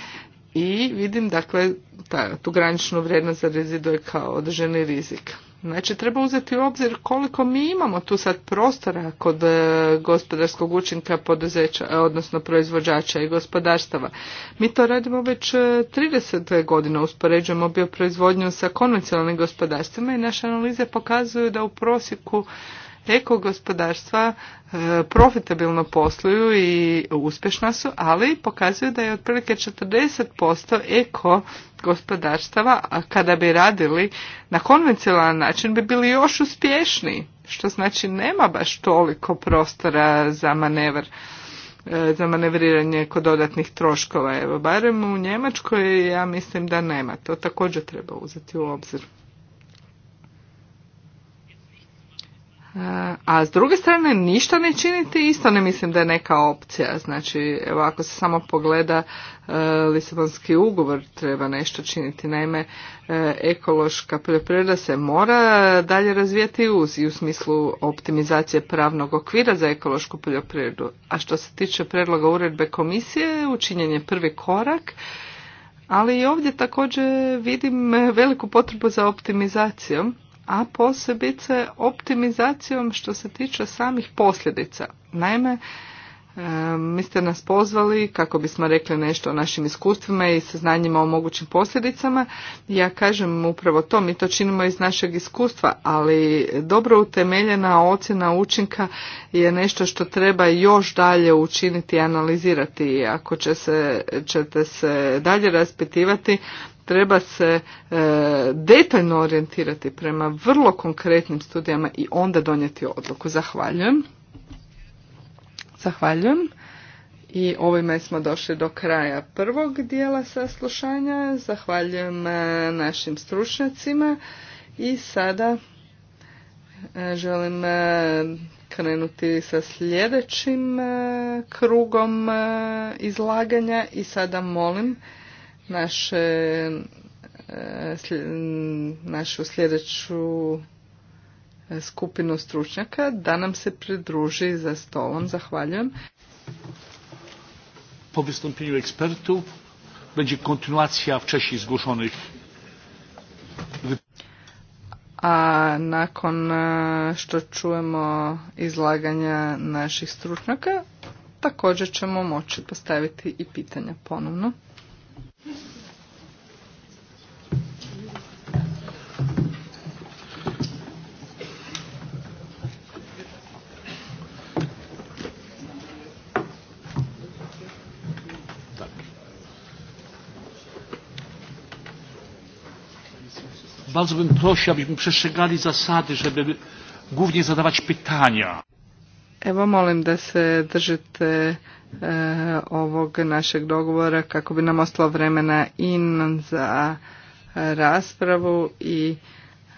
I vidim dakle ta, tu graničnu vrijednost za je kao održeni rizik. Znači treba uzeti u obzir koliko mi imamo tu sad prostora kod e, gospodarskog učinka poduzeća, e, odnosno proizvođača i gospodarstava. Mi to radimo već 30 godina, uspoređujemo bioproizvodnju sa konvencionalnim gospodarstvima i naše analize pokazuju da u prosjeku eko gospodarstva e, profitabilno posluju i uspješna su, ali pokazuju da je otprilike 40% eko gospodarstava, a kada bi radili na konvencionalan način bi bili još uspješniji, što znači nema baš toliko prostora za manevr e, za manevriranje kod dodatnih troškova. Evo, barem u Njemačkoj ja mislim da nema. To također treba uzeti u obzir. a s druge strane ništa ne činiti isto ne mislim da je neka opcija. Znači, evo ako se samo pogleda e, Lisabonski ugovor treba nešto činiti. Naime, e, ekološka poljoprivreda se mora dalje razvijati uz i u smislu optimizacije pravnog okvira za ekološku poljoprivredu. A što se tiče predloga uredbe komisije, učinjen je prvi korak. Ali i ovdje također vidim veliku potrebu za optimizacijom a posebice optimizacijom što se tiče samih posljedica. Naime, e, mi ste nas pozvali kako bismo rekli nešto o našim iskustvima i saznanjima o mogućim posljedicama. Ja kažem upravo to, mi to činimo iz našeg iskustva, ali dobro utemeljena ocjena učinka je nešto što treba još dalje učiniti i analizirati. ako će se, ćete se dalje raspitivati, treba se e, detaljno orijentirati prema vrlo konkretnim studijama i onda donijeti odluku. Zahvaljujem. Zahvaljujem. I ovime smo došli do kraja prvog dijela saslušanja. Zahvaljujem e, našim stručnjacima i sada e, želim krenuti sa sljedećim krugom izlaganja i sada molim Eh, našu sljedeću eh, skupinu stručnjaka da nam se pridruži za stolom. Zahvaljujem. Po wystąpieniu ekspertów będzie kontynuacja wcześniej zgłoszonych. A nakon eh, što čujemo izlaganja naših stručnjaka, također ćemo moći postaviti i pitanja ponovno. bardzo bym prosił, abyśmy przestrzegali zasady, żeby głównie zadawać pytania. Evo molim da se držite e, ovog našeg dogovora kako bi nam ostalo vremena i za raspravu i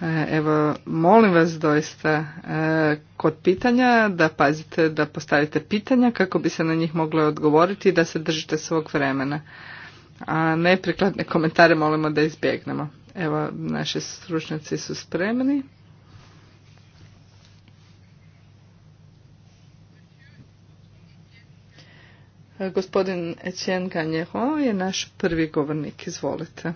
e, evo molim vas doista e, kod pitanja da pazite da postavite pitanja kako bi se na njih moglo odgovoriti i da se držite svog vremena. A neprikladne komentare molimo da izbjegnemo. Evo, naši stručnjaci su spremni. Gospodin Etienne Gagneron je naš prvi govornik. Izvolite.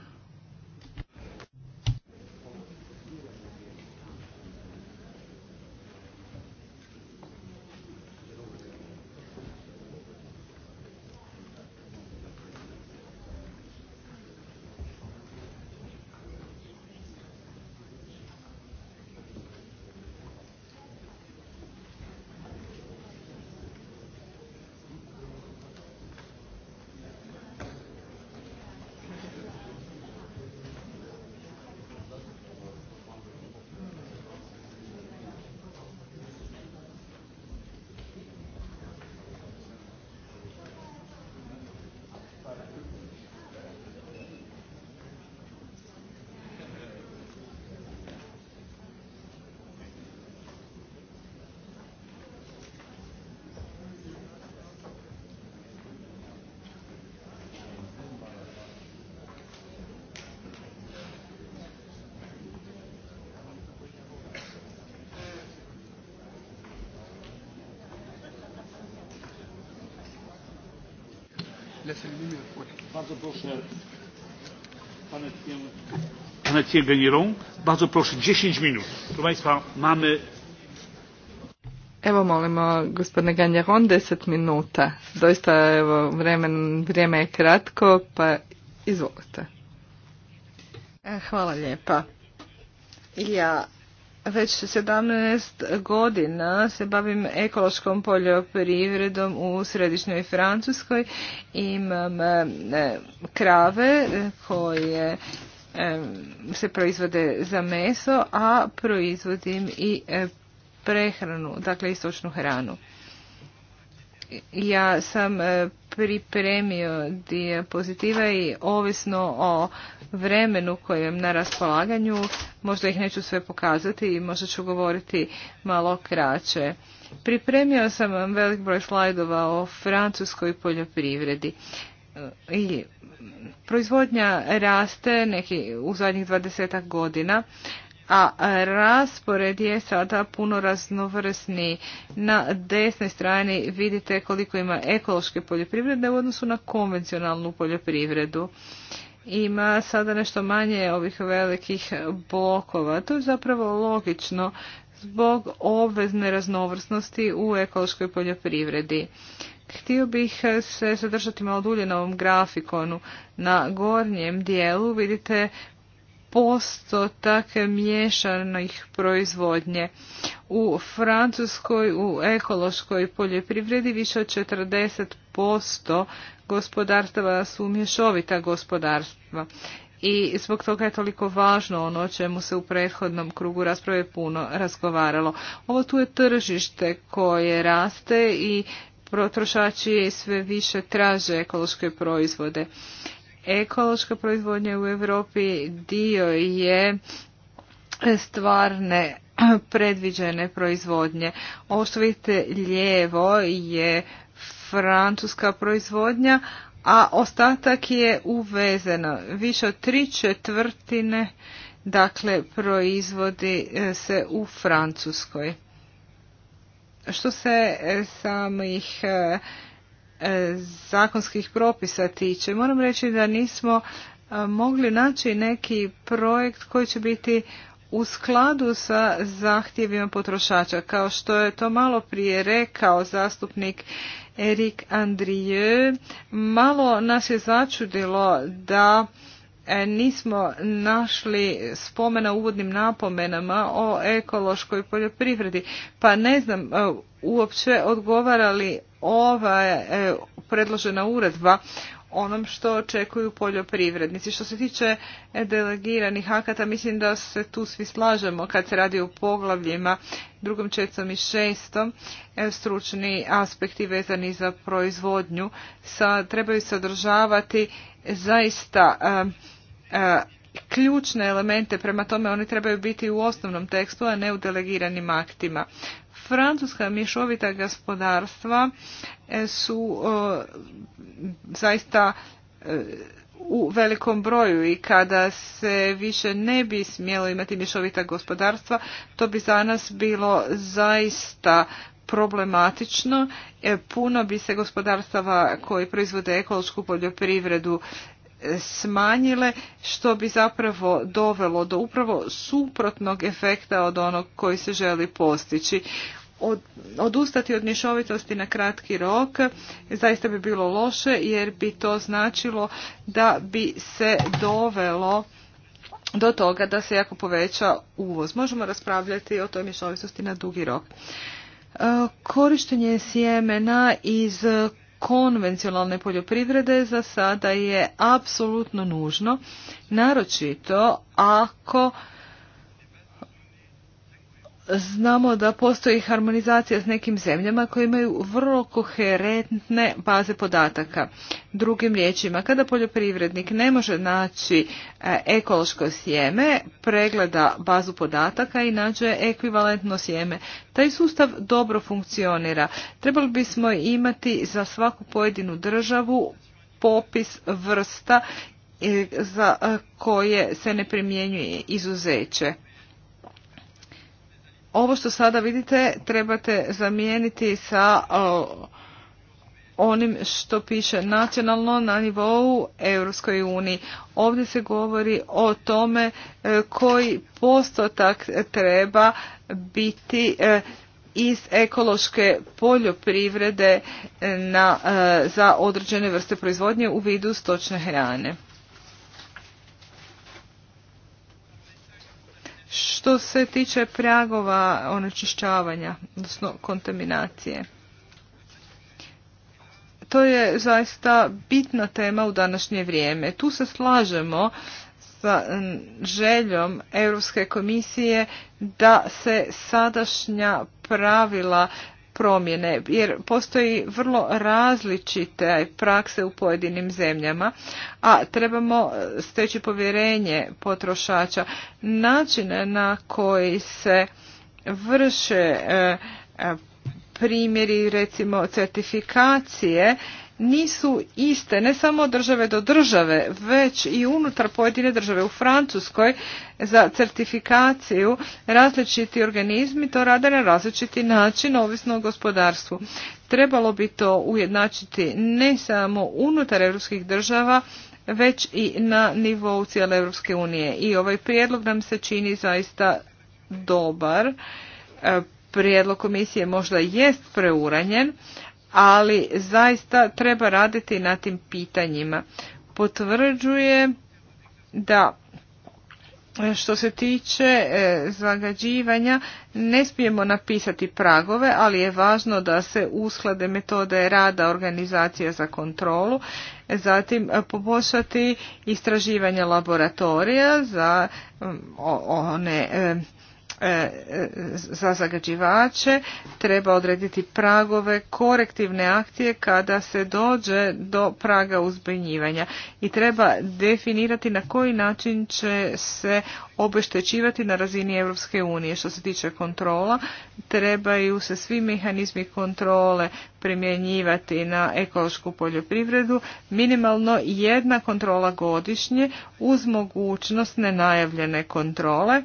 Bardzo proszę. Panetier Genierą. Bardzo proszę, 10 minut. Proszę Państwa, mamy... Evo molimo gospodine Ganjaron 10 minuta. Doista evo, vremen, vrijeme je kratko, pa izvolite. E, hvala lijepa. Ja već 17 godina se bavim ekološkom poljoprivredom u središnjoj Francuskoj. Imam e, e, krave koje e, se proizvode za meso, a proizvodim i prehranu, dakle istočnu hranu ja sam e, pripremio diapozitiva i ovisno o vremenu kojem na raspolaganju, možda ih neću sve pokazati i možda ću govoriti malo kraće. Pripremio sam vam velik broj slajdova o francuskoj poljoprivredi. E, I proizvodnja raste neki u zadnjih 20 godina, a raspored je sada puno raznovrsni. Na desnoj strani vidite koliko ima ekološke poljoprivrede u odnosu na konvencionalnu poljoprivredu. Ima sada nešto manje ovih velikih blokova. To je zapravo logično zbog obvezne raznovrsnosti u ekološkoj poljoprivredi. Htio bih se zadržati malo dulje na ovom grafikonu. Na gornjem dijelu vidite postotak miješanih proizvodnje. U Francuskoj u ekološkoj poljoprivredi više od 40% gospodarstava su mješovita gospodarstva. I zbog toga je toliko važno ono o čemu se u prethodnom krugu rasprave puno razgovaralo. Ovo tu je tržište koje raste i potrošači sve više traže ekološke proizvode ekološka proizvodnja u Europi dio je stvarne predviđene proizvodnje. Ovo što vidite lijevo je francuska proizvodnja, a ostatak je uvezeno. Više od tri četvrtine dakle proizvodi e, se u Francuskoj. Što se samih e, E, zakonskih propisa tiče, moram reći da nismo e, mogli naći neki projekt koji će biti u skladu sa zahtjevima potrošača. Kao što je to malo prije rekao zastupnik Erik Andrije, malo nas je začudilo da E, nismo našli spomena uvodnim napomenama o ekološkoj poljoprivredi. Pa ne znam e, uopće odgovara li ova e, predložena uredba onom što očekuju poljoprivrednici. Što se tiče delegiranih akata, mislim da se tu svi slažemo kad se radi o poglavljima drugom, četvrtom i šestom. Stručni aspekti vezani za proizvodnju sa, trebaju sadržavati zaista E, ključne elemente, prema tome oni trebaju biti u osnovnom tekstu, a ne u delegiranim aktima. Francuska mješovita gospodarstva e, su e, zaista u velikom broju i kada se više ne bi smjelo imati mješovita gospodarstva, to bi za nas bilo zaista problematično. Puno bi se gospodarstava koji proizvode ekološku poljoprivredu smanjile što bi zapravo dovelo do upravo suprotnog efekta od onog koji se želi postići. Od, odustati od mješovitosti na kratki rok zaista bi bilo loše jer bi to značilo da bi se dovelo do toga da se jako poveća uvoz. Možemo raspravljati o toj mješovitosti na dugi rok. E, korištenje sjemena iz konvencionalne poljoprivrede za sada je apsolutno nužno, naročito ako Znamo da postoji harmonizacija s nekim zemljama koje imaju vrlo koherentne baze podataka. Drugim riječima, kada poljoprivrednik ne može naći e, ekološko sjeme, pregleda bazu podataka i nađe ekvivalentno sjeme. Taj sustav dobro funkcionira. Trebali bismo imati za svaku pojedinu državu popis vrsta e, za e, koje se ne primjenjuje izuzeće ovo što sada vidite trebate zamijeniti sa onim što piše nacionalno na nivou Europskoj uniji. Ovdje se govori o tome e, koji postotak treba biti e, iz ekološke poljoprivrede e, za određene vrste proizvodnje u vidu stočne hrane. Što se tiče pragova onečišćavanja, odnosno kontaminacije, to je zaista bitna tema u današnje vrijeme. Tu se slažemo sa željom Europske komisije da se sadašnja pravila promjene jer postoji vrlo različite prakse u pojedinim zemljama, a trebamo steći povjerenje potrošača. Način na koji se vrše e, e, primjeri recimo certifikacije nisu iste ne samo od države do države, već i unutar pojedine države. U Francuskoj za certifikaciju različiti organizmi to rade na različiti način, ovisno o gospodarstvu. Trebalo bi to ujednačiti ne samo unutar europskih država, već i na nivou cijele Europske unije. I ovaj prijedlog nam se čini zaista dobar. E, prijedlog komisije možda jest preuranjen, ali zaista treba raditi na tim pitanjima. Potvrđuje da e, što se tiče e, zagađivanja, ne smijemo napisati pragove, ali je važno da se usklade metode rada organizacija za kontrolu, zatim e, poboljšati istraživanje laboratorija za one E, e, za zagađivače treba odrediti pragove korektivne akcije kada se dođe do praga uzbenjivanja i treba definirati na koji način će se obeštećivati na razini Europske unije. Što se tiče kontrola, trebaju se svi mehanizmi kontrole primjenjivati na ekološku poljoprivredu, minimalno jedna kontrola godišnje uz mogućnost nenajavljene kontrole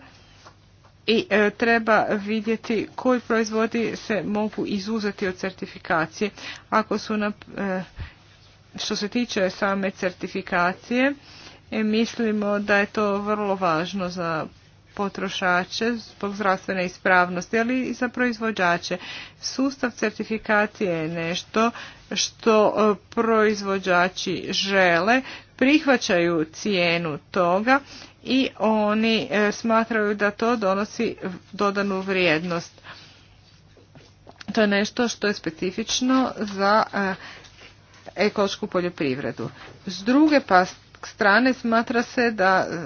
i e, treba vidjeti koji proizvodi se mogu izuzeti od certifikacije. Ako su na, e, što se tiče same certifikacije, e, mislimo da je to vrlo važno za potrošače zbog zdravstvene ispravnosti, ali i za proizvođače. Sustav certifikacije je nešto što proizvođači žele prihvaćaju cijenu toga i oni e, smatraju da to donosi dodanu vrijednost. To je nešto što je specifično za e, ekološku poljoprivredu. S druge strane smatra se da e,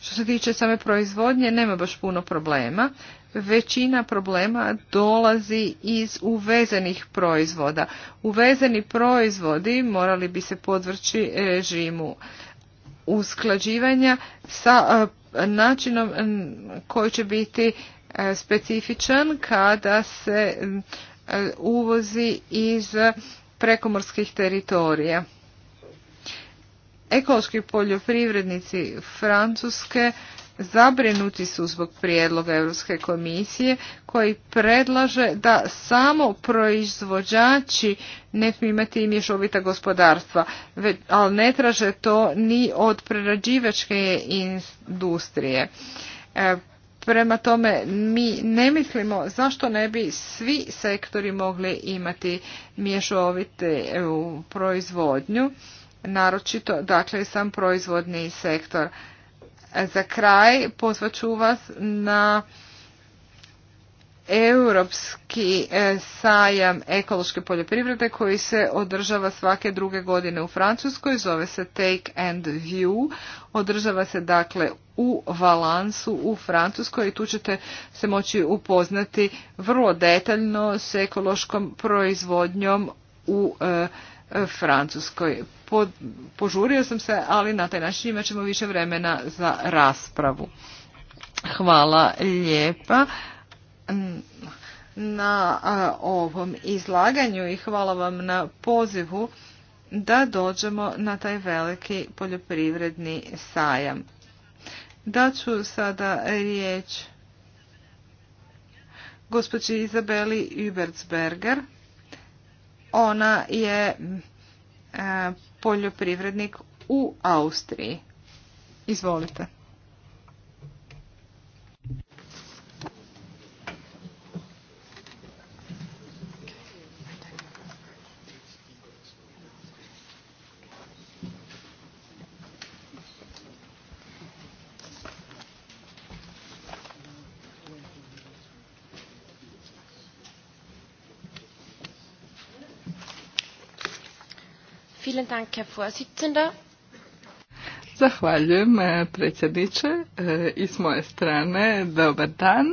što se tiče same proizvodnje nema baš puno problema. Većina problema dolazi iz uvezenih proizvoda. Uvezeni proizvodi morali bi se podvrći režimu usklađivanja sa e, načinom koji će biti e, specifičan kada se uvozi iz prekomorskih teritorija. Ekološki poljoprivrednici Francuske zabrinuti su zbog prijedloga Europske komisije koji predlaže da samo proizvođači ne smiju imati mješovita gospodarstva, ali ne traže to ni od prerađivačke industrije. E, prema tome mi ne mislimo zašto ne bi svi sektori mogli imati mješovite proizvodnju naročito dakle sam proizvodni sektor. Za kraj pozvaću vas na Europski e, sajam ekološke poljoprivrede koji se održava svake druge godine u Francuskoj, zove se Take and View. Održava se dakle u Valansu u Francuskoj i tu ćete se moći upoznati vrlo detaljno s ekološkom proizvodnjom u e, Francuskoj. požurio sam se, ali na taj način imat ćemo više vremena za raspravu. Hvala lijepa na ovom izlaganju i hvala vam na pozivu da dođemo na taj veliki poljoprivredni sajam. Da ću sada riječ gospođi Izabeli Übertsberger. Ona je e, poljoprivrednik u Austriji. Izvolite. Vielen Zahvaljujem eh, predsjedniče eh, i s moje strane dobar dan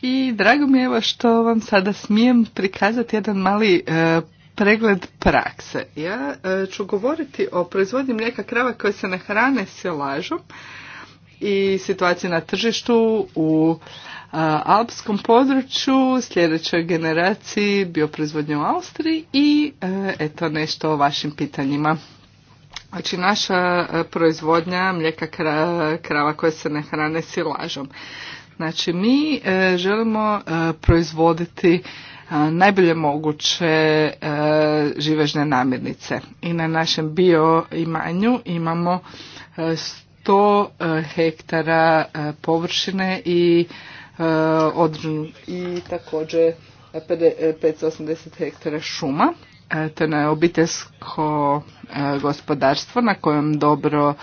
i drago mi je što vam sada smijem prikazati jedan mali eh, pregled prakse. Ja ću govoriti o proizvodnji mlijeka krava koje se ne hrane silažom, i situacije na tržištu u alpskom području, sljedećoj generaciji bioproizvodnje u Austriji i e, eto nešto o vašim pitanjima. Znači naša e, proizvodnja mlijeka krava koje se ne hrane silažom. Znači mi e, želimo proizvoditi najbolje moguće živežne namirnice i na našem bio imanju imamo 100 e, hektara e, površine i, e, i također 580 hektara šuma. To je obiteljsko gospodarstvo na kojem dobro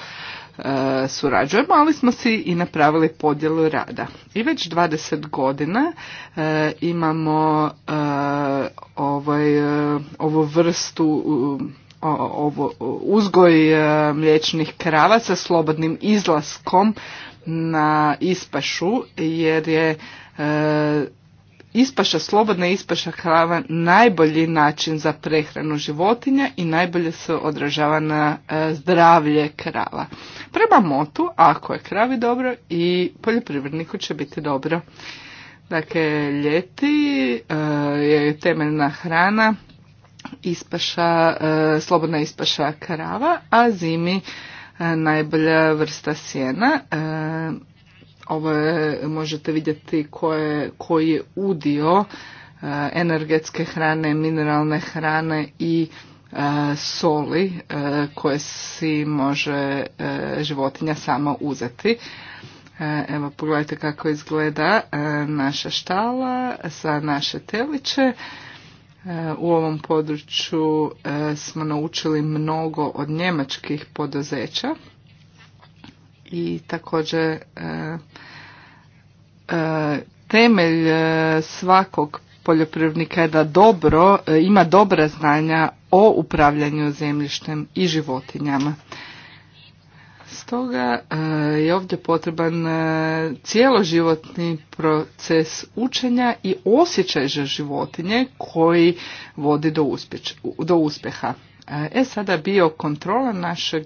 surađujemo, ali smo si i napravili podjelu rada. I već 20 godina imamo ovaj, ovu vrstu uzgoj e, mliječnih krava sa slobodnim izlaskom na ispašu jer je e, ispaša, slobodna ispaša krava najbolji način za prehranu životinja i najbolje se odražava na e, zdravlje krava. Prema motu, ako je kravi dobro i poljoprivredniku će biti dobro. Dakle, ljeti je temeljna hrana ispaša, e, slobodna ispaša krava, a zimi e, najbolja vrsta sjena. E, ovo je, možete vidjeti koje, koji je udio energetske hrane, mineralne hrane i soli koje si može životinja sama uzeti. Evo pogledajte kako izgleda naša štala sa naše teliće. E, u ovom području e, smo naučili mnogo od njemačkih poduzeća i također e, temelj svakog poljoprivrednika je da dobro, ima dobra znanja o upravljanju zemljištem i životinjama. Toga e, je ovdje potreban e, cijeloživotni proces učenja i osjećaj za životinje koji vodi do, uspjeć, do uspjeha. E, e sada bio kontrola našeg,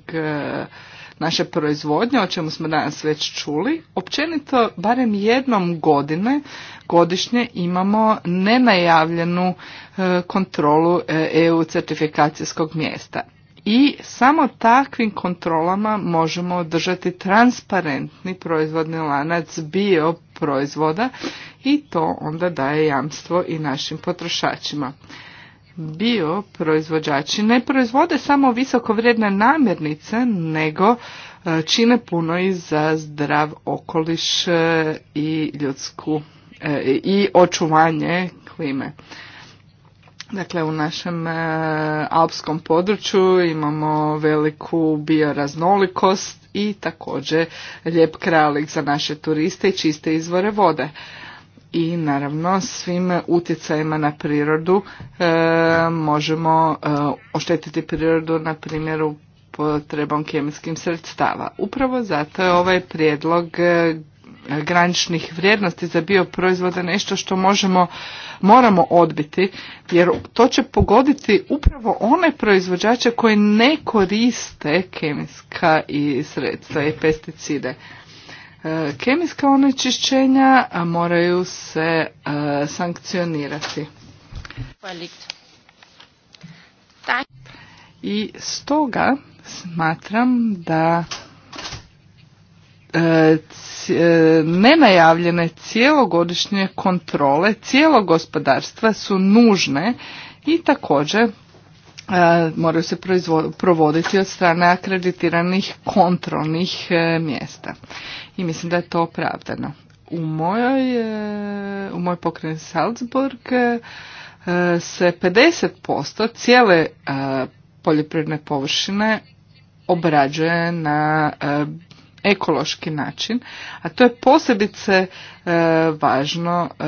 naše proizvodnje, o čemu smo danas već čuli. Općenito, barem jednom godine, godišnje imamo nenajavljenu kontrolu EU certifikacijskog mjesta i samo takvim kontrolama možemo održati transparentni proizvodni lanac bio proizvoda i to onda daje jamstvo i našim potrošačima. Bio proizvođači ne proizvode samo visoko vrijedne namirnice, nego e, čine puno i za zdrav okoliš e, i ljudsku e, i očuvanje klime. Dakle, u našem e, alpskom području imamo veliku bioraznolikost i također lijep kralik za naše turiste i čiste izvore vode. I naravno svim utjecajima na prirodu e, možemo e, oštetiti prirodu na primjeru potrebom kemijskim sredstava. Upravo zato je ovaj prijedlog graničnih vrijednosti za bioproizvode nešto što možemo, moramo odbiti jer to će pogoditi upravo one proizvođače koji ne koriste kemijska i sredstva i pesticide. E, kemijska onečišćenja moraju se e, sankcionirati. I stoga smatram da E, e, nenajavljene cijelogodišnje kontrole cijelog gospodarstva su nužne i također e, moraju se provoditi od strane akreditiranih kontrolnih mjesta. I mislim da je to opravdano. U mojoj, u mojoj Salzburg se 50% cijele poljoprivredne površine obrađuje na ekološki način, a to je posebice e, važno e,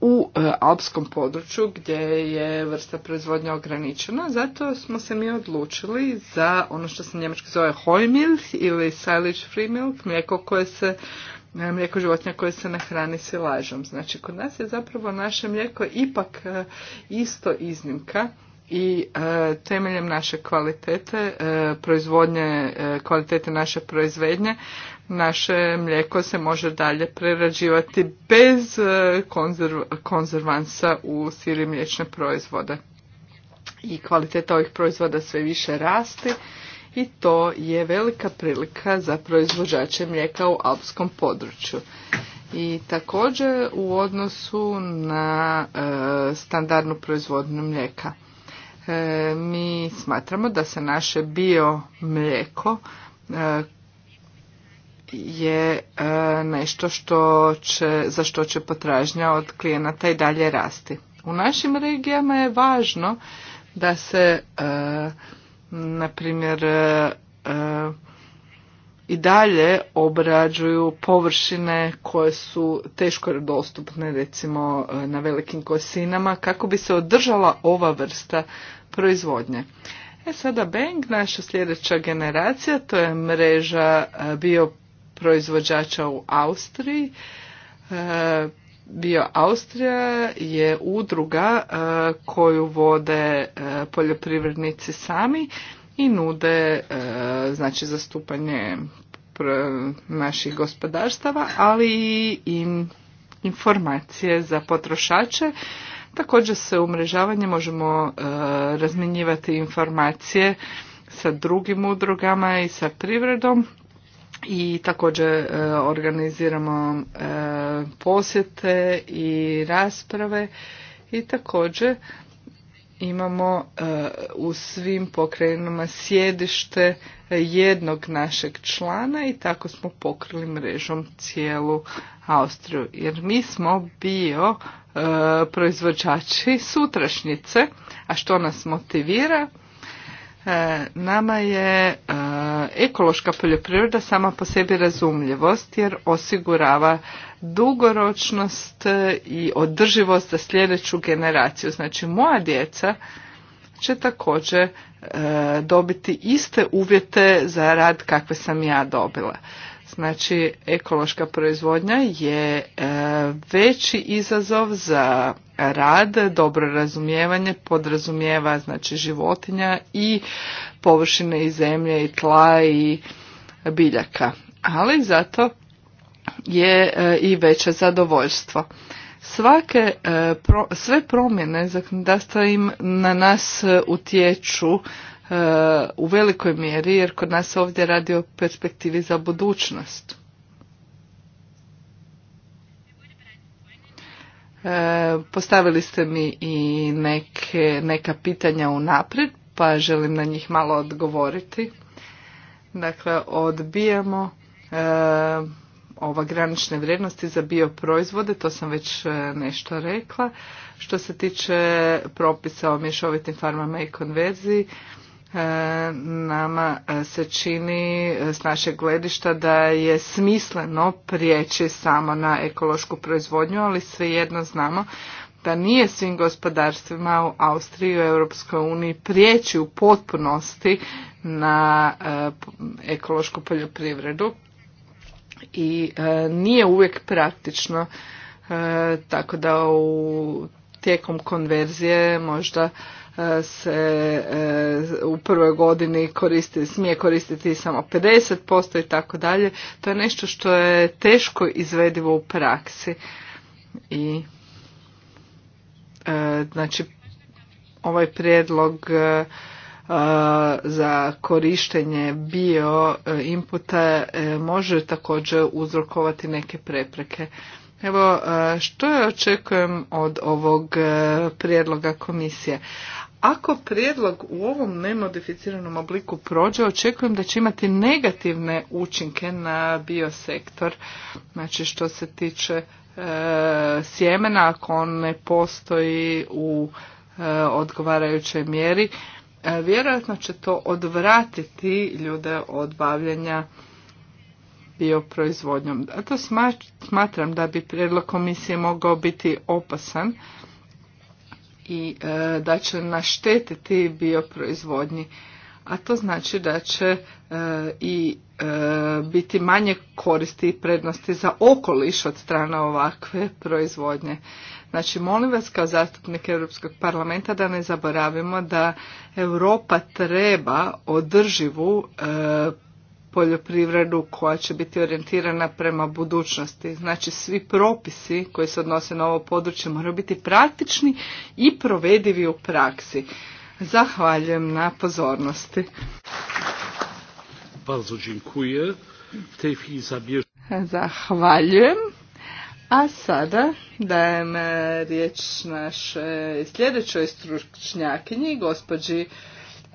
u e, alpskom području gdje je vrsta proizvodnja ograničena, zato smo se mi odlučili za ono što se njemački zove hojmilk ili silage free milk, mlijeko koje se mlijeko životinja koje se nahrani silažom. Znači, kod nas je zapravo naše mlijeko ipak isto iznimka i e, temeljem naše kvalitete, e, proizvodnje, e, kvalitete naše proizvodnje, naše mlijeko se može dalje prerađivati bez konzerv, konzervansa u siri mliječne proizvode. I kvaliteta ovih proizvoda sve više rasti i to je velika prilika za proizvođače mlijeka u alpskom području. I također u odnosu na standardnu proizvodnju mlijeka. E, mi smatramo da se naše bio mlijeko e, je e, nešto što će, za što će potražnja od klijenata i dalje rasti. U našim regijama je važno da se na primjer i dalje obrađuju površine koje su teško dostupne recimo na velikim kosinama kako bi se održala ova vrsta proizvodnje. E sada Beng, naša sljedeća generacija, to je mreža e, bio proizvođača u Austriji. E, bio Austrija je udruga e, koju vode poljoprivrednici sami i nude znači zastupanje naših gospodarstava, ali i informacije za potrošače Također se umrežavanje možemo e, razmjenjivati informacije sa drugim udrugama i sa privredom i također e, organiziramo e, posjete i rasprave i također imamo u svim pokrajinama sjedište jednog našeg člana i tako smo pokrili mrežom cijelu Austriju. Jer mi smo bio E, proizvođači sutrašnjice. A što nas motivira? E, nama je e, ekološka poljoprivreda sama po sebi razumljivost jer osigurava dugoročnost i održivost za sljedeću generaciju. Znači moja djeca će također dobiti iste uvjete za rad kakve sam ja dobila. Znači, ekološka proizvodnja je e, veći izazov za rad, dobro razumijevanje podrazumijeva znači životinja i površine i zemlje i tla i biljaka. Ali zato je e, i veće zadovoljstvo. Svake, e, sve promjene zakonodavstva im na nas utječu u velikoj mjeri jer kod nas ovdje radi o perspektivi za budućnost. E, postavili ste mi i neke, neka pitanja unaprijed, pa želim na njih malo odgovoriti. Dakle, odbijamo e, ova granične vrijednosti za bioproizvode, to sam već e, nešto rekla. Što se tiče propisa o mješovitim farmama i konverziji, E, nama e, se čini e, s našeg gledišta da je smisleno prijeći samo na ekološku proizvodnju, ali svejedno znamo da nije svim gospodarstvima u Austriji i u Europskoj uniji prijeći u potpunosti na ekološku poljoprivredu i nije uvijek praktično tako da u tijekom konverzije možda se e, u prvoj godini smije koristiti samo 50% i tako dalje. To je nešto što je teško izvedivo u praksi. I e, znači ovaj prijedlog e, za korištenje bio inputa može također uzrokovati neke prepreke. Evo, što ja očekujem od ovog prijedloga komisije? Ako prijedlog u ovom nemodificiranom obliku prođe, očekujem da će imati negativne učinke na biosektor, znači što se tiče e, sjemena, ako on ne postoji u e, odgovarajućoj mjeri, e, vjerojatno će to odvratiti ljude od bavljenja bioproizvodnjom. A to smatram da bi prijedlog komisije mogao biti opasan i e, da će naštetiti bioproizvodnji. A to znači da će e, i e, biti manje koristi i prednosti za okoliš od strane ovakve proizvodnje. Znači, molim vas kao zastupnik Europskog parlamenta da ne zaboravimo da Europa treba održivu poljoprivredu koja će biti orijentirana prema budućnosti. Znači svi propisi koji se odnose na ovo područje moraju biti praktični i provedivi u praksi. Zahvaljujem na pozornosti. Zahvaljujem. A sada dajem e, riječ našoj sljedećoj stručnjakinji, gospođi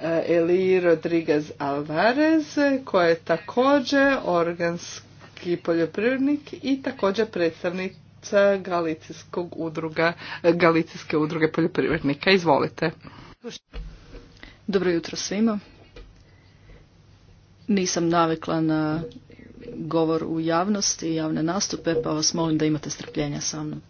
E, Eli Rodriguez Alvarez koja je također organski poljoprivrednik i također predstavnica Galicijskog udruga, e, Galicijske udruge poljoprivrednika. Izvolite. Dobro jutro svima. Nisam navikla na govor u javnosti i javne nastupe, pa vas molim da imate strpljenja sa mnom.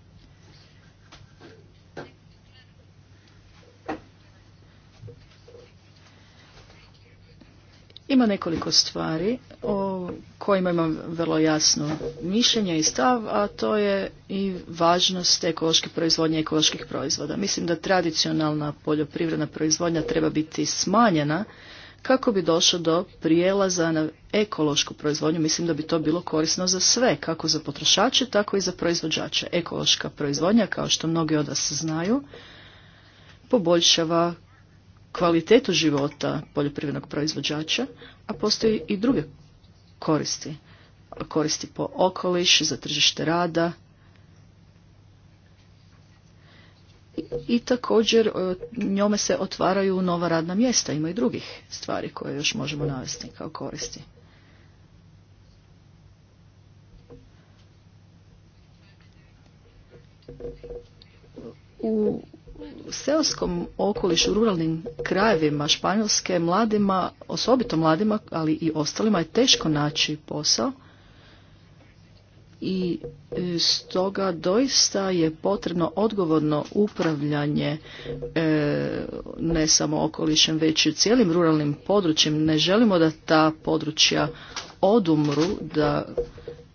Ima nekoliko stvari o kojima imam vrlo jasno mišljenje i stav, a to je i važnost ekološke proizvodnje i ekoloških proizvoda. Mislim da tradicionalna poljoprivredna proizvodnja treba biti smanjena kako bi došlo do prijelaza na ekološku proizvodnju. Mislim da bi to bilo korisno za sve, kako za potrošače, tako i za proizvođače. Ekološka proizvodnja, kao što mnogi od vas znaju, poboljšava kvalitetu života poljoprivrednog proizvođača, a postoji i druge koristi. Koristi po okoliš, za tržište rada i također e, njome se otvaraju nova radna mjesta, ima i drugih stvari koje još možemo navesti kao koristi. U u seoskom okolišu, ruralnim krajevima Španjolske, mladima, osobito mladima, ali i ostalima je teško naći posao i e, stoga doista je potrebno odgovorno upravljanje e, ne samo okolišem već i cijelim ruralnim područjem. Ne želimo da ta područja odumru, da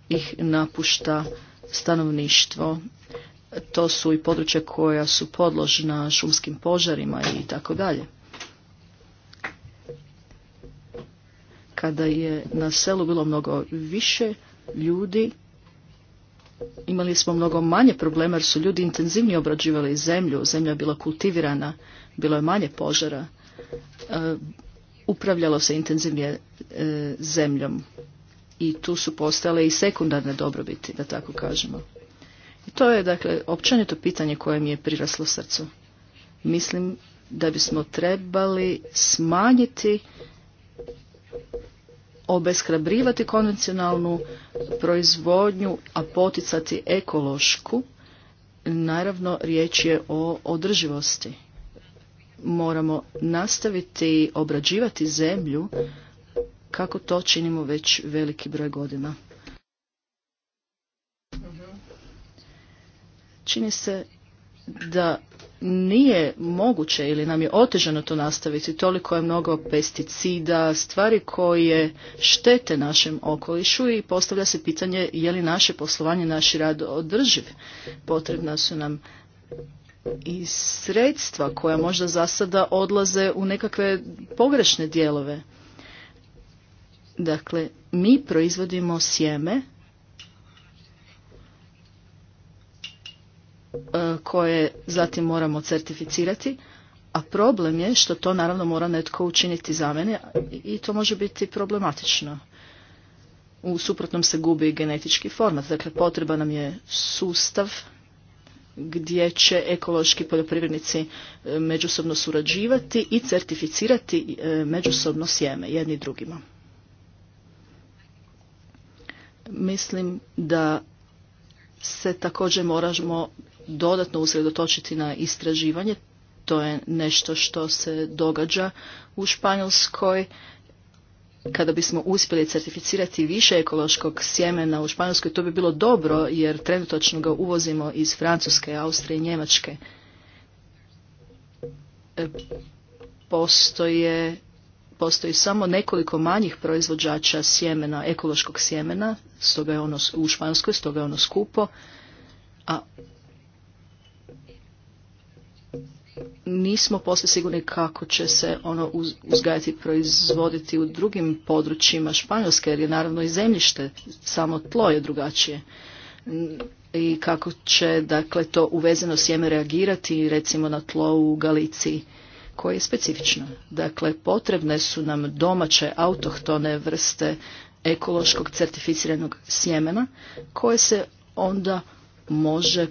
ih napušta stanovništvo to su i područja koja su podložna šumskim požarima i tako dalje. Kada je na selu bilo mnogo više ljudi, imali smo mnogo manje problema jer su ljudi intenzivnije obrađivali zemlju, zemlja je bila kultivirana, bilo je manje požara, e, upravljalo se intenzivnije e, zemljom i tu su postale i sekundarne dobrobiti, da tako kažemo. To je, dakle, općenito pitanje koje mi je priraslo srcu. Mislim da bismo trebali smanjiti, obeshrabrivati konvencionalnu proizvodnju, a poticati ekološku. Naravno, riječ je o održivosti. Moramo nastaviti obrađivati zemlju kako to činimo već veliki broj godina. Čini se da nije moguće ili nam je otežano to nastaviti. Toliko je mnogo pesticida, stvari koje štete našem okolišu i postavlja se pitanje je li naše poslovanje, naši rad održiv. Potrebna su nam i sredstva koja možda za sada odlaze u nekakve pogrešne dijelove. Dakle, mi proizvodimo sjeme E, koje zatim moramo certificirati, a problem je što to naravno mora netko učiniti za mene i to može biti problematično. U suprotnom se gubi genetički format, dakle potreba nam je sustav gdje će ekološki poljoprivrednici e, međusobno surađivati i certificirati e, međusobno sjeme jedni drugima. Mislim da se također moramo dodatno usredotočiti na istraživanje. To je nešto što se događa u Španjolskoj. Kada bismo uspjeli certificirati više ekološkog sjemena u Španjolskoj, to bi bilo dobro jer trenutno ga uvozimo iz Francuske, Austrije i Njemačke. E, postoji samo nekoliko manjih proizvođača sjemena, ekološkog sjemena, stoga je ono u Španjolskoj, stoga je ono skupo, a nismo posve sigurni kako će se ono uzgajati proizvoditi u drugim područjima Španjolske, jer je naravno i zemljište, samo tlo je drugačije. I kako će dakle to uvezeno sjeme reagirati recimo na tlo u Galiciji koje je specifično. Dakle, potrebne su nam domaće autohtone vrste ekološkog certificiranog sjemena koje se onda može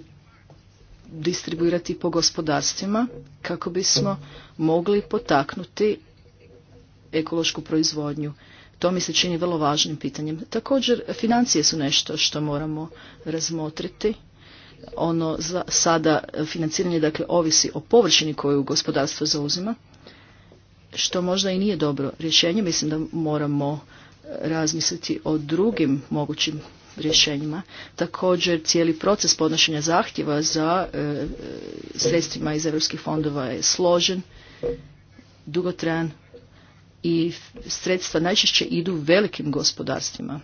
distribuirati po gospodarstvima kako bismo mogli potaknuti ekološku proizvodnju. To mi se čini vrlo važnim pitanjem. Također, financije su nešto što moramo razmotriti. Ono za sada financiranje dakle ovisi o površini koju gospodarstvo zauzima, što možda i nije dobro rješenje. Mislim da moramo razmisliti o drugim mogućim rješenjima. Također cijeli proces podnošenja zahtjeva za e, e, sredstvima iz europskih fondova je složen, dugotrajan i sredstva najčešće idu velikim gospodarstvima.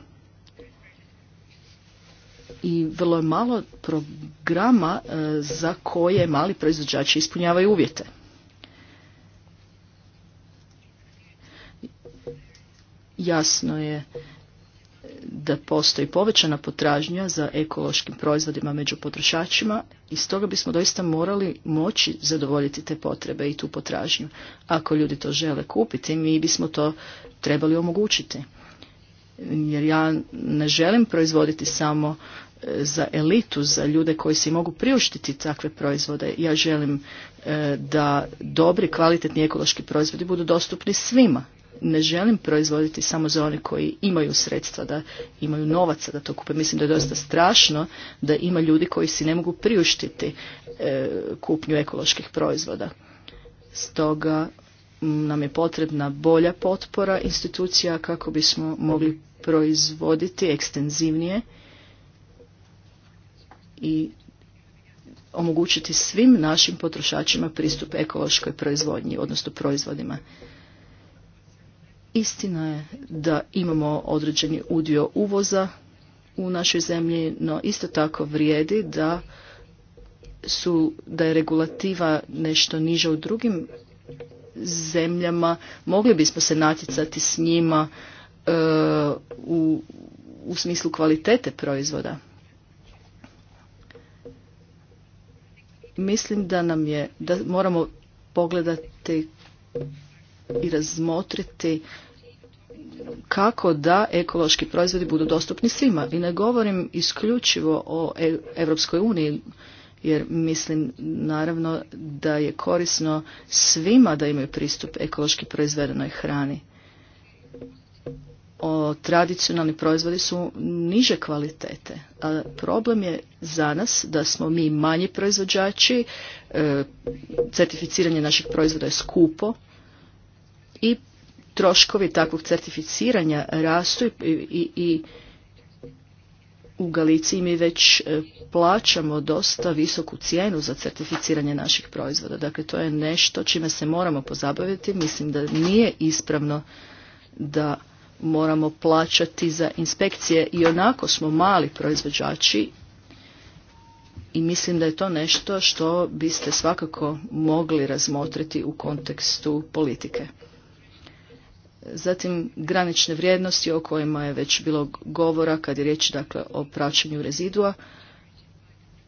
I vrlo je malo programa e, za koje mali proizvođači ispunjavaju uvjete. Jasno je da postoji povećana potražnja za ekološkim proizvodima među potrošačima i stoga bismo doista morali moći zadovoljiti te potrebe i tu potražnju. Ako ljudi to žele kupiti, mi bismo to trebali omogućiti. Jer ja ne želim proizvoditi samo e, za elitu, za ljude koji si mogu priuštiti takve proizvode. Ja želim e, da dobri, kvalitetni ekološki proizvodi budu dostupni svima ne želim proizvoditi samo za one koji imaju sredstva, da imaju novaca da to kupe. Mislim da je dosta strašno da ima ljudi koji si ne mogu priuštiti e, kupnju ekoloških proizvoda. Stoga nam je potrebna bolja potpora institucija kako bismo mogli proizvoditi ekstenzivnije i omogućiti svim našim potrošačima pristup ekološkoj proizvodnji, odnosno proizvodima. Istina je da imamo određeni udio uvoza u našoj zemlji, no isto tako vrijedi da su, da je regulativa nešto niža u drugim zemljama, mogli bismo se natjecati s njima e, u, u smislu kvalitete proizvoda. Mislim da nam je, da moramo pogledati i razmotriti kako da ekološki proizvodi budu dostupni svima. I ne govorim isključivo o Europskoj uniji, jer mislim naravno da je korisno svima da imaju pristup ekološki proizvedenoj hrani. O, tradicionalni proizvodi su niže kvalitete. A problem je za nas da smo mi manji proizvođači, e, certificiranje naših proizvoda je skupo, i troškovi takvog certificiranja rastu i, i, i u Galiciji mi već e, plaćamo dosta visoku cijenu za certificiranje naših proizvoda. Dakle, to je nešto čime se moramo pozabaviti. Mislim da nije ispravno da moramo plaćati za inspekcije i onako smo mali proizvođači i mislim da je to nešto što biste svakako mogli razmotriti u kontekstu politike. Zatim granične vrijednosti o kojima je već bilo govora kad je riječ dakle, o praćenju rezidua.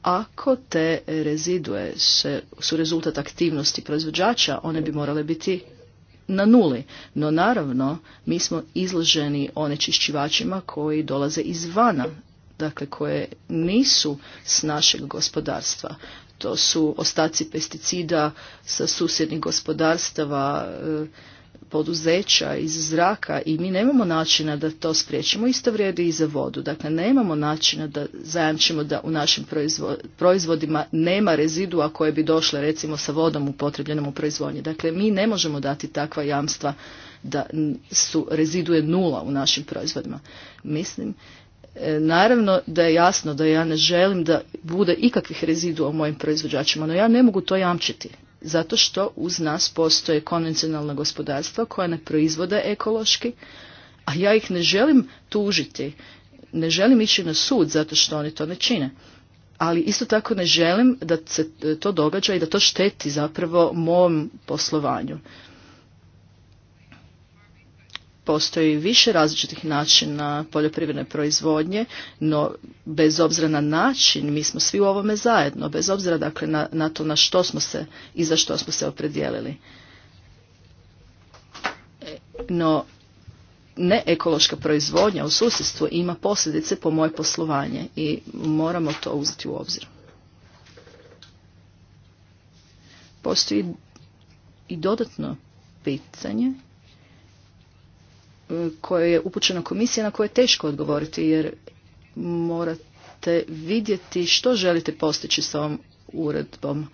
Ako te rezidue se, su rezultat aktivnosti proizvođača, one bi morale biti na nuli. No naravno, mi smo izloženi onečišćivačima koji dolaze izvana, dakle koje nisu s našeg gospodarstva. To su ostaci pesticida sa susjednih gospodarstava, poduzeća iz zraka i mi nemamo načina da to spriječimo. Isto vrijedi i za vodu. Dakle, nemamo načina da zajamčimo da u našim proizvodima nema rezidua koje bi došle recimo sa vodom upotrebljenom u proizvodnji. Dakle, mi ne možemo dati takva jamstva da su rezidue nula u našim proizvodima. Mislim, e, Naravno da je jasno da ja ne želim da bude ikakvih rezidua u mojim proizvođačima, no ja ne mogu to jamčiti zato što uz nas postoje konvencionalna gospodarstva koja ne proizvode ekološki, a ja ih ne želim tužiti, ne želim ići na sud zato što oni to ne čine. Ali isto tako ne želim da se to događa i da to šteti zapravo mom poslovanju postoji više različitih načina poljoprivredne proizvodnje, no bez obzira na način mi smo svi u ovome zajedno, bez obzira dakle na, na to na što smo se i za što smo se opredijelili. No, ne ekološka proizvodnja u susjedstvu ima posljedice po moje poslovanje i moramo to uzeti u obzir. Postoji i dodatno pitanje koje je upućeno komisija na koje je teško odgovoriti jer morate vidjeti što želite postići s ovom uredbom.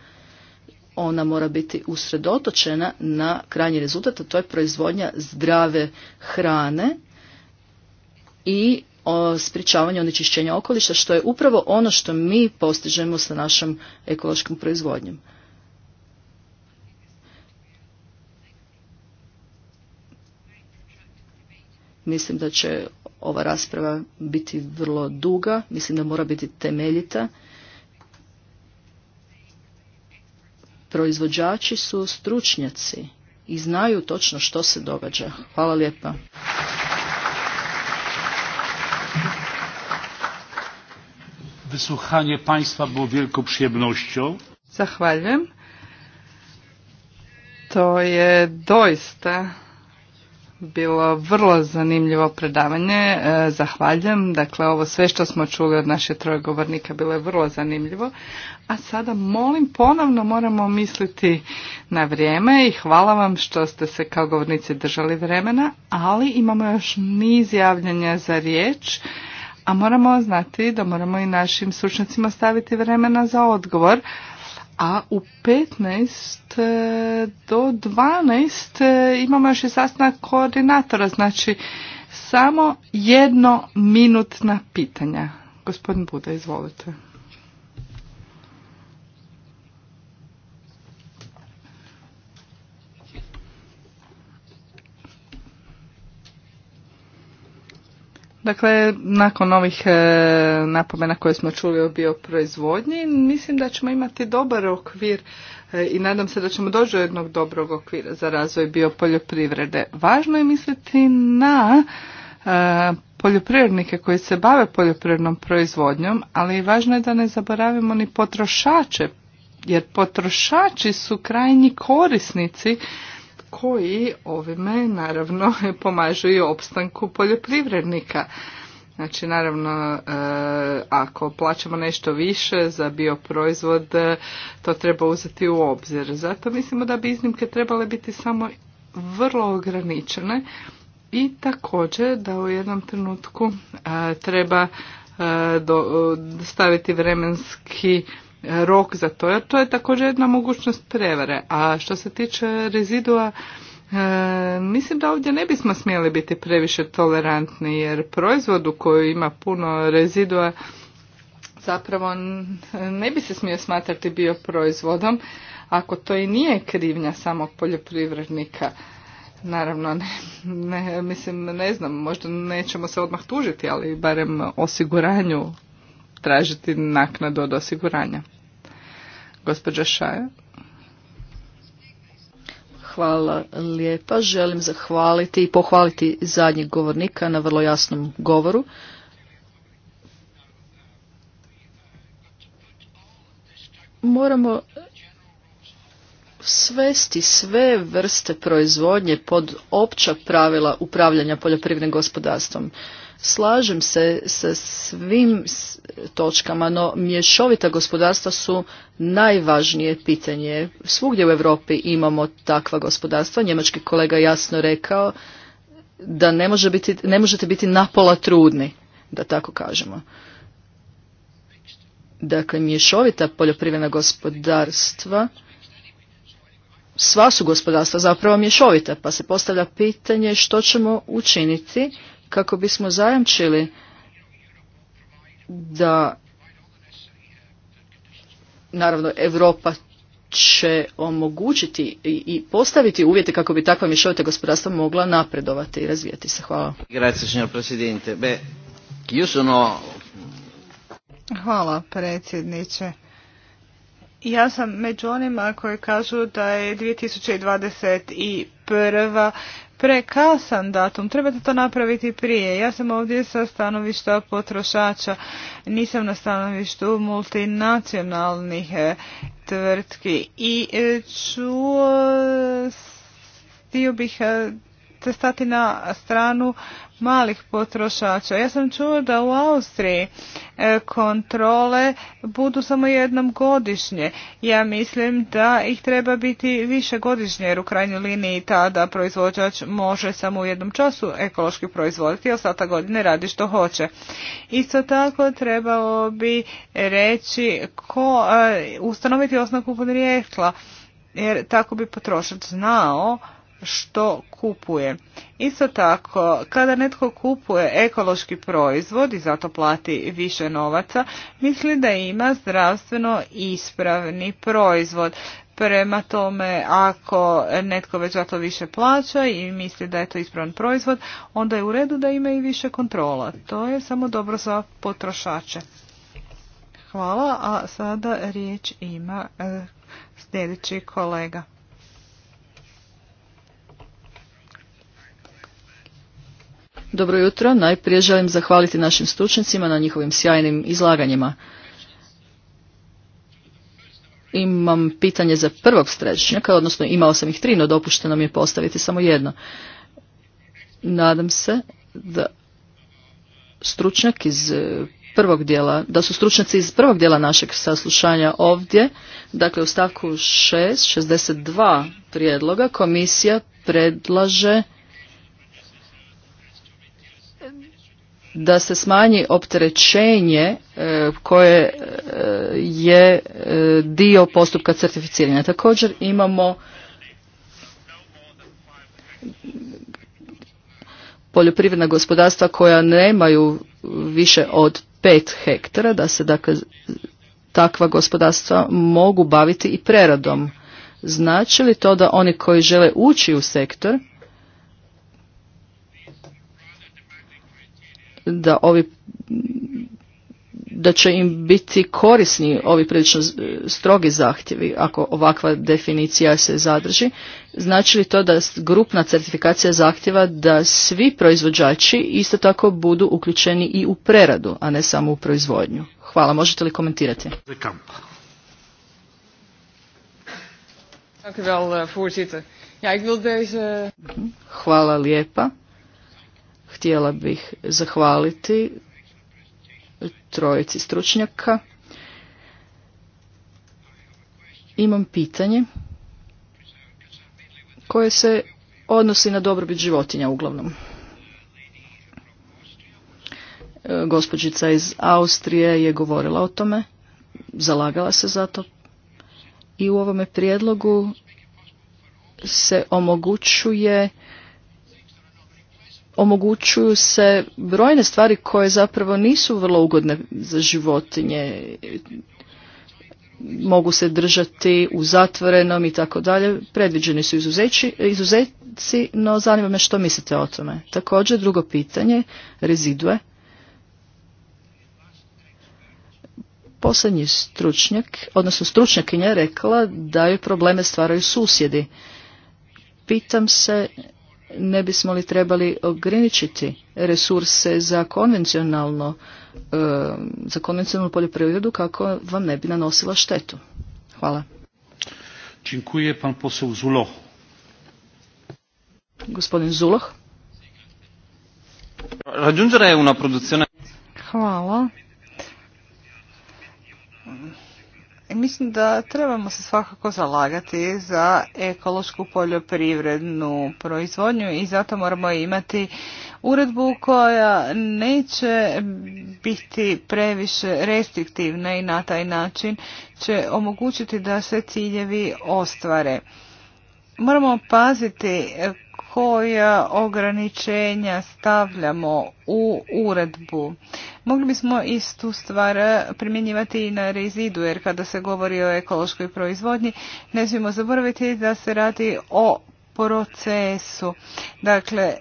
Ona mora biti usredotočena na krajnji rezultat, a to je proizvodnja zdrave hrane i sprječavanje onečišćenja okoliša, što je upravo ono što mi postižemo sa našom ekološkom proizvodnjom. Mislim da će ova rasprava biti vrlo duga, mislim da mora biti temeljita. Proizvođači su stručnjaci i znaju točno što se događa. Hvala lijepa. Wysłuchanie Państwa było wielką przyjemnością. Zahvaljujem. To je doista bilo vrlo zanimljivo predavanje. E, zahvaljujem. Dakle, ovo sve što smo čuli od naše troje govornika bilo je vrlo zanimljivo. A sada molim, ponovno moramo misliti na vrijeme i hvala vam što ste se kao govornici držali vremena, ali imamo još niz javljanja za riječ. A moramo znati da moramo i našim sučnicima staviti vremena za odgovor a u 15 e, do 12 e, imamo još i sastanak koordinatora, znači samo jedno minutna pitanja. Gospodin Buda, izvolite. Dakle, nakon ovih e, napomena koje smo čuli o bioproizvodnji, mislim da ćemo imati dobar okvir e, i nadam se da ćemo doći do jednog dobrog okvira za razvoj biopoljoprivrede. Važno je misliti na e, poljoprivrednike koji se bave poljoprivrednom proizvodnjom, ali važno je da ne zaboravimo ni potrošače, jer potrošači su krajnji korisnici koji ovime naravno pomažu i opstanku poljoprivrednika. Znači naravno e, ako plaćamo nešto više za bioproizvod e, to treba uzeti u obzir. Zato mislimo da bi iznimke trebale biti samo vrlo ograničene i također da u jednom trenutku e, treba e, staviti vremenski rok za to, jer to je također jedna mogućnost prevare. A što se tiče rezidua, e, mislim da ovdje ne bismo smjeli biti previše tolerantni jer proizvodu koji ima puno rezidua zapravo ne bi se smio smatrati bio proizvodom ako to i nije krivnja samog poljoprivrednika. Naravno, ne, mislim, ne znam, možda nećemo se odmah tužiti, ali barem osiguranju tražiti naknadu od osiguranja. Gospođa Šaja. Hvala lijepa. Želim zahvaliti i pohvaliti zadnjeg govornika na vrlo jasnom govoru. Moramo svesti sve vrste proizvodnje pod opća pravila upravljanja poljoprivrednim gospodarstvom. Slažem se sa svim točkama, no mješovita gospodarstva su najvažnije pitanje. Svugdje u Europi imamo takva gospodarstva. Njemački kolega jasno rekao da ne, može biti, ne možete biti napola trudni, da tako kažemo. Dakle, mješovita poljoprivredna gospodarstva sva su gospodarstva zapravo mješovita, pa se postavlja pitanje što ćemo učiniti kako bismo zajamčili da naravno Europa će omogućiti i postaviti uvjete kako bi takva mješovita gospodarstva mogla napredovati i razvijati se. Hvala. Hvala, predsjedniče. Ja sam među onima koji kažu da je 2021. prekasan datum. Trebate to napraviti prije. Ja sam ovdje sa stanovišta potrošača. Nisam na stanovištu multinacionalnih e, tvrtki. I e, čuo htio bih e, testati stati na stranu malih potrošača. Ja sam čuo da u Austriji e, kontrole budu samo jednom godišnje. Ja mislim da ih treba biti više godišnje jer u krajnjoj liniji tada proizvođač može samo u jednom času ekološki proizvoditi, a sata godine radi što hoće. Isto tako trebalo bi reći ko, e, ustanoviti osnovu podrijetla jer tako bi potrošač znao što kupuje. Isto tako, kada netko kupuje ekološki proizvod i zato plati više novaca, misli da ima zdravstveno ispravni proizvod. Prema tome, ako netko već zato više plaća i misli da je to ispravan proizvod, onda je u redu da ima i više kontrola. To je samo dobro za potrošače. Hvala, a sada riječ ima eh, sljedeći kolega. Dobro jutro. Najprije želim zahvaliti našim stručnicima na njihovim sjajnim izlaganjima. Imam pitanje za prvog strežnjaka, odnosno imao sam ih tri, no dopušteno mi je postaviti samo jedno. Nadam se da stručnjak iz prvog dijela, da su stručnjaci iz prvog dijela našeg saslušanja ovdje, dakle u stavku 6, 62 prijedloga, komisija predlaže da se smanji opterećenje e, koje e, je e, dio postupka certificiranja. Također imamo poljoprivredna gospodarstva koja nemaju više od pet hektara, da se dakle takva gospodarstva mogu baviti i preradom. Znači li to da oni koji žele ući u sektor da ovi da će im biti korisni ovi prilično strogi zahtjevi ako ovakva definicija se zadrži. Znači li to da grupna certifikacija zahtjeva da svi proizvođači isto tako budu uključeni i u preradu, a ne samo u proizvodnju? Hvala, možete li komentirati? Eh, mhm. Hvala lijepa. Htjela bih zahvaliti trojici stručnjaka. Imam pitanje koje se odnosi na dobrobit životinja uglavnom. Gospođica iz Austrije je govorila o tome, zalagala se za to i u ovome prijedlogu se omogućuje omogućuju se brojne stvari koje zapravo nisu vrlo ugodne za životinje. Mogu se držati u zatvorenom i tako dalje. Predviđeni su izuzeći, izuzetci, no zanima me što mislite o tome. Također drugo pitanje, rezidue. Posljednji stručnjak, odnosno stručnjakinja rekla da joj probleme stvaraju susjedi. Pitam se ne bismo li trebali ograničiti resurse za konvencionalno e, za konvencionalnu poljoprivredu kako vam ne bi nanosila štetu. Hvala. Dziękuję pan poseł Zuloh. Gospodin Zuloh. Hvala. Mislim da trebamo se svakako zalagati za ekološku poljoprivrednu proizvodnju i zato moramo imati uredbu koja neće biti previše restriktivna i na taj način će omogućiti da se ciljevi ostvare. Moramo paziti koja ograničenja stavljamo u uredbu. Mogli bismo istu stvar primjenjivati i na rezidu, jer kada se govori o ekološkoj proizvodnji, ne smijemo zaboraviti da se radi o procesu. Dakle,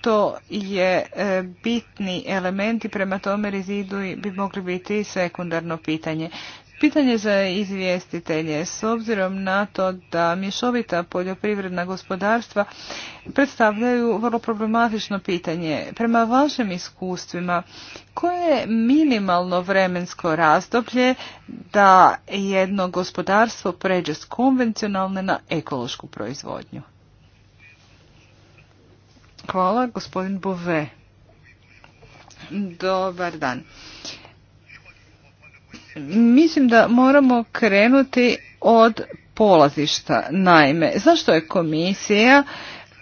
to je e, bitni element i prema tome rezidu bi mogli biti sekundarno pitanje. Pitanje za izvjestitelje, s obzirom na to da mješovita poljoprivredna gospodarstva predstavljaju vrlo problematično pitanje. Prema vašim iskustvima, koje je minimalno vremensko razdoblje da jedno gospodarstvo pređe s konvencionalne na ekološku proizvodnju? Hvala, gospodin Bove. Dobar dan mislim da moramo krenuti od polazišta. Naime, zašto je komisija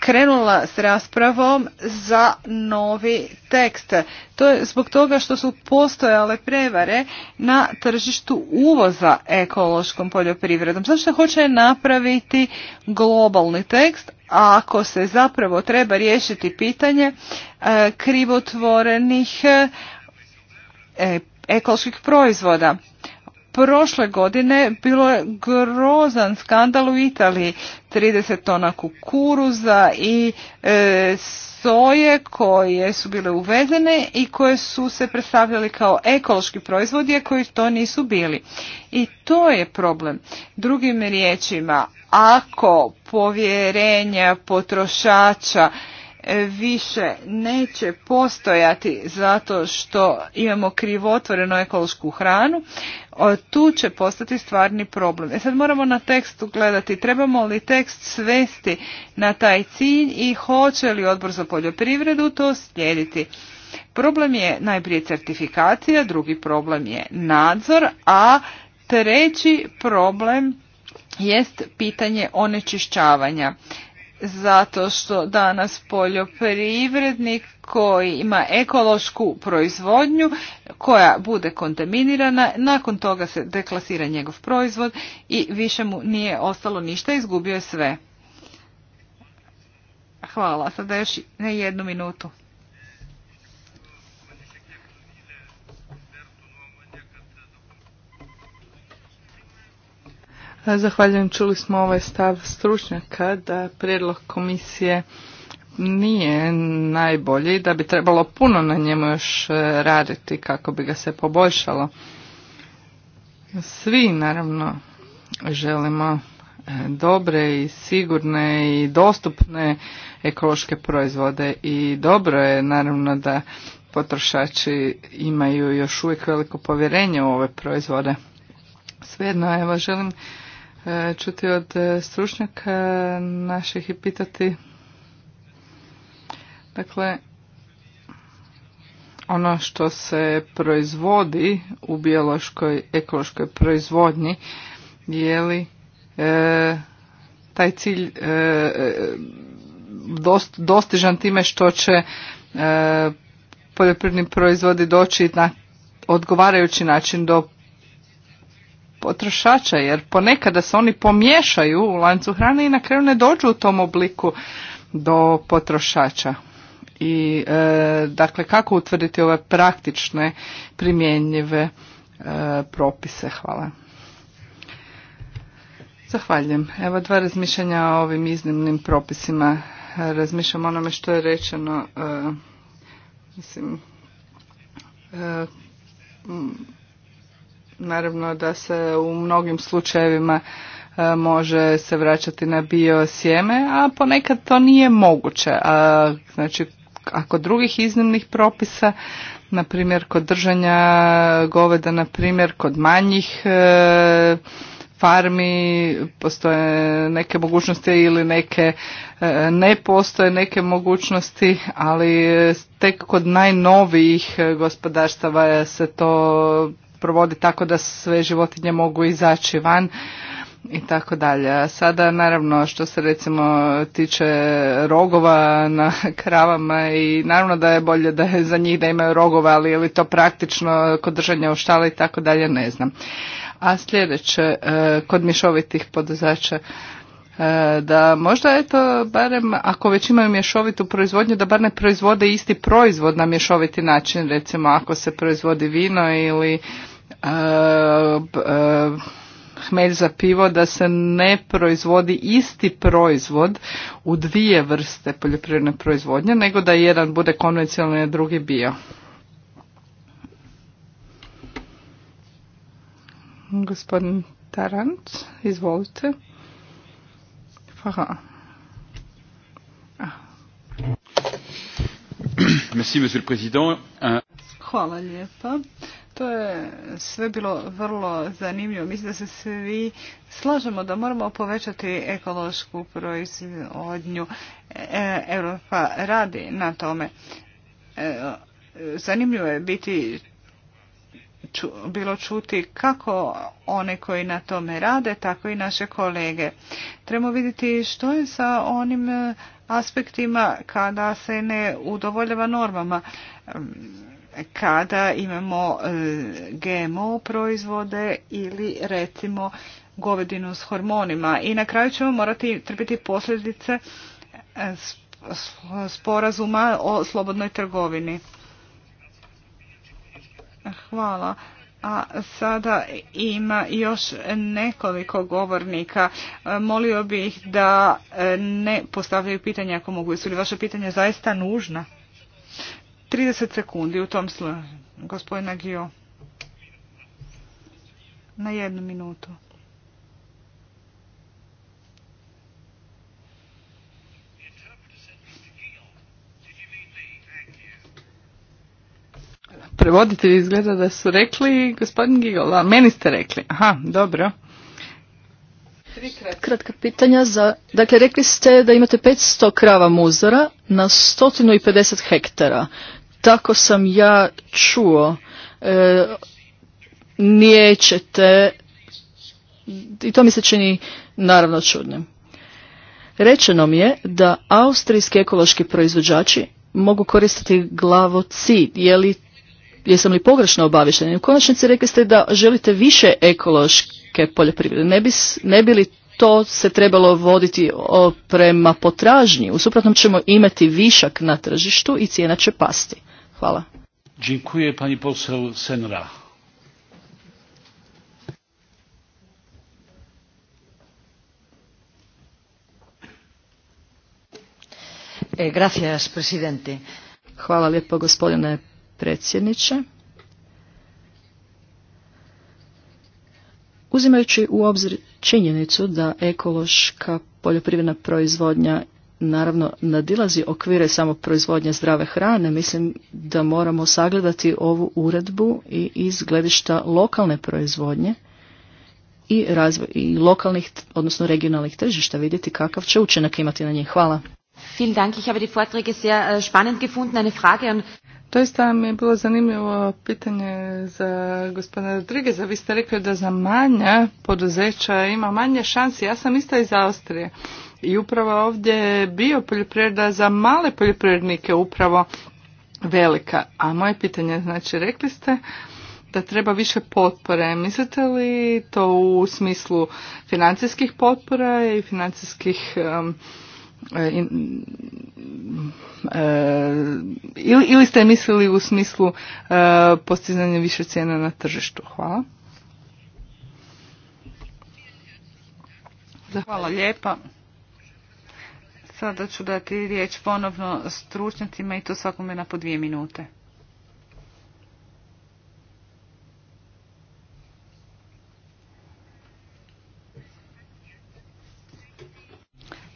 krenula s raspravom za novi tekst? To je zbog toga što su postojale prevare na tržištu uvoza ekološkom poljoprivredom. Zašto hoće napraviti globalni tekst ako se zapravo treba riješiti pitanje e, krivotvorenih e, ekoloških proizvoda. Prošle godine bilo je grozan skandal u Italiji. 30 tona kukuruza i e, soje koje su bile uvezene i koje su se predstavljali kao ekološki proizvodi, a koji to nisu bili. I to je problem. Drugim riječima, ako povjerenja potrošača više neće postojati zato što imamo krivotvorenu ekološku hranu, tu će postati stvarni problem. E sad moramo na tekstu gledati, trebamo li tekst svesti na taj cilj i hoće li odbor za poljoprivredu to slijediti. Problem je najprije certifikacija, drugi problem je nadzor, a treći problem jest pitanje onečišćavanja zato što danas poljoprivrednik koji ima ekološku proizvodnju koja bude kontaminirana, nakon toga se deklasira njegov proizvod i više mu nije ostalo ništa, izgubio je sve. Hvala, sada još na jednu minutu. E, zahvaljujem, čuli smo ovaj stav stručnjaka da prijedlog komisije nije najbolji, da bi trebalo puno na njemu još e, raditi kako bi ga se poboljšalo. Svi naravno želimo e, dobre i sigurne i dostupne ekološke proizvode i dobro je naravno da potrošači imaju još uvijek veliko povjerenje u ove proizvode. Svejedno, evo želim čuti od e, stručnjaka naših i pitati. Dakle, ono što se proizvodi u biološkoj, ekološkoj proizvodnji, je li e, taj cilj e, dost, dostižan time što će e, poljoprivredni proizvodi doći na odgovarajući način do potrošača jer ponekada se oni pomiješaju u lancu hrane i na kraju ne dođu u tom obliku do potrošača. I e, dakle kako utvrditi ove praktične primjenjive e, propise? Hvala. Zahvaljujem. Evo dva razmišljanja o ovim iznimnim propisima. Razmišljam onome što je rečeno, e, mislim, Naravno da se u mnogim slučajevima e, može se vraćati na bio sjeme, a ponekad to nije moguće. A, znači, ako drugih iznimnih propisa, na primjer kod držanja goveda, na primjer kod manjih e, farmi postoje neke mogućnosti ili neke e, ne postoje neke mogućnosti, ali tek kod najnovijih gospodarstava se to provodi tako da sve životinje mogu izaći van i tako dalje. Sada naravno što se recimo tiče rogova na kravama i naravno da je bolje da za njih da imaju rogova, ali je li to praktično kod držanja u štali i tako dalje ne znam. A sljedeće, e, kod mješovitih poduzača, e, da možda eto barem ako već imaju mješovitu proizvodnju da bar ne proizvode isti proizvod na mješoviti način recimo ako se proizvodi vino ili E, hmelj za pivo da se ne proizvodi isti proizvod u dvije vrste poljoprivredne proizvodnje, nego da jedan bude konvencionalni, a drugi bio. Gospodin Tarant, izvolite. Aha. Hvala lijepa. To je sve bilo vrlo zanimljivo. Mislim da se svi slažemo da moramo povećati ekološku proizvodnju. E, Europa radi na tome. E, zanimljivo je biti bilo čuti kako one koji na tome rade, tako i naše kolege. Trebamo vidjeti što je sa onim aspektima kada se ne udovoljava normama kada imamo e, GMO proizvode ili recimo govedinu s hormonima. I na kraju ćemo morati trpiti posljedice e, sporazuma o slobodnoj trgovini. Hvala. A sada ima još nekoliko govornika. E, molio bih da ne postavljaju pitanja ako mogu. jesu li vaše pitanje zaista nužna? 30 sekundi u tom slučaju. Gospodina Gio. Na jednu minutu. Prevoditelji izgleda da su rekli gospodin Gigola, meni ste rekli. Aha, dobro. Kratka pitanja za... Dakle, rekli ste da imate 500 krava muzara na 150 hektara. Tako sam ja čuo. E, i to mi se čini naravno čudnim. Rečeno mi je da austrijski ekološki proizvođači mogu koristiti glavocid. Je li, jesam li pogrešno obavišten? U konačnici rekli ste da želite više ekološke poljoprivrede. Ne ne bi li to se trebalo voditi prema potražnji? U suprotnom ćemo imati višak na tržištu i cijena će pasti. Hvala. Dziękuję pani poseł Senra. Eh, gracias, presidente. Hvala lijepo gospodine predsjedniče. Uzimajući u obzir činjenicu da ekološka poljoprivredna proizvodnja naravno nadilazi okvire samo proizvodnje zdrave hrane, mislim da moramo sagledati ovu uredbu i iz gledišta lokalne proizvodnje i, razvoj, i lokalnih, odnosno regionalnih tržišta, vidjeti kakav će učinak imati na njih. Hvala. Vielen Dank, ich Doista mi je bilo zanimljivo pitanje za gospodina Rodrigeza. Vi ste rekli da za manja poduzeća ima manje šansi. Ja sam ista iz Austrije. I upravo ovdje je bio poljoprivreda za male poljoprivrednike upravo velika. A moje pitanje, znači rekli ste da treba više potpore. Mislite li to u smislu financijskih potpora i financijskih ili, ste mislili u smislu e, postizanja više cijena na tržištu? Hvala. Hvala lijepa. Sada ću dati riječ ponovno stručnjacima i to svakome na po dvije minute.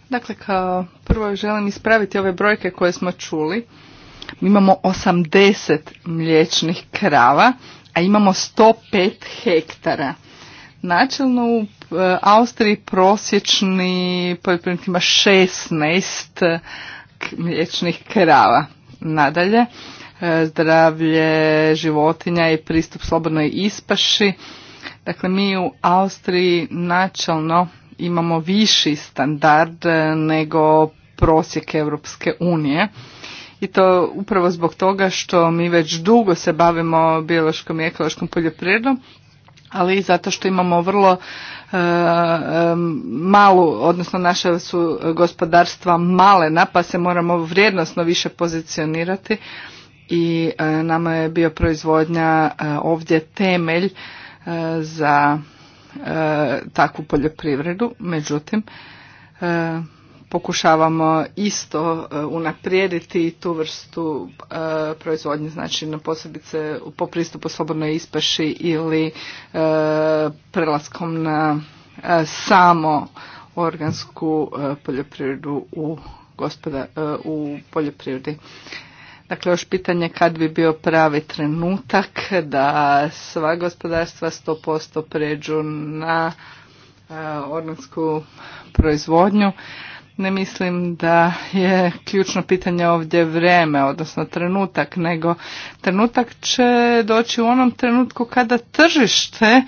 Dakle, kao prvo želim ispraviti ove brojke koje smo čuli. Mi imamo 80 mliječnih krava, a imamo 105 hektara. Načelno u Eh, Austriji prosječni poljoprivrednik ima 16 eh, mliječnih krava. Nadalje, eh, zdravlje životinja i pristup slobodnoj ispaši. Dakle, mi u Austriji načelno imamo viši standard nego prosjek Europske unije. I to upravo zbog toga što mi već dugo se bavimo biološkom i ekološkom poljoprivredom ali i zato što imamo vrlo e, e, malu, odnosno naše su gospodarstva na pa se moramo vrijednosno više pozicionirati i e, nama je bio proizvodnja ovdje temelj za takvu poljoprivredu. Međutim, pokušavamo isto e, unaprijediti tu vrstu e, proizvodnje, znači na posebice po pristupu slobodnoj ispaši ili e, prelaskom na samo organsku poljoprivredu u, gospoda, u poljoprivredi. Dakle, još pitanje kad bi bio pravi trenutak da sva gospodarstva 100% pređu na organsku proizvodnju ne mislim da je ključno pitanje ovdje vrijeme, odnosno trenutak, nego trenutak će doći u onom trenutku kada tržište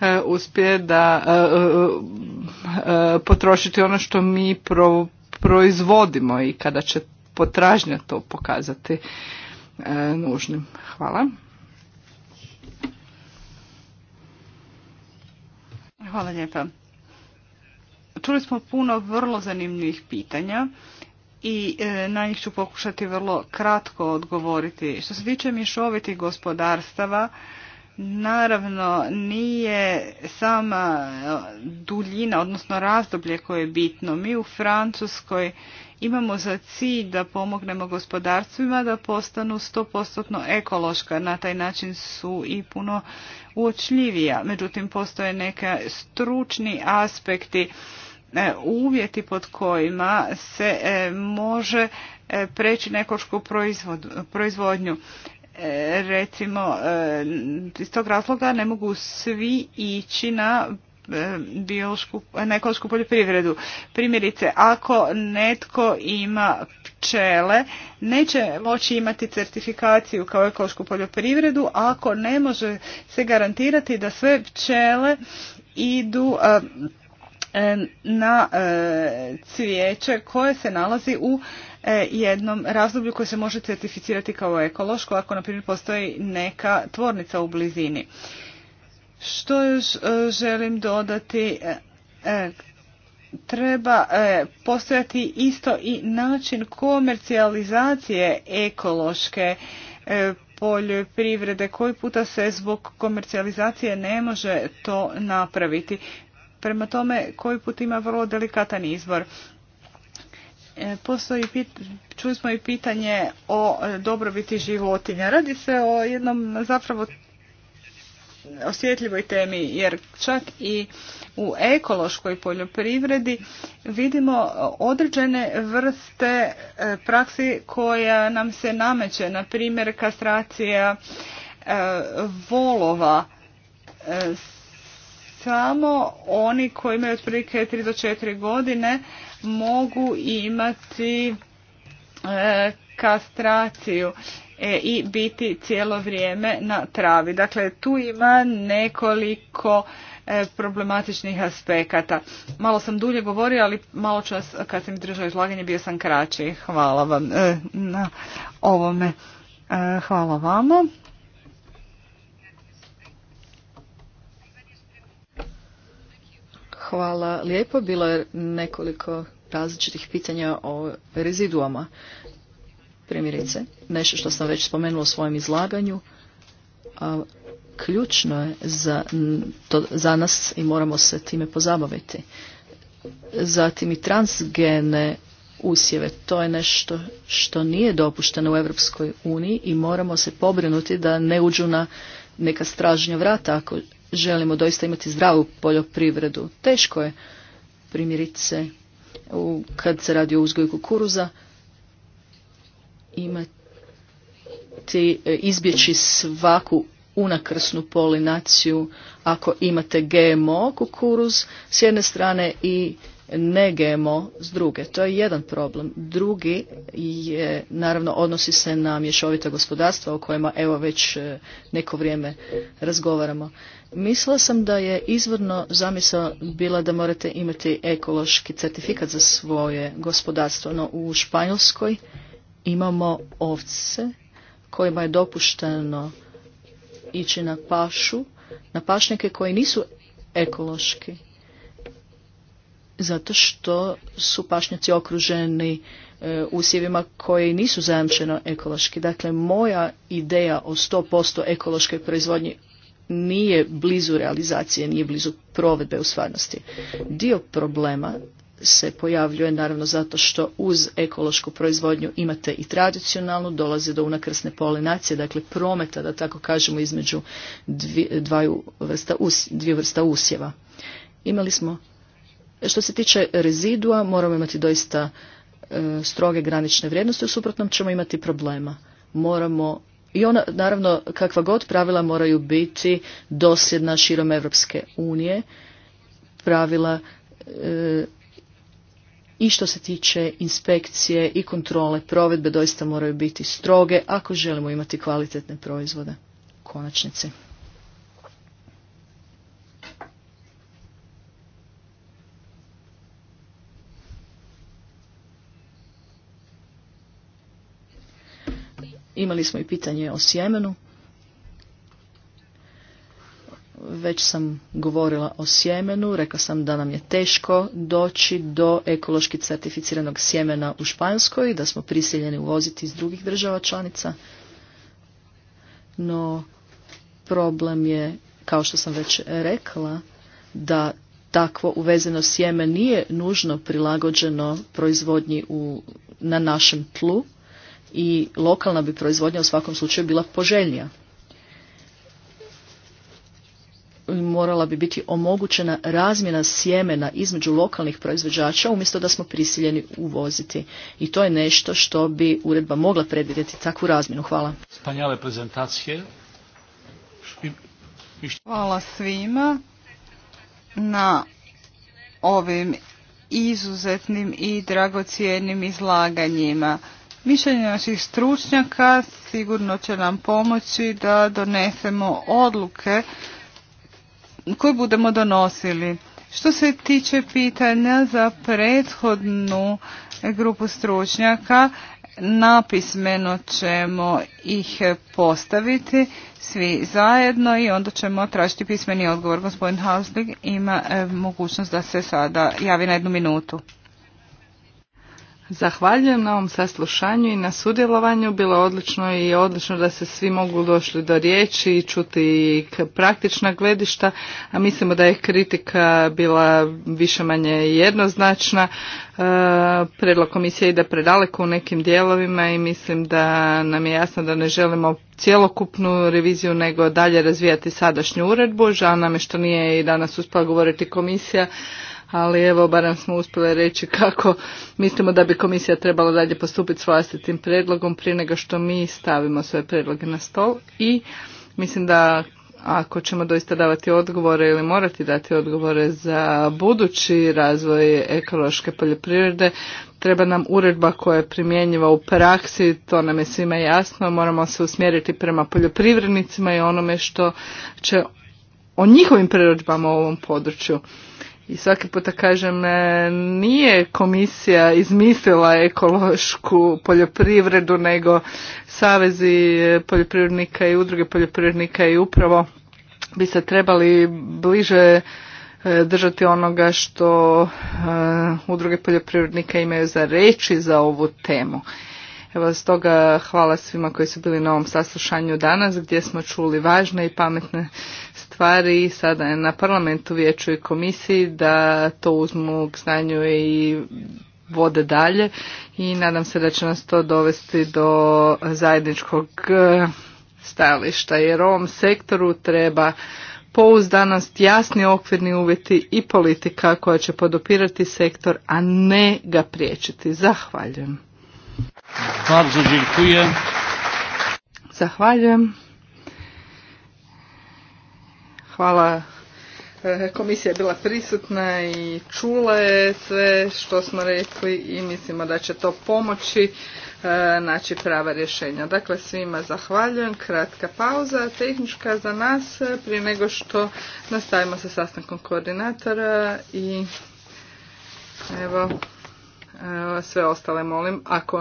e, uspije da e, e, potrošiti ono što mi proizvodimo i kada će potražnja to pokazati nužnim. Hvala. Hvala lijepa. Čuli smo puno vrlo zanimljivih pitanja i e, na njih ću pokušati vrlo kratko odgovoriti. Što se tiče mješovitih gospodarstava, naravno nije sama e, duljina, odnosno razdoblje koje je bitno. Mi u Francuskoj imamo za cilj da pomognemo gospodarstvima da postanu 100% ekološka. Na taj način su i puno uočljivija. Međutim, postoje neke stručni aspekti e, uvjeti pod kojima se e, može e, preći na ekološku proizvodnju. Recimo, iz tog razloga ne mogu svi ići na biološku, e, ekološku poljoprivredu. Primjerice, ako netko ima pčele, neće moći imati certifikaciju kao ekološku poljoprivredu ako ne može se garantirati da sve pčele idu e, e, na cvijeće koje se nalazi u jednom razdoblju koje se može certificirati kao ekološko ako na primjer postoji neka tvornica u blizini. Što još e, želim dodati? E, e, treba postojati isto i način komercijalizacije ekološke poljoprivrede. Koji puta se zbog komercijalizacije ne može to napraviti. Prema tome, koji put ima vrlo delikatan izbor. čuli smo i pitanje o dobrobiti životinja. Radi se o jednom zapravo osjetljivoj temi jer čak i u ekološkoj poljoprivredi vidimo određene vrste e, praksi koja nam se nameće, na primjer kastracija e, volova e, samo oni koji imaju otprilike 3 do 4 godine mogu imati kastraciju e, i biti cijelo vrijeme na travi. Dakle, tu ima nekoliko e, problematičnih aspekata. Malo sam dulje govorio, ali malo čas kad sam držao izlaganje bio sam kraći. Hvala vam e, na ovome. Hvala vama. Hvala lijepo. Bilo je nekoliko različitih pitanja o reziduama. Primjerice, nešto što sam već spomenula u svojem izlaganju, a ključno je za, to, za nas i moramo se time pozabaviti. Zatim i transgene usjeve, to je nešto što nije dopušteno u Europskoj uniji i moramo se pobrinuti da ne uđu na neka stražnja vrata ako želimo doista imati zdravu poljoprivredu. Teško je primjerice u, kad se radi o uzgoju kukuruza, imati, e, izbjeći svaku unakrsnu polinaciju ako imate GMO kukuruz s jedne strane i ne GMO s druge. To je jedan problem. Drugi je, naravno, odnosi se na mješovita gospodarstva o kojima evo već e, neko vrijeme razgovaramo. Mislila sam da je izvorno zamisla bila da morate imati ekološki certifikat za svoje gospodarstvo, no u Španjolskoj imamo ovce kojima je dopušteno ići na pašu, na pašnjake koji nisu ekološki, zato što su pašnjaci okruženi e, usjevima koji nisu zajamčeno ekološki. Dakle, moja ideja o 100% ekološkoj proizvodnji nije blizu realizacije, nije blizu provedbe u stvarnosti. Dio problema se pojavljuje naravno zato što uz ekološku proizvodnju imate i tradicionalnu, dolazi do unakrsne polinacije, dakle prometa da tako kažemo između dviju vrsta, vrsta usjeva. Imali smo, što se tiče rezidua, moramo imati doista e, stroge granične vrijednosti, u suprotnom ćemo imati problema. Moramo i ona, naravno, kakva god pravila moraju biti dosljedna širom Evropske unije, pravila e, i što se tiče inspekcije i kontrole provedbe doista moraju biti stroge ako želimo imati kvalitetne proizvode u konačnici. Imali smo i pitanje o sjemenu. Već sam govorila o sjemenu, rekla sam da nam je teško doći do ekološki certificiranog sjemena u Španskoj, da smo prisiljeni uvoziti iz drugih država članica, no problem je, kao što sam već rekla, da takvo uvezeno sjeme nije nužno prilagođeno proizvodnji u, na našem tlu i lokalna bi proizvodnja u svakom slučaju bila poželjnija morala bi biti omogućena razmjena sjemena između lokalnih proizvođača umjesto da smo prisiljeni uvoziti. I to je nešto što bi uredba mogla predvidjeti takvu razmjenu. Hvala. Spanjale prezentacije. Hvala svima na ovim izuzetnim i dragocijenim izlaganjima. Mišljenje naših stručnjaka sigurno će nam pomoći da donesemo odluke koje budemo donosili. Što se tiče pitanja za prethodnu grupu stručnjaka, napismeno ćemo ih postaviti svi zajedno i onda ćemo tražiti pismeni odgovor. Gospodin Hauslig ima e, mogućnost da se sada javi na jednu minutu. Zahvaljujem na ovom saslušanju i na sudjelovanju. Bilo odlično i odlično da se svi mogu došli do riječi i čuti praktična gledišta, a mislimo da je kritika bila više manje jednoznačna. E, predlog komisije ide predaleko u nekim dijelovima i mislim da nam je jasno da ne želimo cjelokupnu reviziju nego dalje razvijati sadašnju uredbu. Žao nam je što nije i danas uspjela govoriti komisija ali evo barem smo uspjeli reći kako mislimo da bi komisija trebala dalje postupiti s vlastitim predlogom prije nego što mi stavimo svoje predloge na stol i mislim da ako ćemo doista davati odgovore ili morati dati odgovore za budući razvoj ekološke poljoprivrede, treba nam uredba koja je primjenjiva u praksi, to nam je svima jasno, moramo se usmjeriti prema poljoprivrednicima i onome što će o njihovim prerudžbama u ovom području i svaki puta kažem e, nije komisija izmislila ekološku poljoprivredu nego savezi poljoprivrednika i udruge poljoprivrednika i upravo bi se trebali bliže e, držati onoga što e, udruge poljoprivrednika imaju za reći za ovu temu. Evo stoga hvala svima koji su bili na ovom saslušanju danas gdje smo čuli važne i pametne stvari sada je na parlamentu, vijeću i komisiji da to uzmu k znanju i vode dalje i nadam se da će nas to dovesti do zajedničkog e, stajališta jer ovom sektoru treba pouzdanost, jasni okvirni uvjeti i politika koja će podopirati sektor, a ne ga priječiti. Zahvaljujem. Zahvaljujem. Hvala. E, komisija je bila prisutna i čula je sve što smo rekli i mislimo da će to pomoći e, naći prava rješenja. Dakle, svima zahvaljujem. Kratka pauza, tehnička za nas, e, prije nego što nastavimo sa sastankom koordinatora i evo, sve ostale molim, ako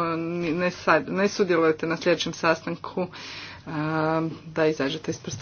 ne, sudjelujete na sljedećem sastanku, da izađete iz